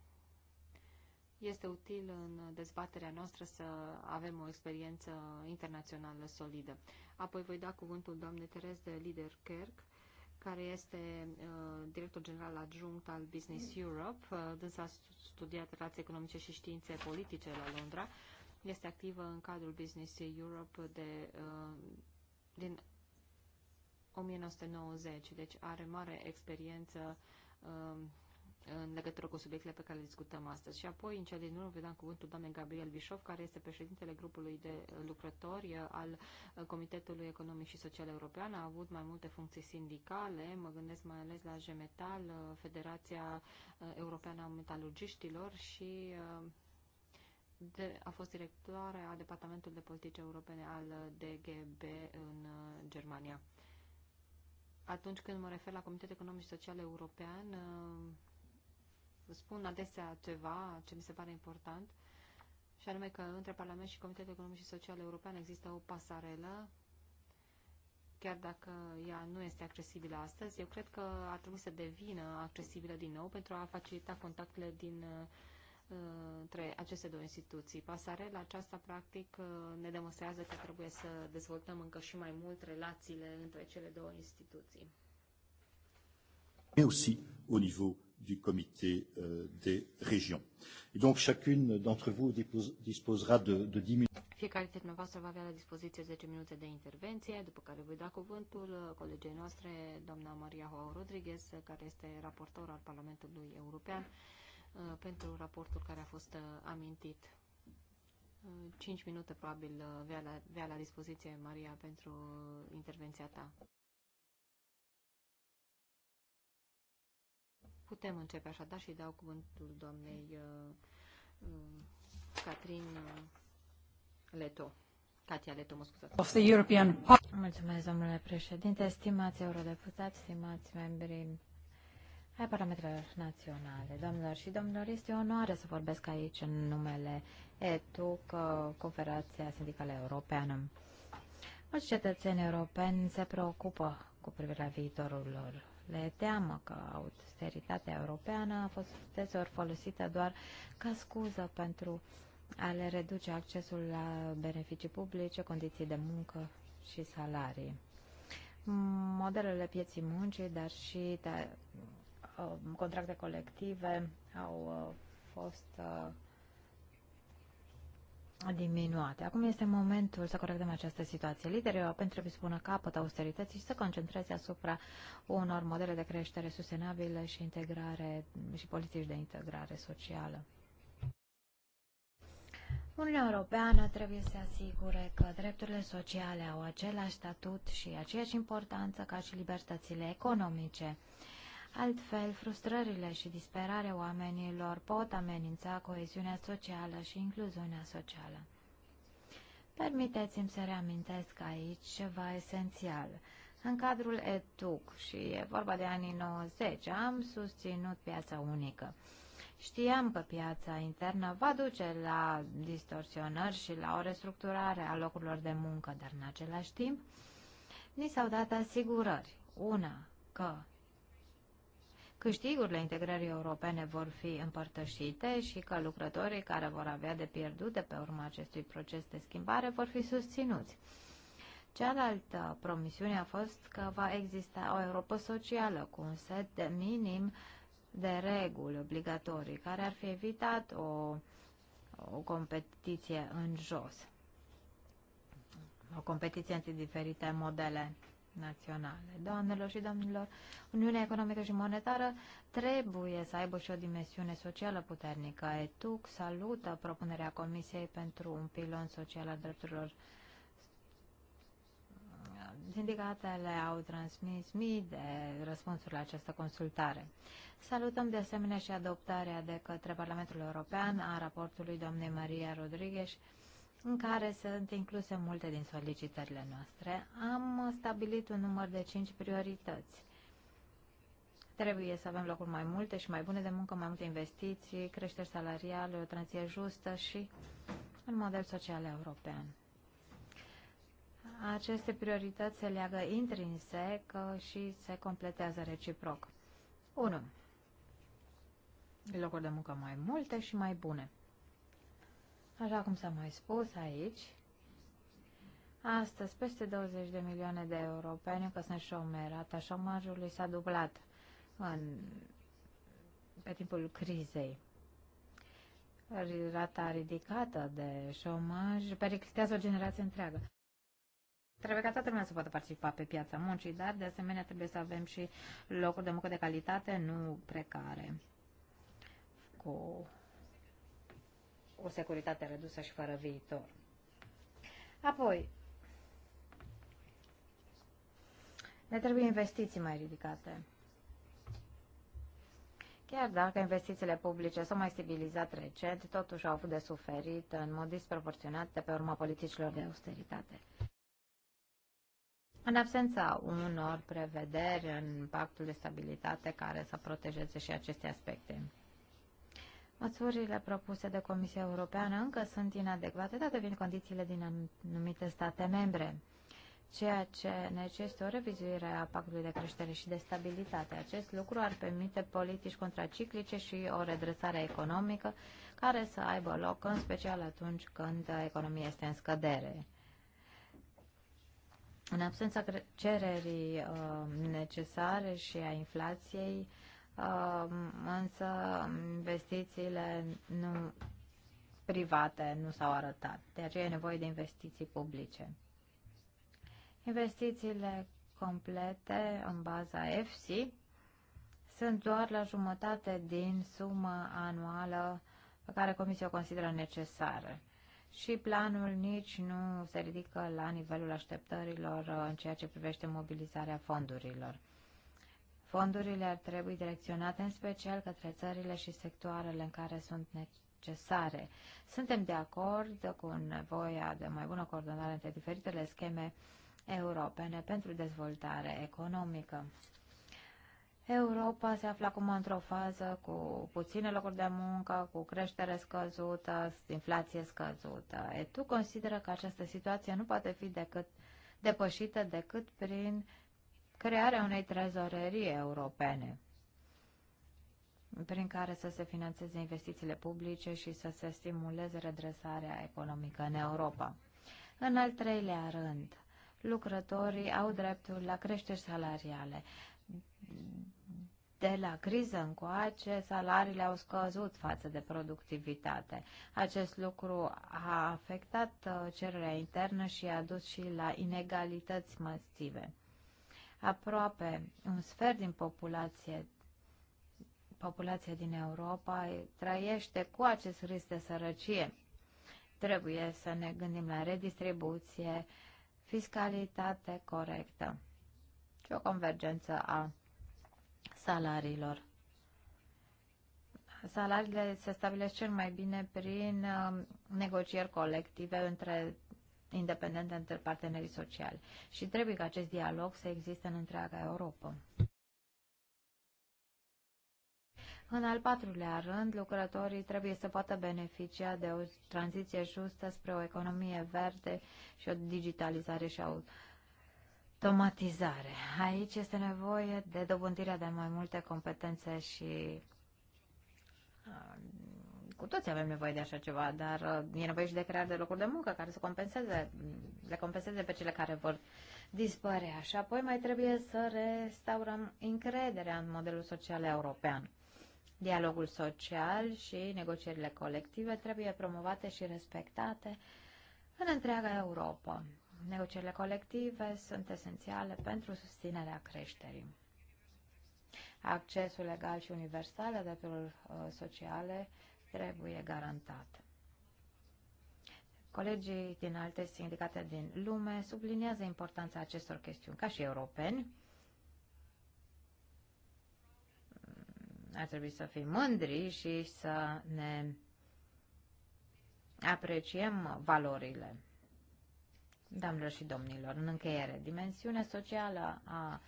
Este util în dezbaterea noastră să avem o experiență internațională solidă. Apoi voi da cuvântul doamnei Terez de Liderkerk, care este uh, director general adjunct al Business Europe. Uh, dânsa a studiat relații economice și științe politice la Londra. Este activă în cadrul Business Europe de, uh, din 1990, deci are mare experiență uh, în legătură cu subiectele pe care le discutăm astăzi. Și apoi, în cea din urmă, vedem da cuvântul doamnei Gabriel Vișov, care este președintele grupului de lucrători al Comitetului Economic și Social European. A avut mai multe funcții sindicale, mă gândesc mai ales la GEMetal, Federația Europeană a Metalurgiștilor și de, a fost directoare a Departamentului de Politici Europene al DGB în Germania. Atunci când mă refer la Comitetul Economic și Social European, spun adesea ceva ce mi se pare important, și anume că între Parlament și Comitetul Economic și Social European există o pasarelă, chiar dacă ea nu este accesibilă astăzi. Eu cred că ar trebui să devină accesibilă din nou pentru a facilita contactele din uh, între aceste două instituții. Pasarela aceasta, practic, uh, ne demonstrează că trebuie să dezvoltăm încă și mai mult relațiile între cele două instituții. Et aussi au niveau du comité euh, des régions. Et donc chacune d'entre vous disposera de, de 10 minutes. Fiecare dintre noi va avea la dispoziție 10 minute de intervenție, după care voi da cuvântul uh, colegei noastre, doamna Maria Joao Rodriguez, uh, care este raportor al Parlamentului European uh, pentru raportul care a fost amintit. 5 minute probabil vea la, la dispoziție, Maria, pentru intervenția ta. Putem începe așadar și dau cuvântul doamnei uh, uh, Catrin uh, Leto. Katia Leto, mă scuzați. Of the European Mulțumesc, domnule președinte, stimați eurodeputați, stimați membri ai parametrilor naționale. Domnilor și domnilor, este o onoare să vorbesc aici în numele ETUC, Confederația Sindicală Europeană. Mulți cetățeni europeni se preocupă cu privire la viitorul lor le teamă că austeritatea europeană a fost deseori folosită doar ca scuză pentru a le reduce accesul la beneficii publice, condiții de muncă și salarii. Modelele pieții muncii, dar și uh, contracte colective au uh, fost uh, diminuate. Acum este momentul să corectăm această situație. Liderii europeni trebuie să pună capăt austerității și să concentreze asupra unor modele de creștere sustenabile și integrare și politici de integrare socială. Uniunea Europeană trebuie să asigure că drepturile sociale au același statut și aceeași importanță ca și libertățile economice. Altfel, frustrările și disperarea oamenilor pot amenința coeziunea socială și incluziunea socială. Permiteți-mi să reamintesc aici ceva esențial. În cadrul ETUC, și e vorba de anii 90, am susținut piața unică. Știam că piața internă va duce la distorsionări și la o restructurare a locurilor de muncă, dar în același timp ni s-au dat asigurări. Una, că câștigurile integrării europene vor fi împărtășite și că lucrătorii care vor avea de pierdut de pe urma acestui proces de schimbare vor fi susținuți. Cealaltă promisiune a fost că va exista o Europa socială cu un set de minim de reguli obligatorii care ar fi evitat o, o competiție în jos, o competiție între diferite modele naționale. Doamnelor și domnilor, Uniunea Economică și Monetară trebuie să aibă și o dimensiune socială puternică. ETUC salută propunerea Comisiei pentru un pilon social al drepturilor Sindicatele au transmis mii de răspunsuri la această consultare. Salutăm de asemenea și adoptarea de către Parlamentul European a raportului doamnei Maria Rodriguez în care sunt incluse multe din solicitările noastre, am stabilit un număr de 5 priorități. Trebuie să avem locuri mai multe și mai bune de muncă, mai multe investiții, creșteri salariale, o tranziție justă și un model social european. Aceste priorități se leagă intrinsec și se completează reciproc. 1. Locuri de muncă mai multe și mai bune. Așa cum s-a mai spus aici, astăzi peste 20 de milioane de europeni că sunt șomer, Rata șomajului s-a dublat în, pe timpul crizei. Rata ridicată de șomaj periclitează o generație întreagă. Trebuie ca toată lumea să poată participa pe piața muncii, dar de asemenea trebuie să avem și locuri de muncă de calitate, nu precare, cu o securitate redusă și fără viitor. Apoi, ne trebuie investiții mai ridicate. Chiar dacă investițiile publice s-au mai stabilizat recent, totuși au avut de suferit în mod disproporționat de pe urma politicilor de austeritate. În absența unor prevederi în pactul de stabilitate care să protejeze și aceste aspecte. Măsurile propuse de Comisia Europeană încă sunt inadecvate, dată fiind condițiile din anumite state membre, ceea ce necesită o revizuire a pactului de creștere și de stabilitate. Acest lucru ar permite politici contraciclice și o redresare economică care să aibă loc, în special atunci când economia este în scădere. În absența cererii uh, necesare și a inflației, uh, Um, însă investițiile nu, private nu s-au arătat. De aceea e nevoie de investiții publice. Investițiile complete în baza EFSI sunt doar la jumătate din suma anuală pe care Comisia o consideră necesară și planul nici nu se ridică la nivelul așteptărilor în ceea ce privește mobilizarea fondurilor. Fondurile ar trebui direcționate în special către țările și sectoarele în care sunt necesare. Suntem de acord cu nevoia de mai bună coordonare între diferitele scheme europene pentru dezvoltare economică. Europa se află acum într-o fază cu puține locuri de muncă, cu creștere scăzută, inflație scăzută. E tu consideră că această situație nu poate fi decât depășită decât prin crearea unei trezorerii europene prin care să se financeze investițiile publice și să se stimuleze redresarea economică în Europa. În al treilea rând, lucrătorii au dreptul la creșteri salariale. De la criză încoace, salariile au scăzut față de productivitate. Acest lucru a afectat uh, cererea internă și a dus și la inegalități masive. Aproape un sfert din populație populația din Europa trăiește cu acest risc de sărăcie. Trebuie să ne gândim la redistribuție, fiscalitate corectă și o convergență a salariilor. Salariile se stabilesc cel mai bine prin uh, negocieri colective între independentă între partenerii sociali. Și trebuie ca acest dialog să existe în întreaga Europa. În al patrulea rând, lucrătorii trebuie să poată beneficia de o tranziție justă spre o economie verde și o digitalizare și automatizare. Aici este nevoie de dobândirea de mai multe competențe și uh, cu toți avem nevoie de așa ceva, dar uh, e nevoie și de crearea de locuri de muncă care să compenseze, mm, le compenseze pe cele care vor dispărea. Și apoi mai trebuie să restaurăm încrederea în modelul social european. Dialogul social și negocierile colective trebuie promovate și respectate în întreaga Europa. Negocierile colective sunt esențiale pentru susținerea creșterii accesul legal și universal la drepturilor uh, sociale trebuie garantat. Colegii din alte sindicate din lume subliniază importanța acestor chestiuni, ca și europeni. Ar trebui să fim mândri și să ne apreciem valorile. Doamnelor și domnilor, în încheiere, dimensiunea socială a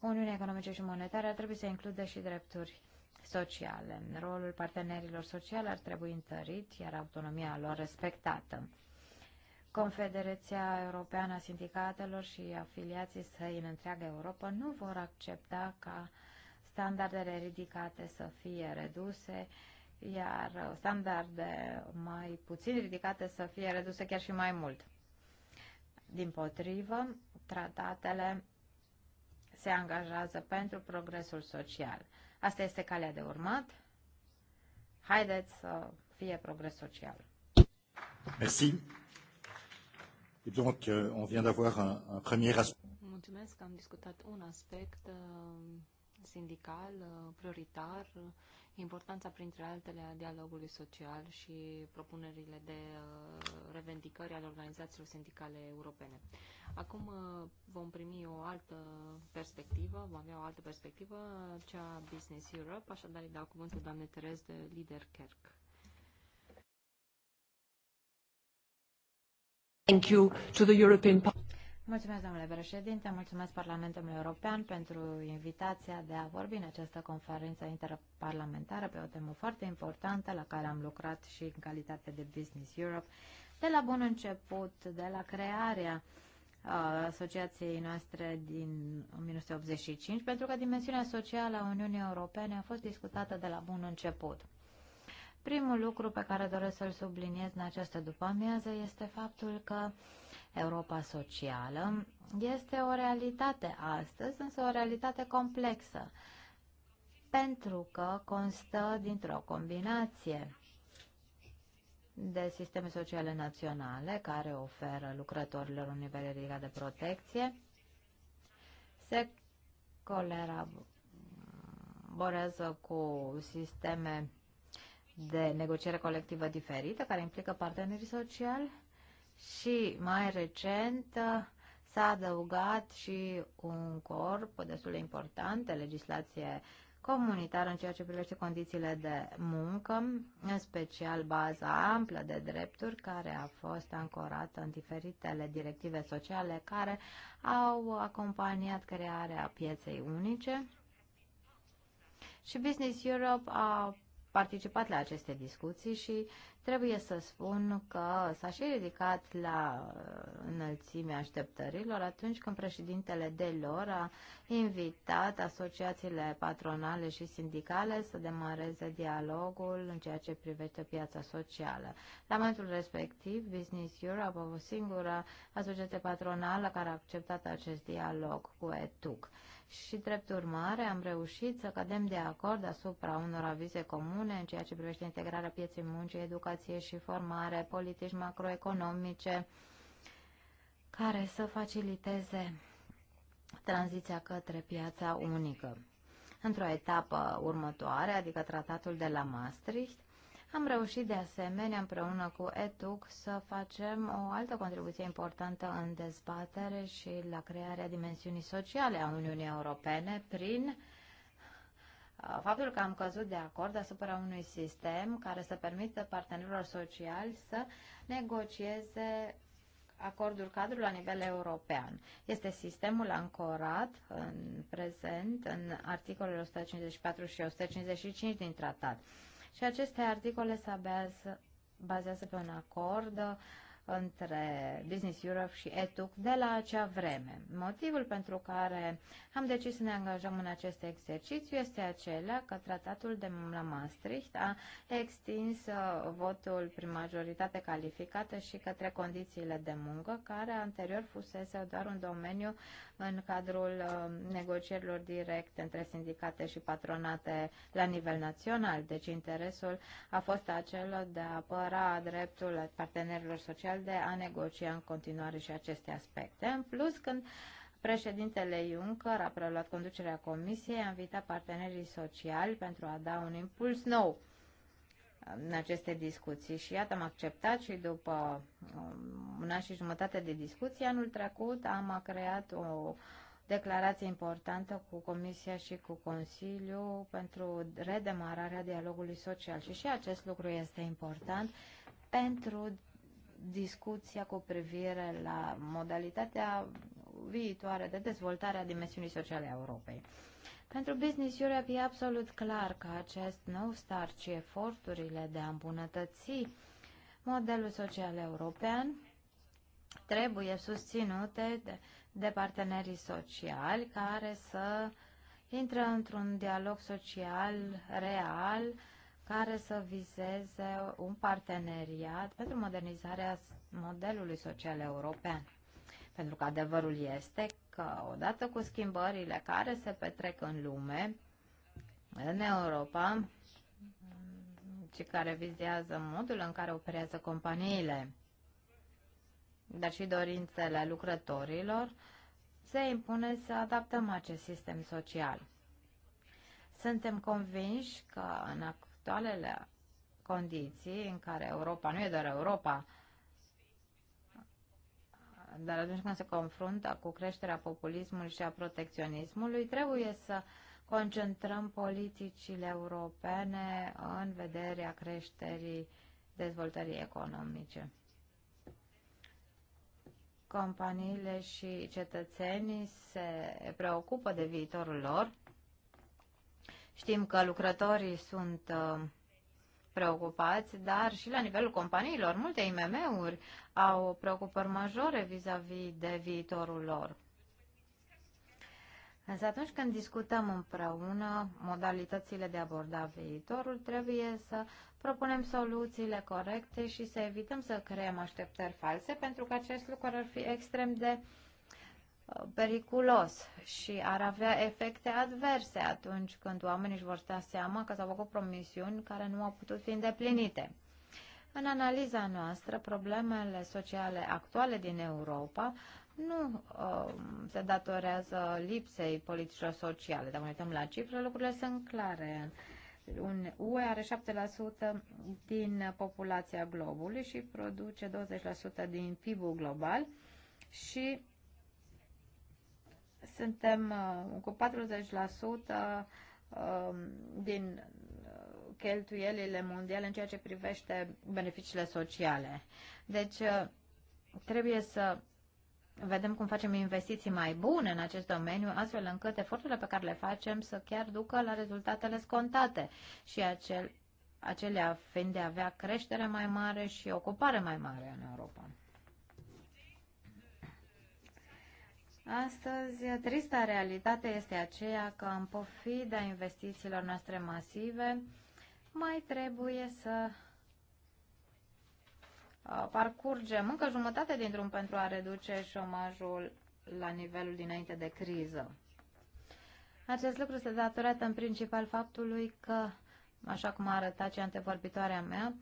Uniunii Economice și Monetare ar trebui să includă și drepturi sociale. Rolul partenerilor sociale ar trebui întărit, iar autonomia lor respectată. Confederația Europeană a Sindicatelor și afiliații săi în întreaga Europa nu vor accepta ca standardele ridicate să fie reduse, iar standarde mai puțin ridicate să fie reduse chiar și mai mult. Din potrivă, tratatele se angajează pentru progresul social. Asta este calea de urmat. Haideți să fie progres social. Merci. Et donc, euh, on vient d'avoir un, un premier aspect. Mulțumesc, am discutat un aspect uh, sindical, uh, prioritar, uh, importanța, printre altele, a dialogului social și propunerile de revendicări ale organizațiilor sindicale europene. Acum uh, vom primi o altă perspectivă, vom avea o altă perspectivă, cea Business Europe, așadar îi dau cuvântul doamnei Terez de Lider Kerk. Thank you to the European Mulțumesc, domnule președinte, mulțumesc Parlamentului European pentru invitația de a vorbi în această conferință interparlamentară pe o temă foarte importantă la care am lucrat și în calitate de Business Europe de la bun început, de la crearea uh, asociației noastre din 1985, pentru că dimensiunea socială a Uniunii Europene a fost discutată de la bun început. Primul lucru pe care doresc să-l subliniez în această după-amiază este faptul că Europa socială este o realitate astăzi, însă o realitate complexă, pentru că constă dintr-o combinație de sisteme sociale naționale care oferă lucrătorilor un nivel ridicat de protecție. Se colaborează cu sisteme de negociere colectivă diferită care implică partenerii sociali și mai recent uh, s-a adăugat și un corp destul de important de legislație comunitar în ceea ce privește condițiile de muncă, în special baza amplă de drepturi care a fost ancorată în diferitele directive sociale care au acompaniat crearea pieței unice. Și Business Europe a participat la aceste discuții și trebuie să spun că s-a și ridicat la uh, înălțimea așteptărilor atunci când președintele de lor a invitat asociațiile patronale și sindicale să demareze dialogul în ceea ce privește piața socială. La momentul respectiv, Business Europe a avut singura asociație patronală care a acceptat acest dialog cu ETUC și, drept urmare, am reușit să cădem de acord asupra unor avize comune în ceea ce privește integrarea pieței muncii, educație și formare, politici macroeconomice, care să faciliteze tranziția către piața unică. Într-o etapă următoare, adică tratatul de la Maastricht, am reușit de asemenea împreună cu ETUC să facem o altă contribuție importantă în dezbatere și la crearea dimensiunii sociale a Uniunii Europene prin uh, faptul că am căzut de acord asupra unui sistem care să permită partenerilor sociali să negocieze acordul cadru la nivel european. Este sistemul ancorat în prezent în articolele 154 și 155 din tratat și aceste articole se bazează pe un acord între Business Europe și ETUC de la acea vreme. Motivul pentru care am decis să ne angajăm în acest exercițiu este acela că tratatul de la Maastricht a extins uh, votul prin majoritate calificată și către condițiile de muncă, care anterior fusese doar un domeniu în cadrul uh, negocierilor directe între sindicate și patronate la nivel național. Deci interesul a fost acela de a apăra dreptul partenerilor sociali fel de a negocia în continuare și aceste aspecte. În plus, când președintele Juncker a preluat conducerea comisiei, a invitat partenerii sociali pentru a da un impuls nou în aceste discuții și iată am acceptat și după um, un an și jumătate de discuții anul trecut am creat o declarație importantă cu Comisia și cu Consiliu pentru redemararea dialogului social și și acest lucru este important pentru discuția cu privire la modalitatea viitoare de dezvoltare a dimensiunii sociale a Europei. Pentru Business Europe e absolut clar că acest nou start și eforturile de a îmbunătăți modelul social european trebuie susținute de, de partenerii sociali care să intră într-un dialog social real care să vizeze un parteneriat pentru modernizarea modelului social european. Pentru că adevărul este că odată cu schimbările care se petrec în lume, în Europa, și care vizează modul în care operează companiile, dar și dorințele lucrătorilor, se impune să adaptăm acest sistem social. Suntem convinși că în actualele condiții în care Europa, nu e doar Europa, dar atunci când se confruntă cu creșterea populismului și a protecționismului, trebuie să concentrăm politicile europene în vederea creșterii dezvoltării economice. Companiile și cetățenii se preocupă de viitorul lor, Știm că lucrătorii sunt uh, preocupați, dar și la nivelul companiilor. Multe IMM-uri au preocupări majore vis-a-vis -vis de viitorul lor. Însă atunci când discutăm împreună modalitățile de aborda viitorul, trebuie să propunem soluțiile corecte și să evităm să creăm așteptări false, pentru că acest lucru ar fi extrem de uh, periculos și ar avea efecte adverse atunci când oamenii își vor sta da seama că s-au făcut promisiuni care nu au putut fi îndeplinite. În analiza noastră, problemele sociale actuale din Europa nu uh, se datorează lipsei politicilor sociale. Dacă ne uităm la cifre, lucrurile sunt clare. Un UE are 7% din populația globului și produce 20% din PIB-ul global și suntem uh, cu 40% uh, din uh, cheltuielile mondiale în ceea ce privește beneficiile sociale. Deci trebuie să vedem cum facem investiții mai bune în acest domeniu, astfel încât eforturile pe care le facem să chiar ducă la rezultatele scontate și acel, acelea fiind de a avea creștere mai mare și ocupare mai mare în Europa. Astăzi, trista realitate este aceea că, în pofida investițiilor noastre masive, mai trebuie să uh, parcurgem încă jumătate din drum pentru a reduce șomajul la nivelul dinainte de criză. Acest lucru se datorează în principal faptului că, așa cum a arătat și antevorbitoarea mea,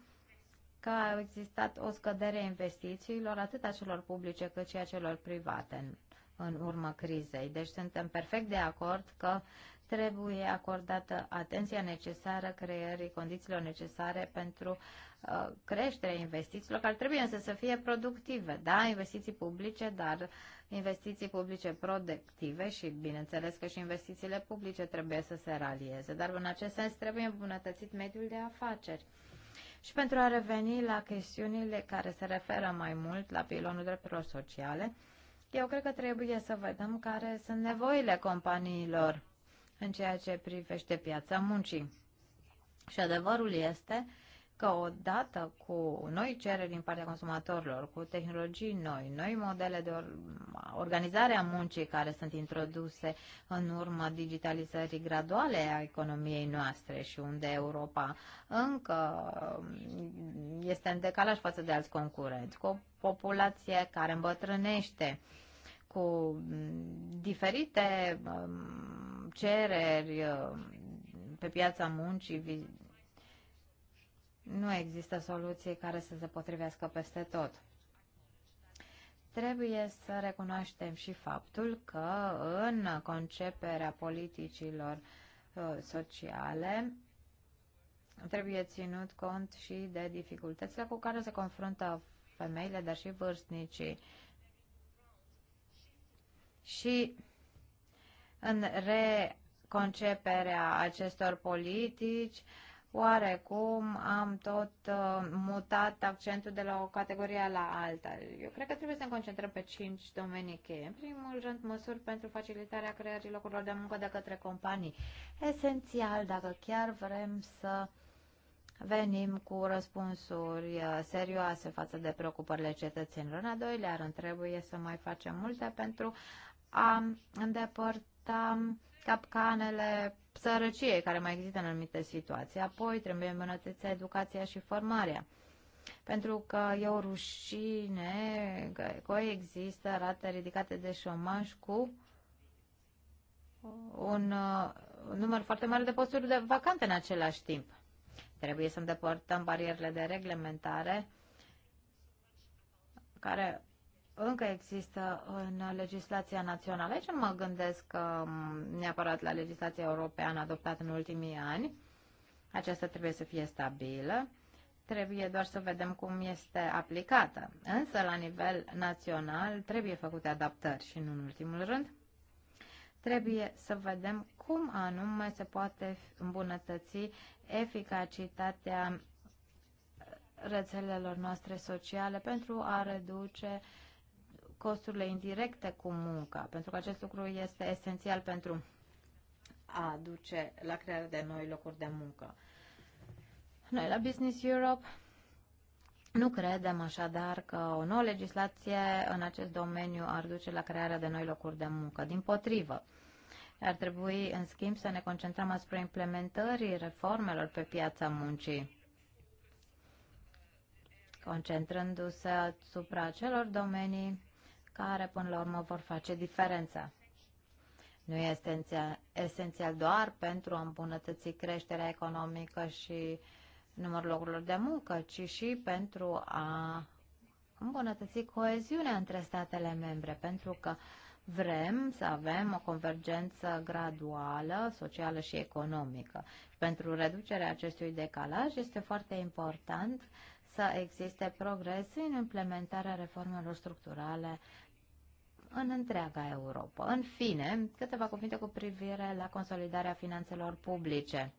că a existat o scădere a investițiilor, atât a celor publice cât și a celor private în urma crizei. Deci suntem perfect de acord că trebuie acordată atenția necesară creării condițiilor necesare pentru uh, creșterea investițiilor, care trebuie însă să fie productive. Da, investiții publice, dar investiții publice productive și, bineînțeles, că și investițiile publice trebuie să se ralieze. Dar, în acest sens, trebuie îmbunătățit mediul de afaceri. Și pentru a reveni la chestiunile care se referă mai mult la pilonul drepturilor sociale, uh, eu cred că trebuie să vedem care sunt nevoile companiilor în ceea ce privește piața muncii. Și adevărul este că odată cu noi cereri din partea consumatorilor, cu tehnologii noi, noi modele de or- organizare a muncii care sunt introduse în urma digitalizării graduale a economiei noastre și unde Europa încă este în decalaj față de alți concurenți, cu o populație care îmbătrânește, cu mm, diferite mm, cereri mm, pe piața muncii, nu există soluții care să se potrivească peste tot. Trebuie să recunoaștem și faptul că în conceperea politicilor uh, sociale trebuie ținut cont și de dificultățile cu care se confruntă femeile, dar și vârstnicii. Uh, și în reconceperea acestor politici, oarecum am tot uh, mutat accentul de la o categorie la alta. Eu cred că trebuie să ne concentrăm pe cinci domenii cheie. În primul rând, măsuri pentru facilitarea creării locurilor de muncă de către companii. Esențial, dacă chiar vrem să uh, venim cu răspunsuri uh, serioase față de preocupările cetățenilor. În al doilea rând, trebuie să mai facem multe pentru a îndepărta capcanele sărăciei care mai există în anumite situații. Apoi trebuie îmbunătățită educația și formarea. Pentru că e o rușine că există rate ridicate de șomaj cu un, uh, un număr foarte mare de posturi de vacante în același timp. Trebuie să îndepărtăm barierele de reglementare care încă există în legislația națională. Aici nu mă gândesc um, neapărat la legislația europeană adoptată în ultimii ani. Aceasta trebuie să fie stabilă. Trebuie doar să vedem cum este aplicată. Însă, la nivel național, trebuie făcute adaptări și, în ultimul rând, Trebuie să vedem cum anume se poate îmbunătăți eficacitatea rețelelor noastre sociale pentru a reduce costurile indirecte cu munca, pentru că acest lucru este esențial pentru a duce la crearea de noi locuri de muncă. Noi la Business Europe nu credem așadar că o nouă legislație în acest domeniu ar duce la crearea de noi locuri de muncă. Din potrivă, ar trebui, în schimb, să ne concentrăm asupra implementării reformelor pe piața muncii, concentrându-se asupra acelor domenii care, până la urmă, vor face diferența. Nu este esențial doar pentru a îmbunătăți creșterea economică și uh, numărul locurilor de muncă, ci și pentru a îmbunătăți coeziunea între statele membre, pentru că vrem să avem o convergență graduală, socială și economică. Și pentru reducerea acestui decalaj este foarte important să existe progres în implementarea reformelor structurale în întreaga Europa. În fine, câteva cuvinte cu privire la consolidarea finanțelor publice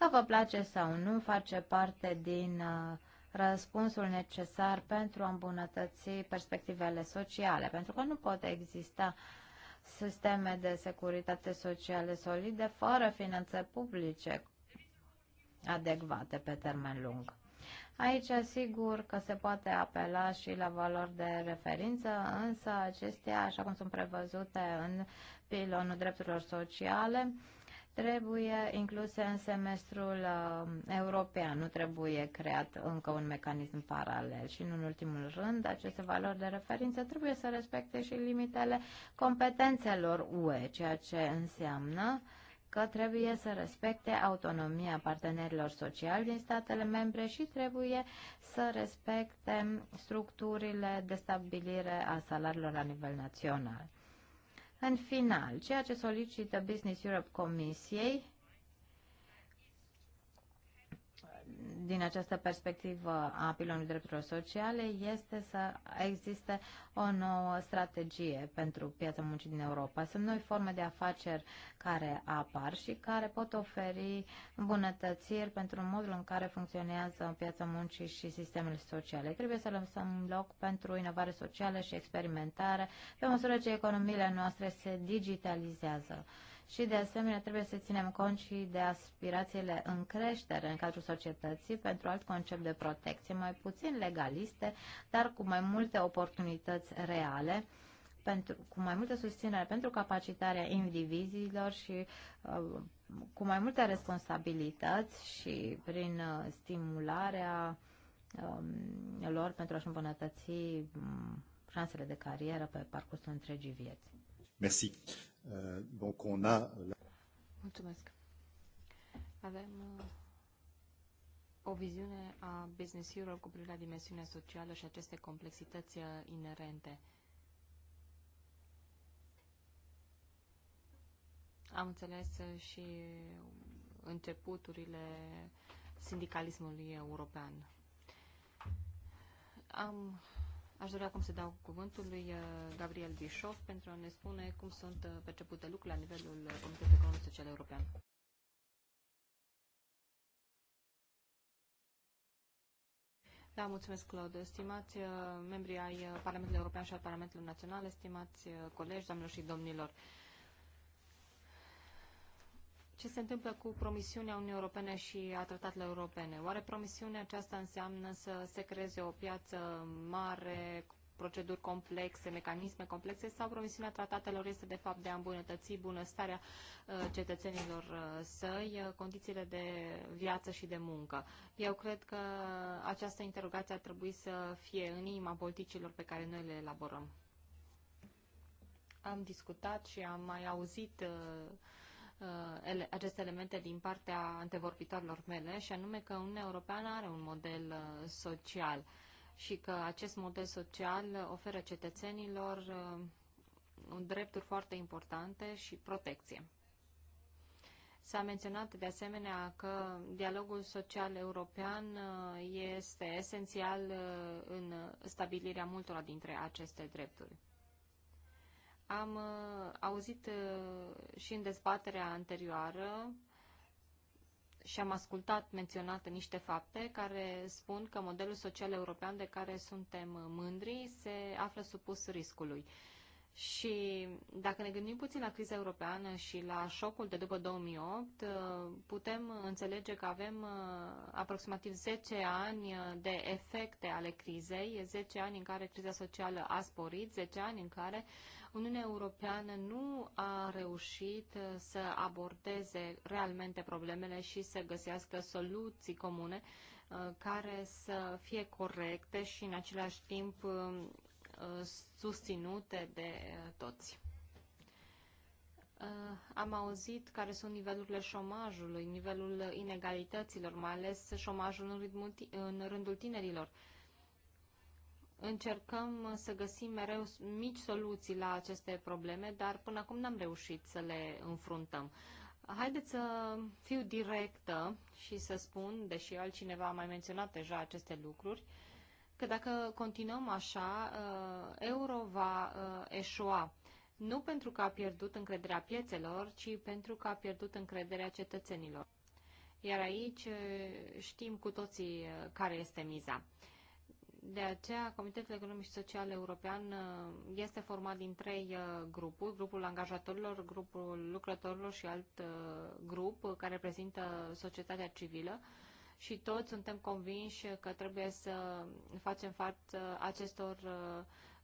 că vă place sau nu, face parte din uh, răspunsul necesar pentru a îmbunătăți perspectivele sociale, pentru că nu pot exista sisteme de securitate sociale solide fără finanțe publice adecvate pe termen lung. Aici sigur că se poate apela și la valori de referință, însă acestea, așa cum sunt prevăzute în pilonul drepturilor sociale, trebuie incluse în semestrul uh, european, nu trebuie creat încă un mecanism paralel. Și în ultimul rând, aceste valori de referință trebuie să respecte și limitele competențelor UE, ceea ce înseamnă că trebuie să respecte autonomia partenerilor sociali din statele membre și trebuie să respecte structurile de stabilire a salariilor la nivel național. În final, ceea ce solicită Business Europe Comisiei din această perspectivă a pilonului drepturilor sociale este să existe o nouă strategie pentru piața muncii din Europa. Sunt noi forme de afaceri care apar și care pot oferi îmbunătățiri pentru modul în care funcționează piața muncii și sistemele sociale. Trebuie să lăsăm loc pentru inovare socială și experimentare pe măsură ce economiile noastre se digitalizează și de asemenea trebuie să ținem cont și de aspirațiile în creștere în cadrul societății pentru alt concept de protecție, mai puțin legaliste, dar cu mai multe oportunități reale pentru, cu mai multă susținere pentru capacitarea indivizilor și uh, cu mai multe responsabilități și prin uh, stimularea uh, lor pentru a-și îmbunătăți um, șansele de carieră pe parcursul întregii vieți. Merci. Euh, donc on a... Mulțumesc. Avem uh, o viziune a Business Europe cu privire la dimensiunea socială și aceste complexități uh, inerente. Am înțeles uh, și începuturile sindicalismului european. Am Aș dori acum să dau cuvântul lui uh, Gabriel Bischoff pentru a ne spune cum sunt uh, percepute lucrurile la nivelul Comitetului Economic Social European. Da, mulțumesc, Claude. Stimați uh, membrii ai Parlamentului European și al Parlamentului Național, stimați colegi, doamnelor și domnilor, ce se întâmplă cu promisiunea Uniunii Europene și a tratatelor europene? Oare promisiunea aceasta înseamnă să se creeze o piață mare, proceduri complexe, mecanisme complexe sau promisiunea tratatelor este de fapt de a îmbunătăți bunăstarea uh, cetățenilor uh, săi, uh, condițiile de viață și de muncă. Eu cred că această interogație ar trebui să fie în inima politicilor pe care noi le elaborăm. Am discutat și am mai auzit uh, Uh, ele, aceste elemente din partea antevorbitorilor mele, și anume că Uniunea Europeană are un model uh, social și că acest model social oferă cetățenilor uh, drepturi foarte importante și protecție. S-a menționat de asemenea că dialogul social european este esențial în stabilirea multora dintre aceste drepturi. Am uh, auzit uh, și în dezbaterea anterioară și am ascultat menționate niște fapte care spun că modelul social european de care suntem mândri se află supus riscului. Uh, și dacă ne gândim puțin la criza europeană și la șocul de după 2008, uh, putem înțelege că avem uh, aproximativ 10 ani uh, de efecte ale crizei, 10 ani în care criza socială a sporit, 10 ani în care Uniunea Europeană nu a reușit să abordeze realmente problemele și să găsească soluții comune care să fie corecte și în același timp um, Uh, susținute de uh, toți. Uh, am auzit care sunt nivelurile șomajului, nivelul inegalităților, mai ales șomajul în, ritmul, în rândul tinerilor. Încercăm să găsim mereu mici soluții la aceste probleme, dar până acum n-am reușit să le înfruntăm. Haideți să fiu directă și să spun, deși altcineva a mai menționat deja aceste lucruri, uh, că dacă continuăm așa, uh, euro va uh, eșua. Nu pentru că a pierdut încrederea piețelor, ci pentru că a pierdut încrederea cetățenilor. Iar aici uh, știm cu toții care este miza. De aceea, Comitetul Economic și Social European este format din trei grupuri, grupul angajatorilor, grupul lucrătorilor și alt grup care reprezintă societatea civilă și toți suntem convinși că trebuie să facem față acestor uh,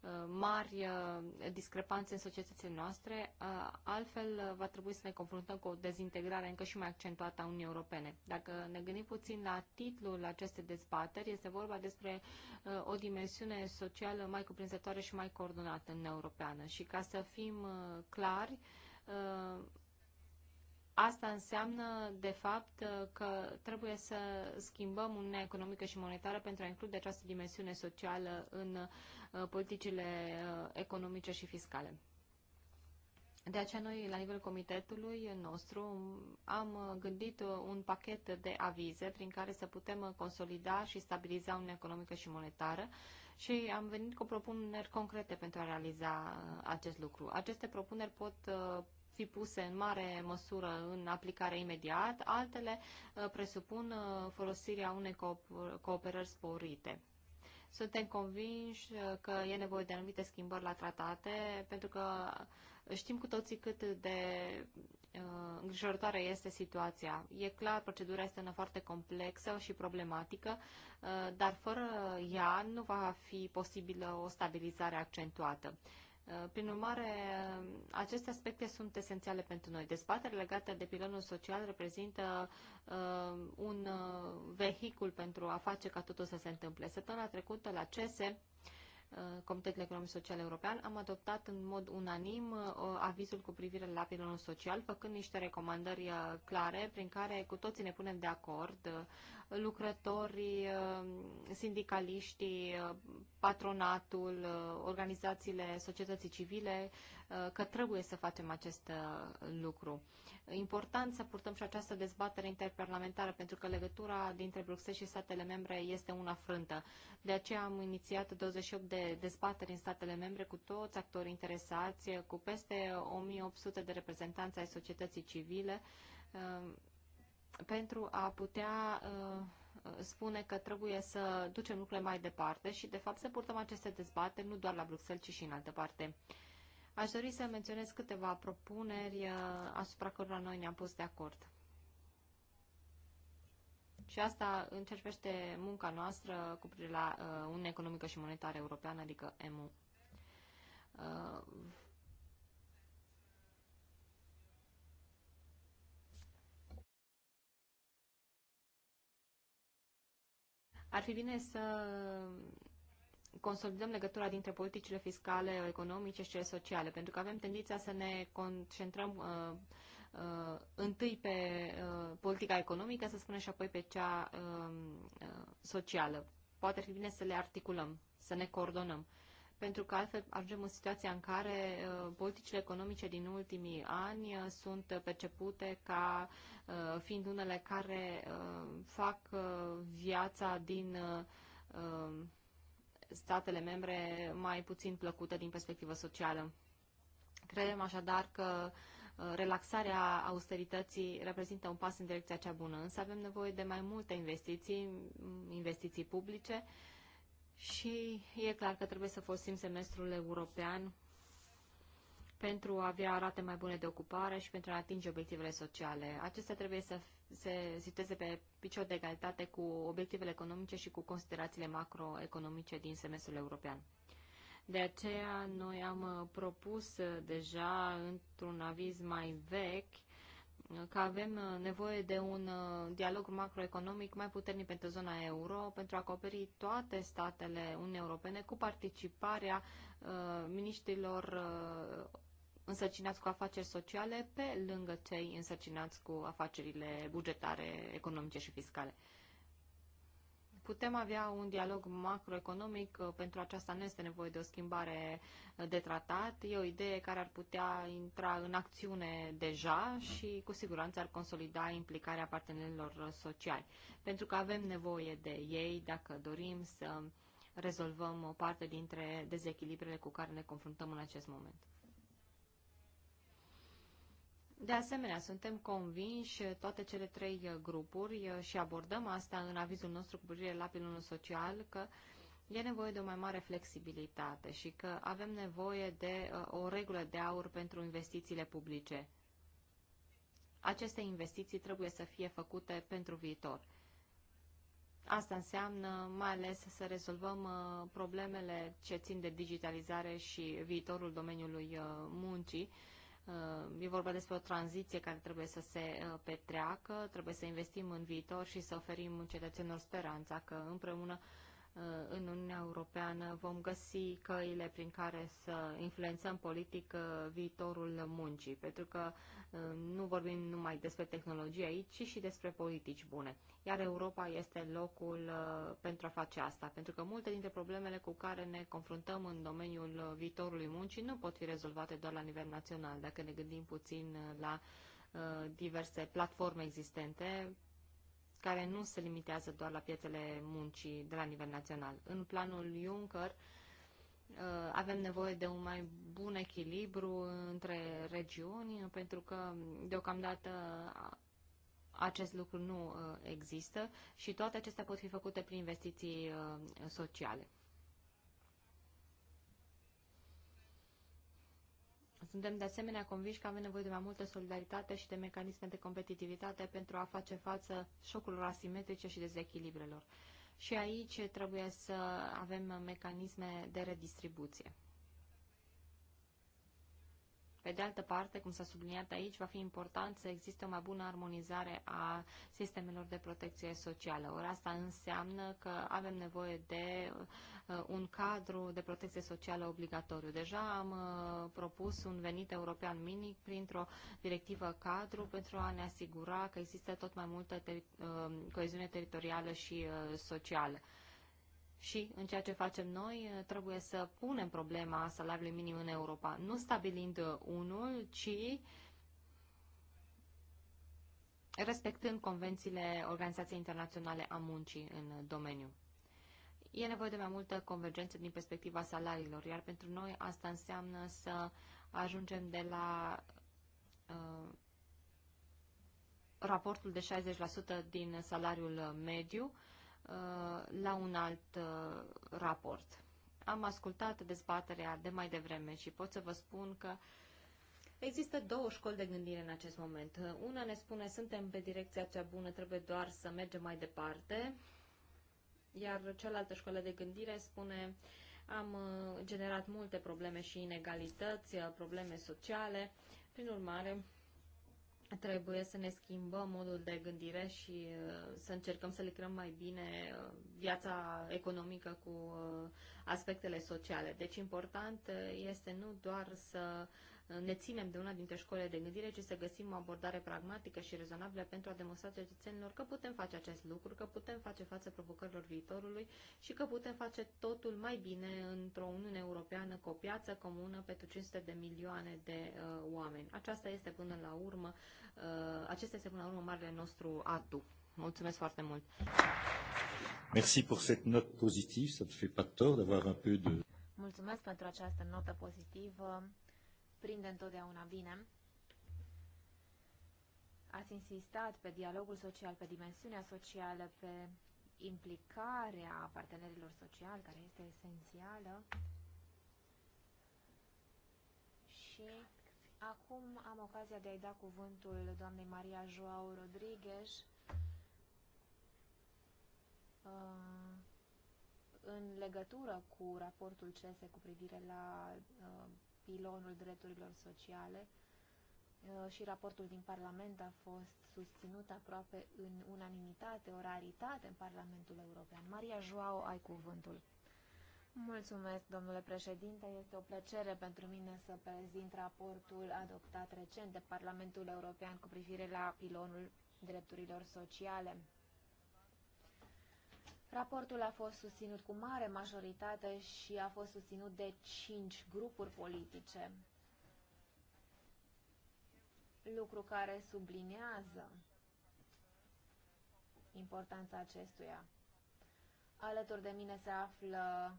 uh, mari uh, discrepanțe în societățile noastre, altfel va trebui să ne confruntăm cu o dezintegrare încă și mai accentuată a Uniunii Europene. Dacă ne gândim puțin la titlul acestei dezbateri, este vorba despre o dimensiune socială mai cuprinzătoare și mai coordonată în Europeană. Și ca să fim clari, Asta înseamnă, de fapt, că trebuie să schimbăm Uniunea Economică și Monetară pentru a include această dimensiune socială în uh, politicile uh, economice și fiscale. De aceea noi, la nivelul comitetului nostru, am gândit un pachet de avize prin care să putem consolida și stabiliza Uniunea Economică și Monetară și am venit cu propuneri concrete pentru a realiza uh, acest lucru. Aceste propuneri pot fi puse în mare măsură în aplicare imediat, altele uh, presupun uh, folosirea unei cooperări sporite. Suntem convinși uh, că e nevoie de anumite schimbări la tratate, pentru că știm cu toții cât de uh, îngrijorătoare este situația. E clar, procedura este una foarte complexă și problematică, uh, dar fără ea nu va fi posibilă o stabilizare accentuată. Uh, Uh, prin urmare, uh, aceste aspecte sunt esențiale pentru noi. Dezbaterea legată de pilonul social reprezintă uh, un uh, vehicul pentru a face ca totul să se întâmple. Săptămâna trecută la CESE, uh, Comitetul Economic Social European, am adoptat în mod unanim uh, avizul cu privire la pilonul social, făcând niște recomandări clare prin care cu toții ne punem de acord lucrătorii, uh, sindicaliștii, uh, patronatul, uh, organizațiile societății civile, că trebuie să facem acest lucru. Important să purtăm și această dezbatere interparlamentară, pentru că legătura dintre Bruxelles și statele membre este una frântă. De aceea am inițiat 28 de dezbateri în statele membre cu toți actorii interesați, cu peste 1800 de reprezentanți ai societății civile, pentru a putea uh, spune că trebuie să ducem lucrurile mai departe și, de fapt, să purtăm aceste dezbateri nu doar la Bruxelles, ci și în alte parte. Aș dori să menționez câteva propuneri uh, asupra cărora noi ne-am pus de acord. Și asta încercește munca noastră cu privire la uh, Uniunea Economică și Monetară Europeană, adică EMU. Uh, Ar fi bine să consolidăm legătura dintre politicile fiscale, economice și cele sociale, pentru că avem tendința să ne concentrăm uh, uh, întâi pe uh, politica economică, să spunem, și apoi pe cea um, uh, socială. Poate ar fi bine să le articulăm, să ne coordonăm pentru că altfel ajungem în situația în care uh, politicile economice din ultimii ani uh, sunt percepute ca uh, fiind unele care fac viața din um, statele membre mai puțin plăcută din perspectivă socială. Credem așadar că relaxarea austerității reprezintă un pas în direcția cea bună, însă avem nevoie de mai multe investiții, investiții publice, și e clar că trebuie să folosim semestrul european pentru a avea rate mai bune de ocupare și pentru a atinge obiectivele sociale. Acestea trebuie să se situeze pe picior de egalitate cu obiectivele economice și cu considerațiile macroeconomice din semestrul european. De aceea, noi am propus deja într-un aviz mai vechi că avem uh, nevoie de un uh, dialog macroeconomic mai puternic pentru zona euro, pentru a acoperi toate statele Uniunii Europene cu participarea uh, miniștrilor însărcinați cu afaceri sociale pe lângă cei însărcinați cu afacerile bugetare, economice și fiscale. Putem avea un dialog macroeconomic, uh, pentru aceasta nu este nevoie de o schimbare uh, de tratat. E o idee care ar putea intra în acțiune deja și cu siguranță ar consolida implicarea partenerilor uh, sociali, pentru că avem nevoie de ei dacă dorim să rezolvăm o parte dintre dezechilibrele cu care ne confruntăm în acest moment. De asemenea, suntem convinși toate cele trei uh, grupuri uh, și abordăm asta în avizul nostru cu privire la pilonul social că e nevoie de o mai mare flexibilitate și că avem nevoie de uh, o regulă de aur pentru investițiile publice. Aceste investiții trebuie să fie făcute pentru viitor. Asta înseamnă mai ales să rezolvăm problemele ce țin de digitalizare și viitorul domeniului muncii, Uh, e vorba despre o tranziție care trebuie să se uh, petreacă, trebuie să investim în viitor și să oferim cetățenilor speranța că împreună Uh, în Uniunea Europeană vom găsi căile prin care să influențăm politic uh, viitorul muncii, pentru că uh, nu vorbim numai despre tehnologie aici, ci și despre politici bune. Iar Europa este locul pentru a face asta, pentru că multe dintre problemele cu care ne confruntăm în domeniul viitorului muncii nu pot fi rezolvate doar la nivel național, dacă ne gândim puțin la diverse platforme existente care nu se limitează doar la piețele muncii de la nivel național. În planul Juncker uh, avem nevoie de un mai bun echilibru între regiuni, pentru că deocamdată acest lucru nu uh, există și toate acestea pot fi făcute prin investiții uh, sociale. Suntem de asemenea convinși că avem nevoie de mai multă solidaritate și de mecanisme de competitivitate pentru a face față șocurilor asimetrice și dezechilibrelor. Și aici trebuie să avem mecanisme de redistribuție. Pe de altă parte, cum s-a subliniat aici, va fi important să existe o mai bună armonizare a sistemelor de protecție socială. Ori asta înseamnă că avem nevoie de uh, un cadru de protecție socială obligatoriu. Deja am uh, propus un venit european minim printr-o directivă cadru pentru a ne asigura că există tot mai multă teri uh, coeziune teritorială și socială și în ceea ce facem noi eh, trebuie să punem problema salariului minim în Europa, nu stabilind eh, unul, ci respectând convențiile Organizației Internaționale a Muncii în eh, domeniu. E nevoie de mai multă convergență din perspectiva salariilor, iar pentru noi asta înseamnă să ajungem de la uh, raportul de 60% din salariul mediu uh, Uh, la un alt uh, raport. Am ascultat dezbaterea de mai devreme și pot să vă spun că Există două școli de gândire în acest moment. Una ne spune suntem pe direcția cea bună, trebuie doar să mergem mai departe, iar cealaltă școală de gândire spune am uh, generat multe probleme și inegalități, probleme sociale, prin urmare trebuie să ne schimbăm modul de gândire și uh, să încercăm să lucrăm mai bine uh, viața economică cu uh, aspectele sociale. Deci important este nu doar să ne ținem de una dintre școlile de gândire, ci să găsim o abordare pragmatică și rezonabilă pentru a demonstra cetățenilor că putem face acest lucru, că putem face față provocărilor viitorului și că putem face totul mai bine într-o Uniune Europeană cu o piață comună pentru 500 de milioane de uh, oameni. Aceasta este până la urmă, uh, acesta este până la urmă marele nostru atu. Mulțumesc foarte mult! Merci pour cette note positive, ça ne fait pas tort d'avoir un peu de... Mulțumesc pentru această notă pozitivă prinde întotdeauna bine. Ați insistat pe dialogul social, pe dimensiunea socială, pe implicarea partenerilor sociali, care este esențială. Și acum am ocazia de a-i da cuvântul doamnei Maria Joao Rodriguez uh, în legătură cu raportul CESE cu privire la uh, pilonul drepturilor sociale uh, și raportul din Parlament a fost susținut aproape în unanimitate, o raritate în Parlamentul European. Maria Joao, ai cuvântul. Mulțumesc, domnule președinte. Este o plăcere pentru mine să prezint raportul adoptat recent de Parlamentul European cu privire la pilonul drepturilor sociale. Raportul a fost susținut cu mare majoritate și a fost susținut de cinci grupuri politice, lucru care sublinează importanța acestuia. Alături de mine se află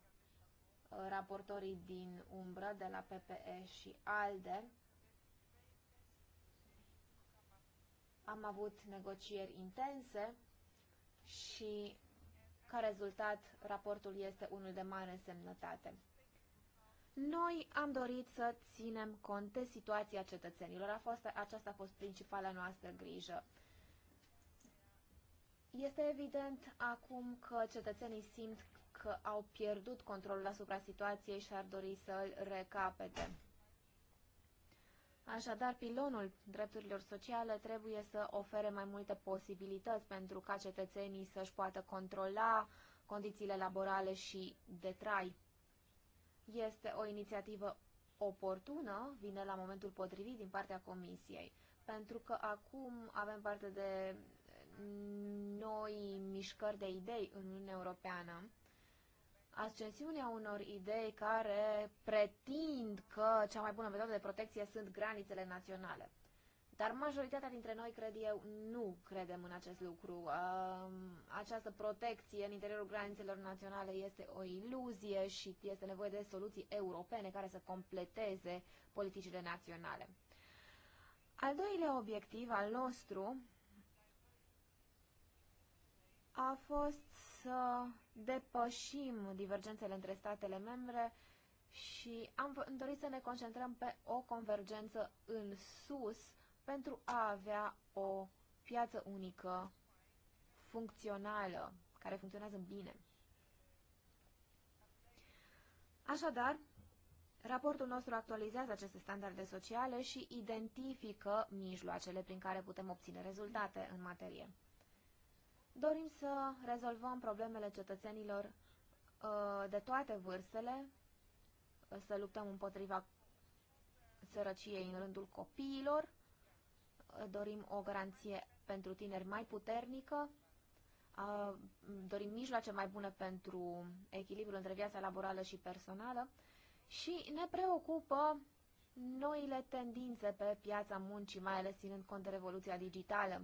uh, raportorii din umbră de la PPE și ALDE. Am avut negocieri intense și ca rezultat, raportul este unul de mare însemnătate. Noi am dorit să ținem cont de situația cetățenilor. A fost, aceasta a fost principala noastră grijă. Este evident acum că cetățenii simt că au pierdut controlul asupra situației și ar dori să l recapete. Așadar, pilonul drepturilor sociale trebuie să ofere mai multe posibilități pentru ca cetățenii să-și poată controla condițiile laborale și de trai. Este o inițiativă oportună, vine la momentul potrivit din partea Comisiei, pentru că acum avem parte de noi mișcări de idei în Uniunea Europeană ascensiunea unor idei care pretind că cea mai bună metodă de protecție sunt granițele naționale. Dar majoritatea dintre noi, cred eu, nu credem în acest lucru. Um, această protecție în interiorul granițelor naționale este o iluzie și este nevoie de soluții europene care să completeze politicile naționale. Al doilea obiectiv al nostru a fost să depășim divergențele între statele membre și am dorit să ne concentrăm pe o convergență în sus pentru a avea o piață unică funcțională, care funcționează bine. Așadar, raportul nostru actualizează aceste standarde sociale și identifică mijloacele prin care putem obține rezultate în materie. Dorim să rezolvăm problemele cetățenilor uh, de toate vârstele, uh, să luptăm împotriva sărăciei în rândul copiilor, uh, dorim o garanție pentru tineri mai puternică, dorim mijloace mai bune pentru echilibrul între viața laborală și personală și ne preocupă noile tendințe pe piața muncii, mai ales ținând cont de revoluția digitală.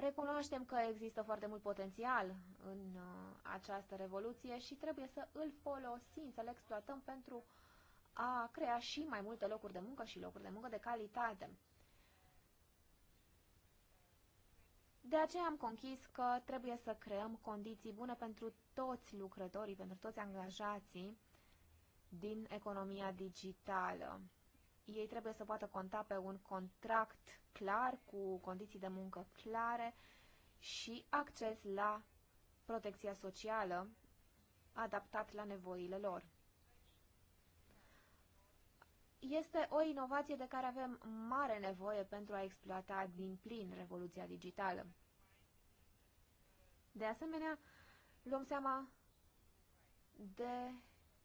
Recunoaștem că există foarte mult potențial în uh, această revoluție și trebuie să îl folosim, să-l exploatăm pentru a crea și mai multe locuri de muncă și locuri de muncă de calitate. De aceea am conchis că trebuie să creăm condiții bune pentru toți lucrătorii, pentru toți angajații din economia digitală ei trebuie să poată conta pe un contract clar, cu condiții de muncă clare și acces la protecția socială adaptat la nevoile lor. Este o inovație de care avem mare nevoie pentru a exploata din plin revoluția digitală. De asemenea, luăm seama de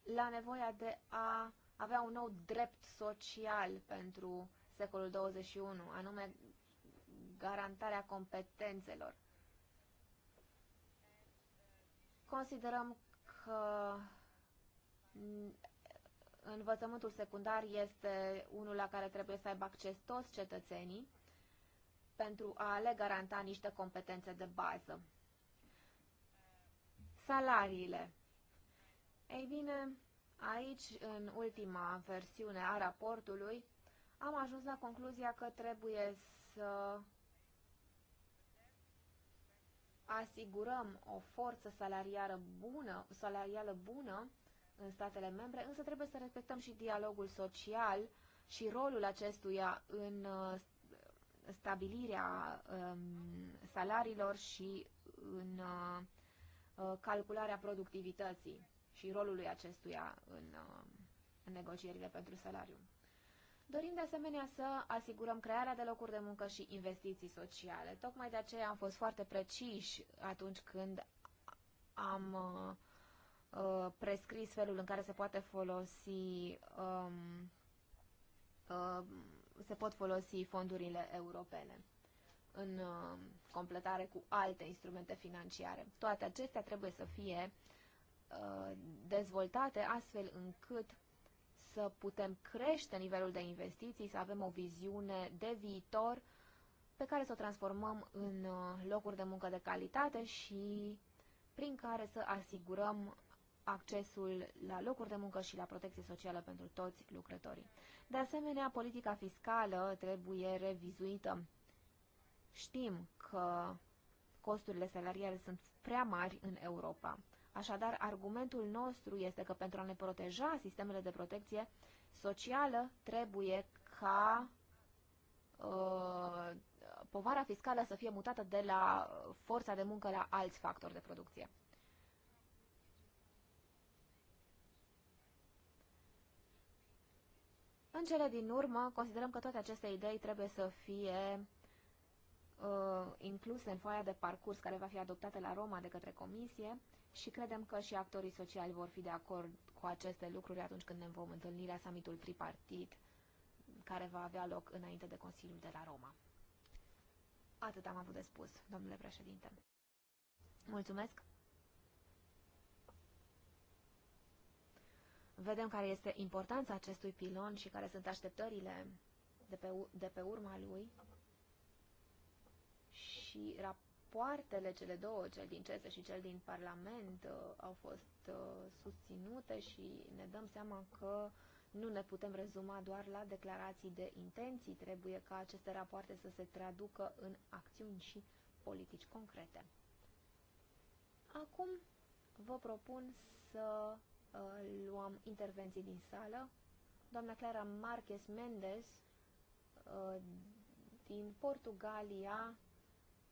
la nevoia de a avea un nou drept social pentru secolul 21, anume garantarea competențelor. Considerăm că învățământul secundar este unul la care trebuie să aibă acces toți cetățenii pentru a le garanta niște competențe de bază. Salariile. Ei bine, Aici, în ultima versiune a raportului, am ajuns la concluzia că trebuie să asigurăm o forță salarială bună, salarială bună în statele membre, însă trebuie să respectăm și dialogul social și rolul acestuia în uh, stabilirea um, salariilor și în uh, calcularea productivității și rolului acestuia în, uh, în negocierile pentru salariu. Dorim de asemenea să asigurăm crearea de locuri de muncă și investiții sociale. Tocmai de aceea am fost foarte preciși atunci când am uh, uh prescris felul în care se poate folosi um, uh, se pot folosi fondurile europene în uh, completare cu alte instrumente financiare. Toate acestea trebuie să fie uh, Uh, dezvoltate astfel încât să putem crește nivelul de investiții, să avem o viziune de viitor pe care să o transformăm în uh, locuri de muncă de calitate și prin care să asigurăm accesul la locuri de muncă și la protecție socială pentru toți lucrătorii. De asemenea, politica fiscală trebuie revizuită. Știm că costurile salariale sunt prea mari în Europa. Așadar, argumentul nostru este că pentru a ne proteja sistemele de protecție socială, trebuie ca uh, povara fiscală să fie mutată de la forța de muncă la alți factori de producție. În cele din urmă, considerăm că toate aceste idei trebuie să fie uh, incluse în foaia de parcurs care va fi adoptată la Roma de către Comisie și credem că și actorii sociali vor fi de acord cu aceste lucruri atunci când ne vom întâlni la summitul tripartit care va avea loc înainte de Consiliul de la Roma. Atât am avut de spus, domnule președinte. Mulțumesc! Vedem care este importanța acestui pilon și care sunt așteptările de pe, de pe urma lui și rapoartele, cele două, cel din CESE și cel din Parlament, uh, au fost uh, susținute și ne dăm seama că nu ne putem rezuma doar la declarații de intenții, trebuie ca aceste rapoarte să se traducă în acțiuni și politici concrete. Acum vă propun să uh, luăm intervenții din sală. Doamna Clara Marques Mendes uh, din Portugalia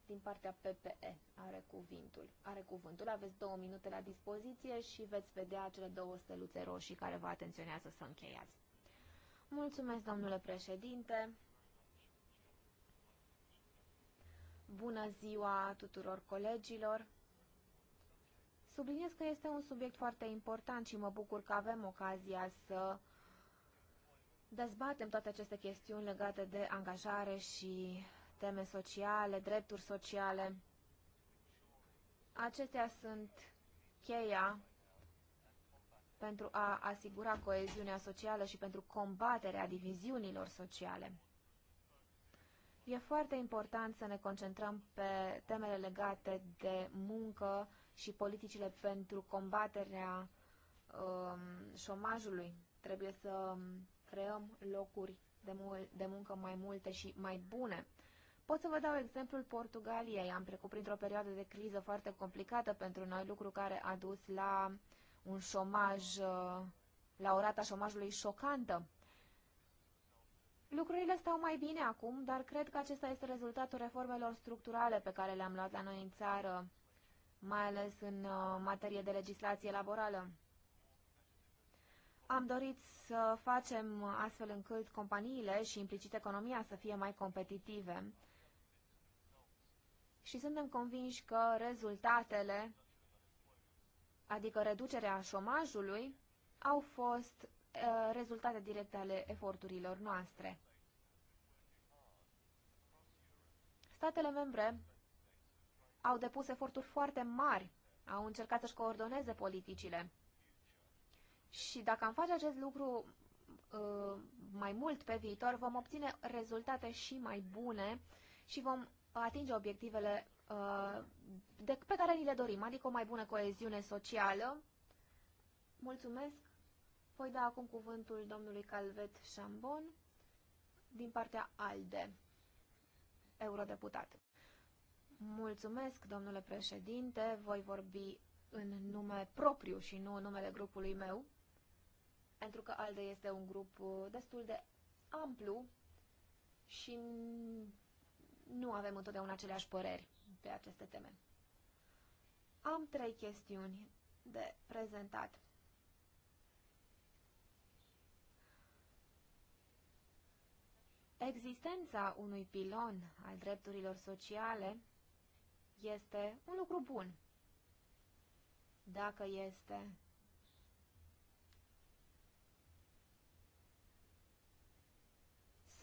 din partea PPE are cuvântul. Are cuvântul. Aveți două minute la dispoziție și veți vedea cele două steluțe roșii care vă atenționează să încheiați. Mulțumesc, domnule președinte. Bună ziua tuturor colegilor. Subliniez că este un subiect foarte important și mă bucur că avem ocazia să dezbatem toate aceste chestiuni legate de angajare și teme sociale, drepturi sociale. Acestea sunt cheia pentru a asigura coeziunea socială și pentru combaterea diviziunilor sociale. E foarte important să ne concentrăm pe temele legate de muncă și politicile pentru combaterea um, șomajului. Trebuie să creăm locuri de, mul- de muncă mai multe și mai bune. Pot să vă dau exemplul Portugaliei. Am trecut printr-o perioadă de criză foarte complicată pentru noi, lucru care a dus la un șomaj, uh, la o rata șomajului șocantă. Lucrurile stau mai bine acum, dar cred că acesta este rezultatul reformelor structurale pe care le-am luat la noi în țară, mai ales în uh, materie de legislație laborală. Am dorit să facem uh, astfel încât companiile și implicit economia să fie mai competitive și suntem convinși că rezultatele, adică reducerea șomajului, au fost uh, rezultate directe ale eforturilor noastre. Statele membre au depus eforturi foarte mari, au încercat să-și coordoneze politicile. Și dacă am face acest lucru uh, mai mult pe viitor, vom obține rezultate și mai bune și vom atinge obiectivele uh, de, pe care ni le dorim, adică o mai bună coeziune socială. Mulțumesc! Voi da acum cuvântul domnului Calvet Șambon din partea ALDE, eurodeputat. Mulțumesc, domnule președinte, voi vorbi în nume propriu și nu în numele grupului meu, pentru că ALDE este un grup uh, destul de amplu și nu avem întotdeauna aceleași păreri pe aceste teme. Am trei chestiuni de prezentat. Existența unui pilon al drepturilor sociale este un lucru bun, dacă este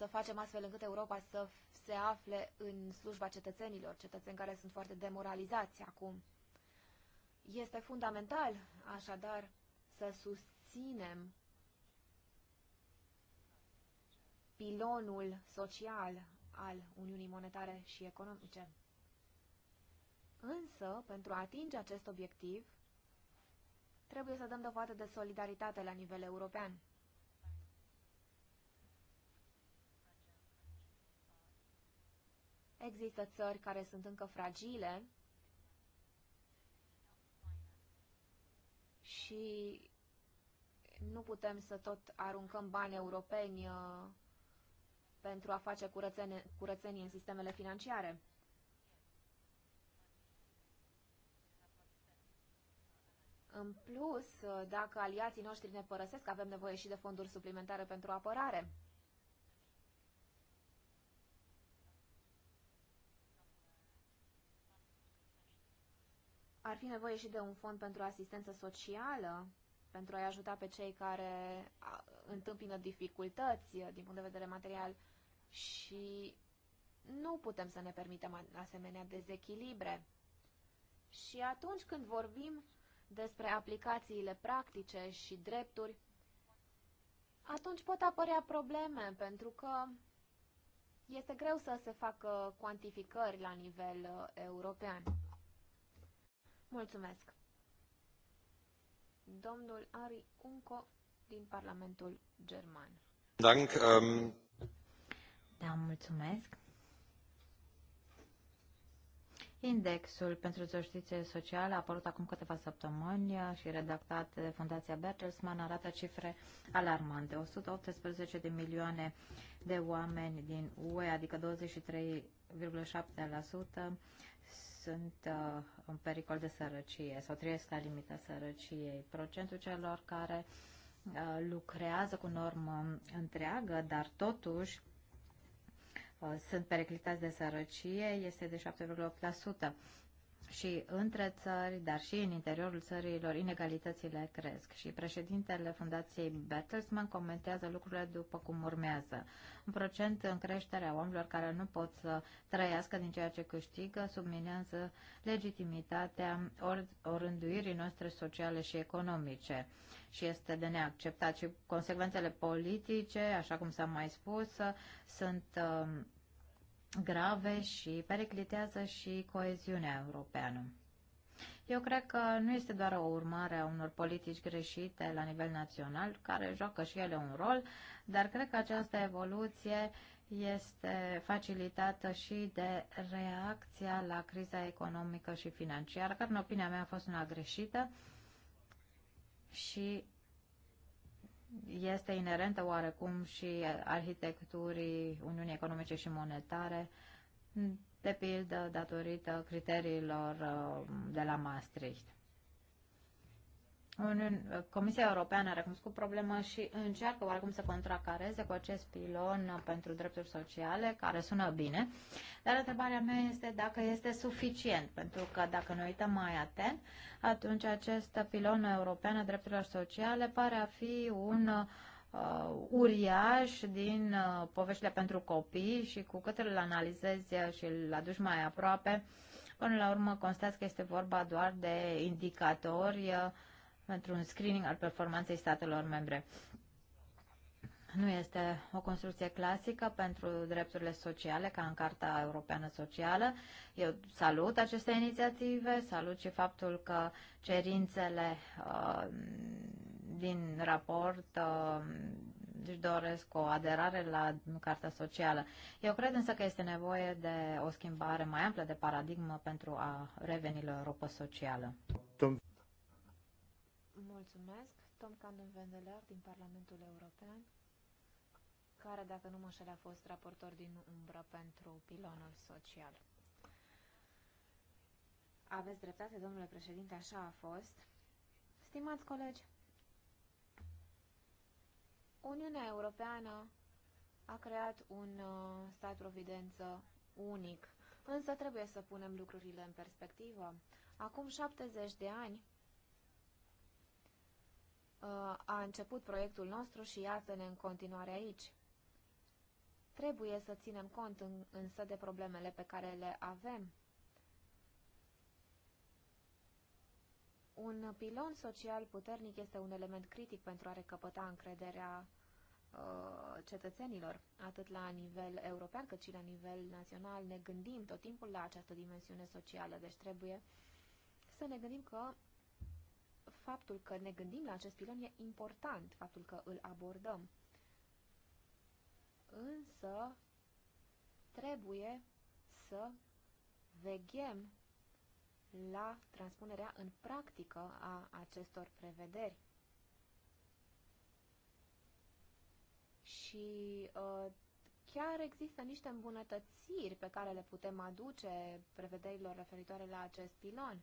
să facem astfel încât Europa să se afle în slujba cetățenilor, cetățeni care sunt foarte demoralizați acum. Este fundamental, așadar, să susținem pilonul social al Uniunii Monetare și Economice. Însă, pentru a atinge acest obiectiv, trebuie să dăm dovadă de solidaritate la nivel european. Există țări care sunt încă fragile și nu putem să tot aruncăm bani europeni uh, pentru a face curățenie, curățenie în sistemele financiare. În plus, uh, dacă aliații noștri ne părăsesc, avem nevoie și de fonduri suplimentare pentru apărare. Ar fi nevoie și de un fond pentru asistență socială, pentru a-i ajuta pe cei care întâmpină dificultăți uh, din punct de vedere material și nu putem să ne permitem asemenea dezechilibre. Și atunci când vorbim despre aplicațiile practice și drepturi, atunci pot apărea probleme, pentru că este greu să se facă cuantificări la nivel uh, european. Mulțumesc! Domnul Ari Unco din Parlamentul German. Dank, um... Da, mulțumesc! Indexul pentru justiție socială a apărut acum câteva săptămâni și redactat de Fundația Bertelsmann arată cifre alarmante. 118 de milioane de oameni din UE, adică 23,7% sunt uh, în pericol de sărăcie sau trăiesc la limita sărăciei. Procentul celor care uh, lucrează cu normă întreagă, dar totuși uh, sunt periclitați de sărăcie, este de 7,8% și între țări, dar și în interiorul țărilor, inegalitățile cresc și președintele Fundației Bertelsmann comentează lucrurile după cum urmează. Un procent în creșterea oamenilor care nu pot să trăiască din ceea ce câștigă subminează legitimitatea or- orânduirii noastre sociale și economice și este de neacceptat. Și consecvențele politice, așa cum s-a mai spus, sunt uh, grave și periclitează și coeziunea europeană. Eu cred că nu este doar o urmare a unor politici greșite la nivel național, care joacă și ele un rol, dar cred că această evoluție este facilitată și de reacția la criza economică și financiară, care în opinia mea a fost una greșită și este inerentă oarecum și arhitecturii Uniunii Economice și Monetare, de pildă datorită criteriilor uh, de la Maastricht. Comisia Europeană a recunoscut problema și încearcă oarecum să contracareze cu acest pilon pentru drepturi sociale, care sună bine, dar întrebarea mea este dacă este suficient, pentru că dacă ne uităm mai atent, atunci acest pilon european a drepturilor sociale pare a fi un uh, uriaș din uh, poveștile pentru copii și cu cât îl analizezi și îl aduci mai aproape, până la urmă constați că este vorba doar de indicatori uh, pentru un screening al performanței statelor membre. Nu este o construcție clasică pentru drepturile sociale, ca în Carta Europeană Socială. Eu salut aceste inițiative, salut și faptul că cerințele uh, din raport uh, își doresc o aderare la Carta Socială. Eu cred însă că este nevoie de o schimbare mai amplă de paradigmă pentru a reveni la Europa Socială. Mulțumesc, Tom Candon Vendelar din Parlamentul European, care, dacă nu mă înșel, a fost raportor din umbră pentru pilonul social. Aveți dreptate, domnule președinte, așa a fost. Stimați colegi, Uniunea Europeană a creat un uh, stat providență unic, însă trebuie să punem lucrurile în perspectivă. Acum 70 de ani, a început proiectul nostru și iată-ne în continuare aici. Trebuie să ținem cont în, însă de problemele pe care le avem. Un pilon social puternic este un element critic pentru a recăpăta încrederea uh, cetățenilor, atât la nivel european cât și la nivel național. Ne gândim tot timpul la această dimensiune socială, deci trebuie să ne gândim că faptul că ne gândim la acest pilon e important, faptul că îl abordăm. Însă, trebuie să veghem la transpunerea în practică a acestor prevederi. Și uh, chiar există niște îmbunătățiri pe care le putem aduce prevederilor referitoare la acest pilon.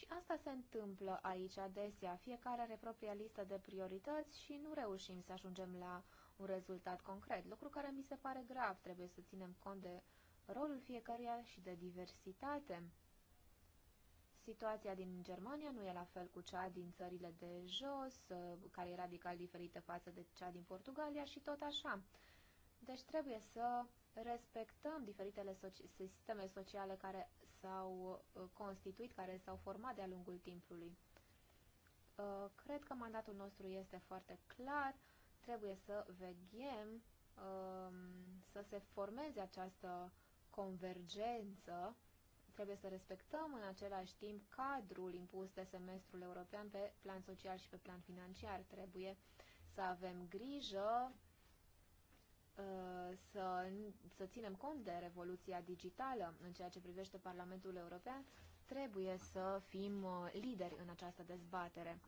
Și asta se întâmplă aici adesea. Fiecare are propria listă de priorități și nu reușim să ajungem la un rezultat concret, lucru care mi se pare grav. Trebuie să ținem cont de rolul fiecăruia și de diversitate. Situația din Germania nu e la fel cu cea din țările de jos, uh, care e radical diferită față de cea din Portugalia și tot așa. Deci trebuie să respectăm diferitele sisteme sociale care s-au uh, constituit, care s-au format de-a lungul timpului. Uh, cred că mandatul nostru este foarte clar, trebuie să veghem um, să se formeze această convergență, trebuie să respectăm în același timp cadrul impus de semestrul european pe plan social și pe plan financiar. Trebuie să avem grijă Uh, să, să ținem cont de revoluția digitală în ceea ce privește Parlamentul European, trebuie să fim uh, lideri în această dezbatere.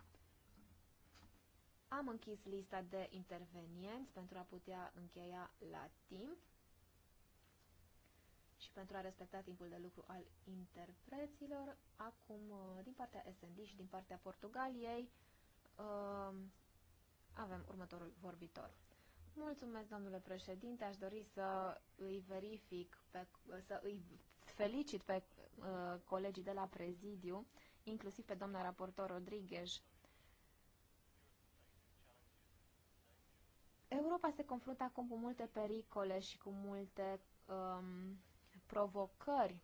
Am închis lista de intervenienți pentru a putea încheia la timp și pentru a respecta timpul de lucru al interpreților. Acum, uh, din partea SND și din partea Portugaliei, avem următorul vorbitor. Mulțumesc, domnule președinte. Aș dori să îi verific, pe, să îi felicit pe uh, colegii de la prezidiu, inclusiv pe doamna raportor Rodriguez. Europa se confruntă acum cu multe pericole și cu multe um, provocări.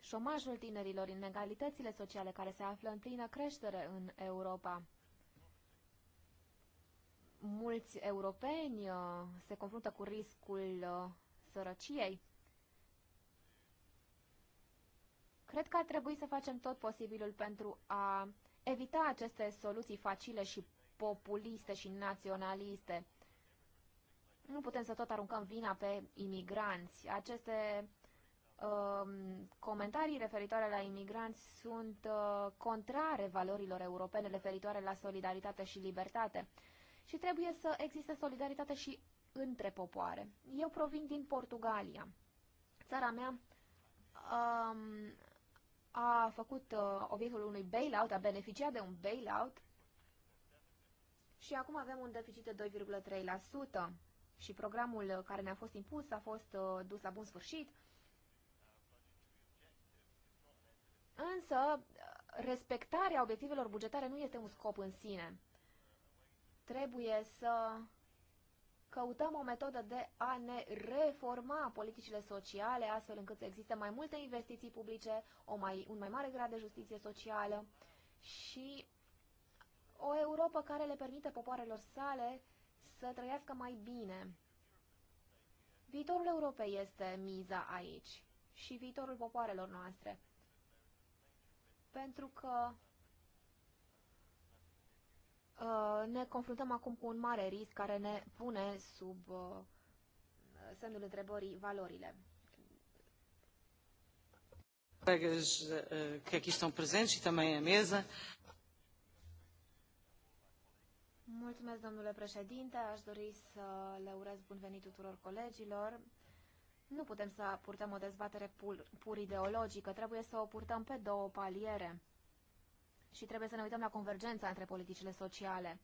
Șomajul tinerilor, inegalitățile sociale care se află în plină creștere în Europa – mulți europeni uh, se confruntă cu riscul uh, sărăciei. Cred că ar trebui să facem tot posibilul pentru a evita aceste soluții facile și populiste și naționaliste. Nu putem să tot aruncăm vina pe imigranți. Aceste um, comentarii referitoare la imigranți sunt uh, contrare valorilor europene referitoare la solidaritate și libertate și trebuie să existe solidaritate și între popoare. Eu provin din Portugalia. Țara mea um, a făcut uh, obiectul unui bailout, a beneficiat de un bailout și acum avem un deficit de 2,3% și programul care ne-a fost impus a fost uh, dus la bun sfârșit. Însă, uh, respectarea obiectivelor bugetare nu este un scop în sine. Trebuie să căutăm o metodă de a ne reforma politicile sociale, astfel încât să existe mai multe investiții publice, o mai, un mai mare grad de justiție socială și o Europa care le permite popoarelor sale să trăiască mai bine. Viitorul Europei este miza aici și viitorul popoarelor noastre. Pentru că Uh, ne confruntăm acum cu un mare risc care ne pune sub uh, semnul întrebării valorile. Colegas uh, que aqui estão presentes și também a mesa. Mulțumesc, domnule președinte. Aș dori să le urez bun venit tuturor colegilor. Nu putem să purtăm o dezbatere pur, pur ideologică, trebuie să o purtăm pe două paliere și trebuie să ne uităm la convergența între politicile sociale.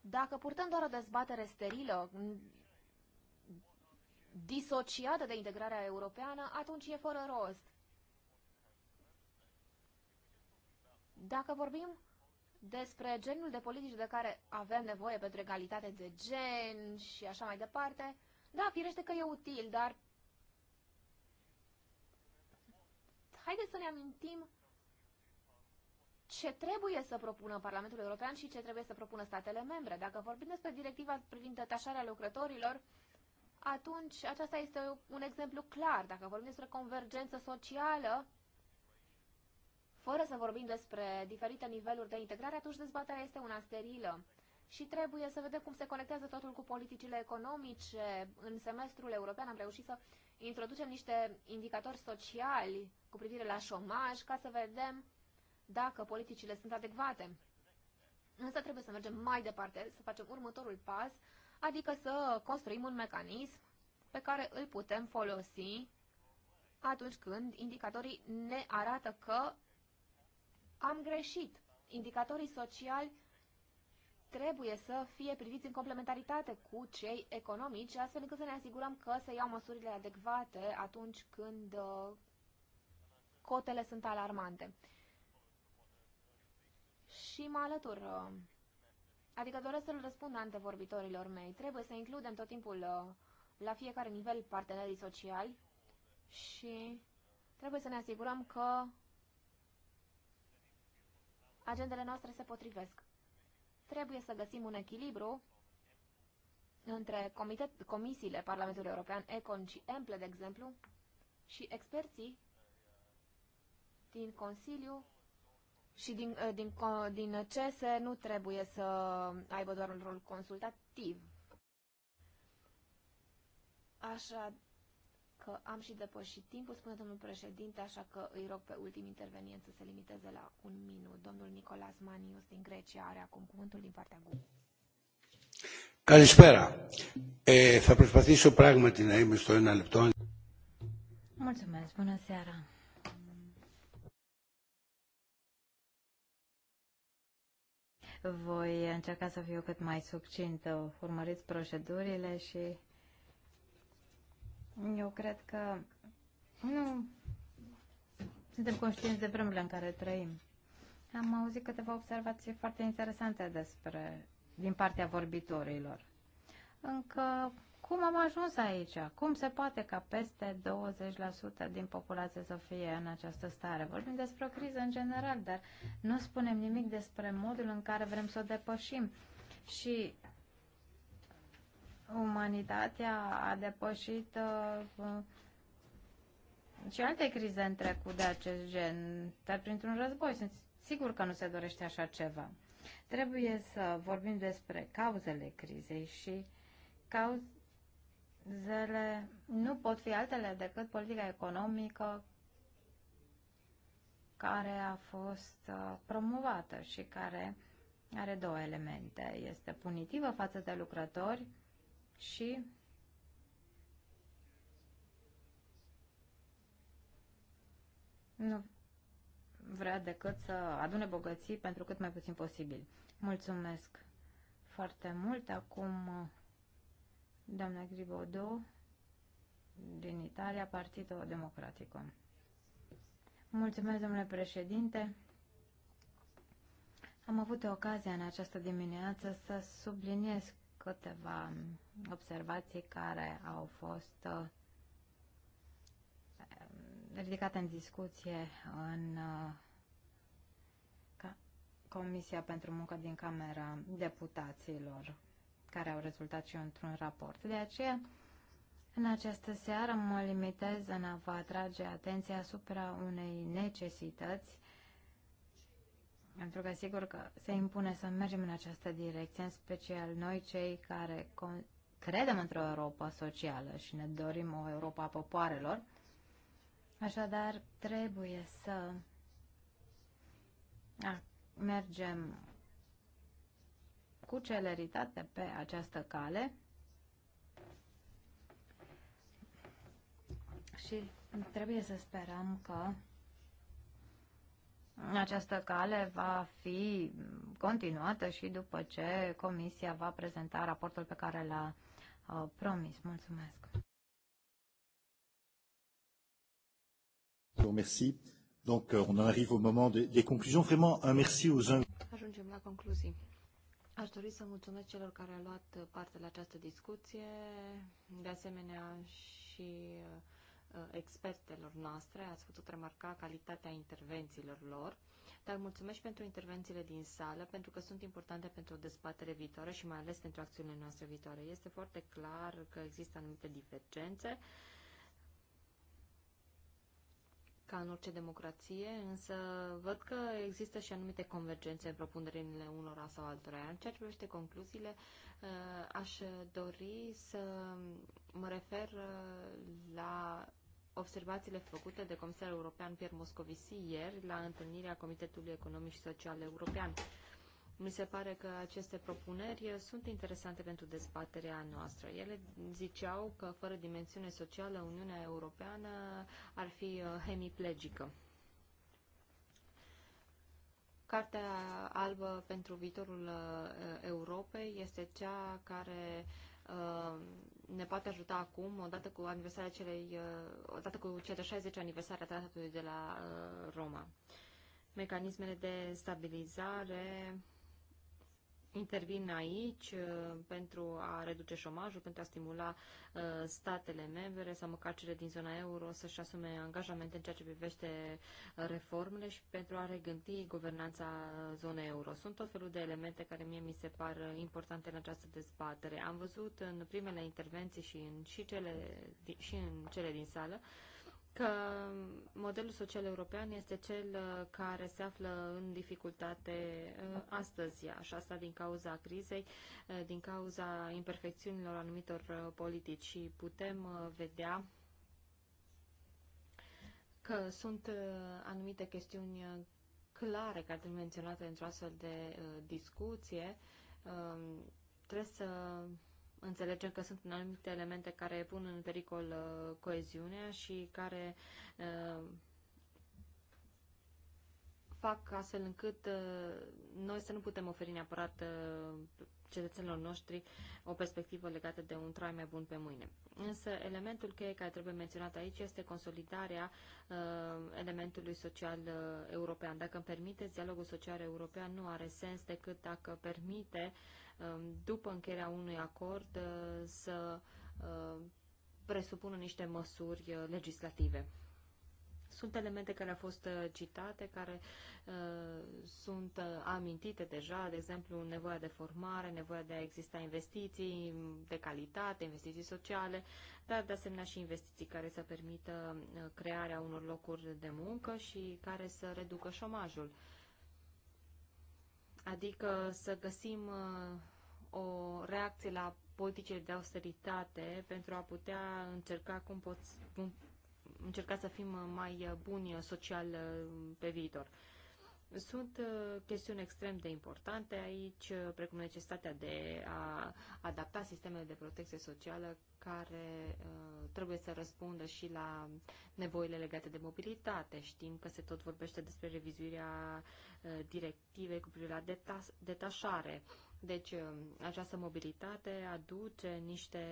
Dacă purtăm doar o dezbatere sterilă, disociată de integrarea europeană, atunci e fără rost. Dacă vorbim despre genul de politici de care avem nevoie pentru egalitate de gen și așa mai departe, da, firește că e util, dar haideți să ne amintim ce trebuie să propună Parlamentul European și ce trebuie să propună statele membre. Dacă vorbim despre directiva privind detașarea lucrătorilor, atunci aceasta este un exemplu clar. Dacă vorbim despre convergență socială, fără să vorbim despre diferite niveluri de integrare, atunci dezbaterea este una sterilă. Și trebuie să vedem cum se conectează totul cu politicile economice. În semestrul european am reușit să introducem niște indicatori sociali cu privire la șomaj ca să vedem dacă politicile sunt adecvate. Însă trebuie să mergem mai departe, să facem următorul pas, adică să construim un mecanism pe care îl putem folosi atunci când indicatorii ne arată că am greșit. Indicatorii sociali trebuie să fie priviți în complementaritate cu cei economici, astfel încât să ne asigurăm că se iau măsurile adecvate atunci când uh, cotele sunt alarmante. Și mă alătur, uh, adică doresc să-l răspund antevorbitorilor mei. Trebuie să includem tot timpul uh, la fiecare nivel partenerii sociali și trebuie să ne asigurăm că agendele noastre se potrivesc. Trebuie să găsim un echilibru între comitet, comisiile Parlamentului European, ECON și EMPLE, de exemplu, și experții din Consiliu și din, ă, din, din CESE nu trebuie să aibă doar un rol consultativ. Așa, că am și depășit timpul, spune domnul președinte, așa că îi rog pe ultimii intervenienți să se limiteze la un minut. Domnul Nicolas Manius din Grecia are acum cuvântul din partea GUM. Καλησπέρα. Ε, θα προσπαθήσω πράγματι να είμαι στο ένα λεπτό. Mulțumesc, bună seara. Voi încerca să fiu cât mai succintă. Urmăriți procedurile și eu cred că nu suntem conștienți de vremurile în care trăim. Am auzit câteva observații foarte interesante despre, din partea vorbitorilor. Încă cum am ajuns aici? Cum se poate ca peste 20% din populație să fie în această stare? Vorbim despre o criză în general, dar nu spunem nimic despre modul în care vrem să o depășim. Și umanitatea a depășit uh, și alte crize în trecut de acest gen, dar printr-un război. Sunt sigur că nu se dorește așa ceva. Trebuie să vorbim despre cauzele crizei și cauzele nu pot fi altele decât politica economică care a fost uh, promovată și care are două elemente. Este punitivă față de lucrători, și nu vrea decât să adune bogății pentru cât mai puțin posibil. Mulțumesc foarte mult. Acum, doamna Gribodo, din Italia, Partidul Democratico. Mulțumesc, domnule președinte. Am avut ocazia în această dimineață să subliniez câteva observații care au fost uh, ridicate în discuție în uh, Comisia pentru Muncă din Camera Deputaților, care au rezultat și într-un raport. De aceea, în această seară mă limitez în a vă atrage atenția asupra unei necesități pentru că sigur că se impune să mergem în această direcție, în special noi cei care credem într-o Europa socială și ne dorim o Europa a popoarelor. Așadar, trebuie să mergem cu celeritate pe această cale și trebuie să sperăm că această cale va fi continuată și după ce Comisia va prezenta raportul pe care l-a uh, promis. Mulțumesc! Euh, Ajungem la concluzii. Aș dori să mulțumesc celor care au luat parte la această discuție, de asemenea și uh, Uh, expertelor noastre, ați putut remarca calitatea intervențiilor lor, dar mulțumesc și pentru intervențiile din sală, pentru că sunt importante pentru o dezbatere viitoare și mai ales pentru acțiunile noastre viitoare. Este foarte clar că există anumite divergențe, ca în orice democrație, însă văd că există și anumite convergențe în propunerile unora sau altora. În ceea ce privește concluziile, uh, aș dori să mă refer uh, la observațiile făcute de Comisarul European Pierre Moscovici ieri la întâlnirea Comitetului Economic și Social European. Mi se pare că aceste propuneri sunt interesante pentru dezbaterea noastră. Ele ziceau că fără dimensiune socială Uniunea Europeană ar fi uh, hemiplegică. Cartea albă pentru viitorul uh, Europei este cea care uh, ne poate ajuta acum, odată cu aniversarea celei, uh, odată cu cea de 60 aniversare a tratatului de la uh, Roma. Mecanismele de stabilizare intervin aici uh, pentru a reduce șomajul, pentru a stimula uh, statele membre sau măcar cele din zona euro să-și asume angajamente în ceea ce privește reformele și pentru a regândi guvernanța zonei euro. Sunt tot felul de elemente care mie mi se par importante în această dezbatere. Am văzut în primele intervenții și în, și cele, și în cele din sală că modelul social european este cel uh, care se află în dificultate uh, astăzi, așa asta din cauza crizei, uh, din cauza imperfecțiunilor anumitor politici și putem vedea că sunt anumite chestiuni clare care trebuie menționate într-o astfel de discuție. Um, trebuie să înțelegem că sunt anumite elemente care pun în pericol uh, coeziunea și care uh, fac astfel încât uh, noi să nu putem oferi neapărat uh, cetățenilor noștri o perspectivă legată de un trai mai bun pe mâine. Însă elementul cheie care trebuie menționat aici este consolidarea uh, elementului social uh, european. Dacă îmi permiteți, dialogul social european nu are sens decât dacă permite, uh, după încheierea unui acord, uh, să uh, presupună niște măsuri uh, legislative. Sunt elemente care au fost uh, citate, care uh, sunt uh, amintite deja, de exemplu, nevoia de formare, nevoia de a exista investiții de calitate, investiții sociale, dar de asemenea și investiții care să permită uh, crearea unor locuri de muncă și care să reducă șomajul. Adică să găsim o reacție la politicile de austeritate pentru a putea încerca cum, poți, cum încerca să fim mai buni social uh, pe viitor. Sunt uh, chestiuni extrem de importante aici, uh, precum necesitatea de a adapta sistemele de protecție socială care uh, trebuie să răspundă și la nevoile legate de mobilitate. Știm că se tot vorbește despre revizuirea uh, directivei cu privire la detașare. Uh, deci uh, această mobilitate aduce niște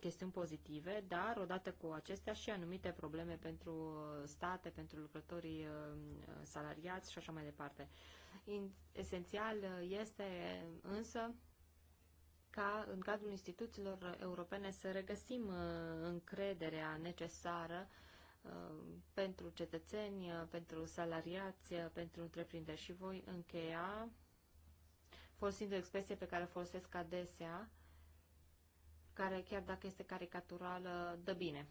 chestiuni pozitive, dar odată cu acestea și anumite probleme pentru uh, state, pentru lucrătorii uh, salariați și așa mai departe. Esențial este însă ca în cadrul instituțiilor europene să regăsim încrederea necesară pentru cetățeni, pentru salariați, pentru întreprinderi. Și voi încheia folosind o expresie pe care o folosesc adesea, care chiar dacă este caricaturală, dă bine.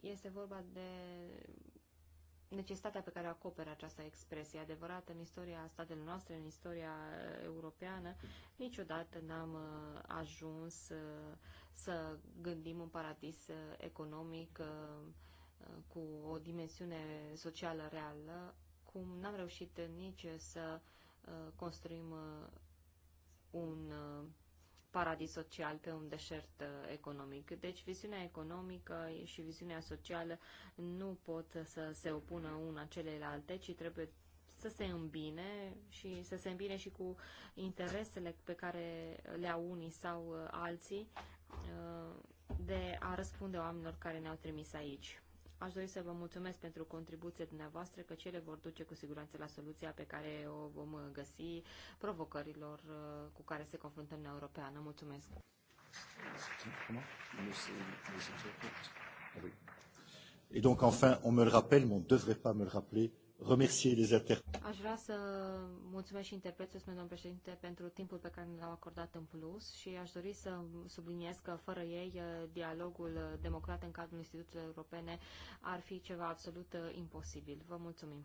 Este vorba de necesitatea pe care o acoperă această expresie Adevărat, în istoria statelor noastre, în istoria uh, europeană, niciodată n-am uh, ajuns uh, să gândim un paradis economic cu o dimensiune socială reală, cum n-am reușit nici să Uh, construim uh, un uh, paradis social pe un deșert economic. Deci viziunea economică și viziunea socială nu pot să se opună una celelalte, ci trebuie să se îmbine și să se îmbine și cu interesele pe care le au unii sau alții de a răspunde oamenilor care ne-au trimis aici. Aș dori să vă mulțumesc pentru contribuția dumneavoastră, că cele vor duce cu siguranță la soluția pe care o vom uh, găsi provocărilor uh, cu care se confruntă în Europeană. Mulțumesc! Et donc enfin, on me le rappelle, mais on ne devrait pas me le rappeler, remercier les interprètes. Aș vrea să mulțumesc și interpreților, spune domnul președinte, pentru timpul pe care l-au acordat în plus și aș dori să subliniez că fără ei eh, dialogul democrat în cadrul instituțiilor europene ar fi ceva absolut eh, imposibil. Vă mulțumim.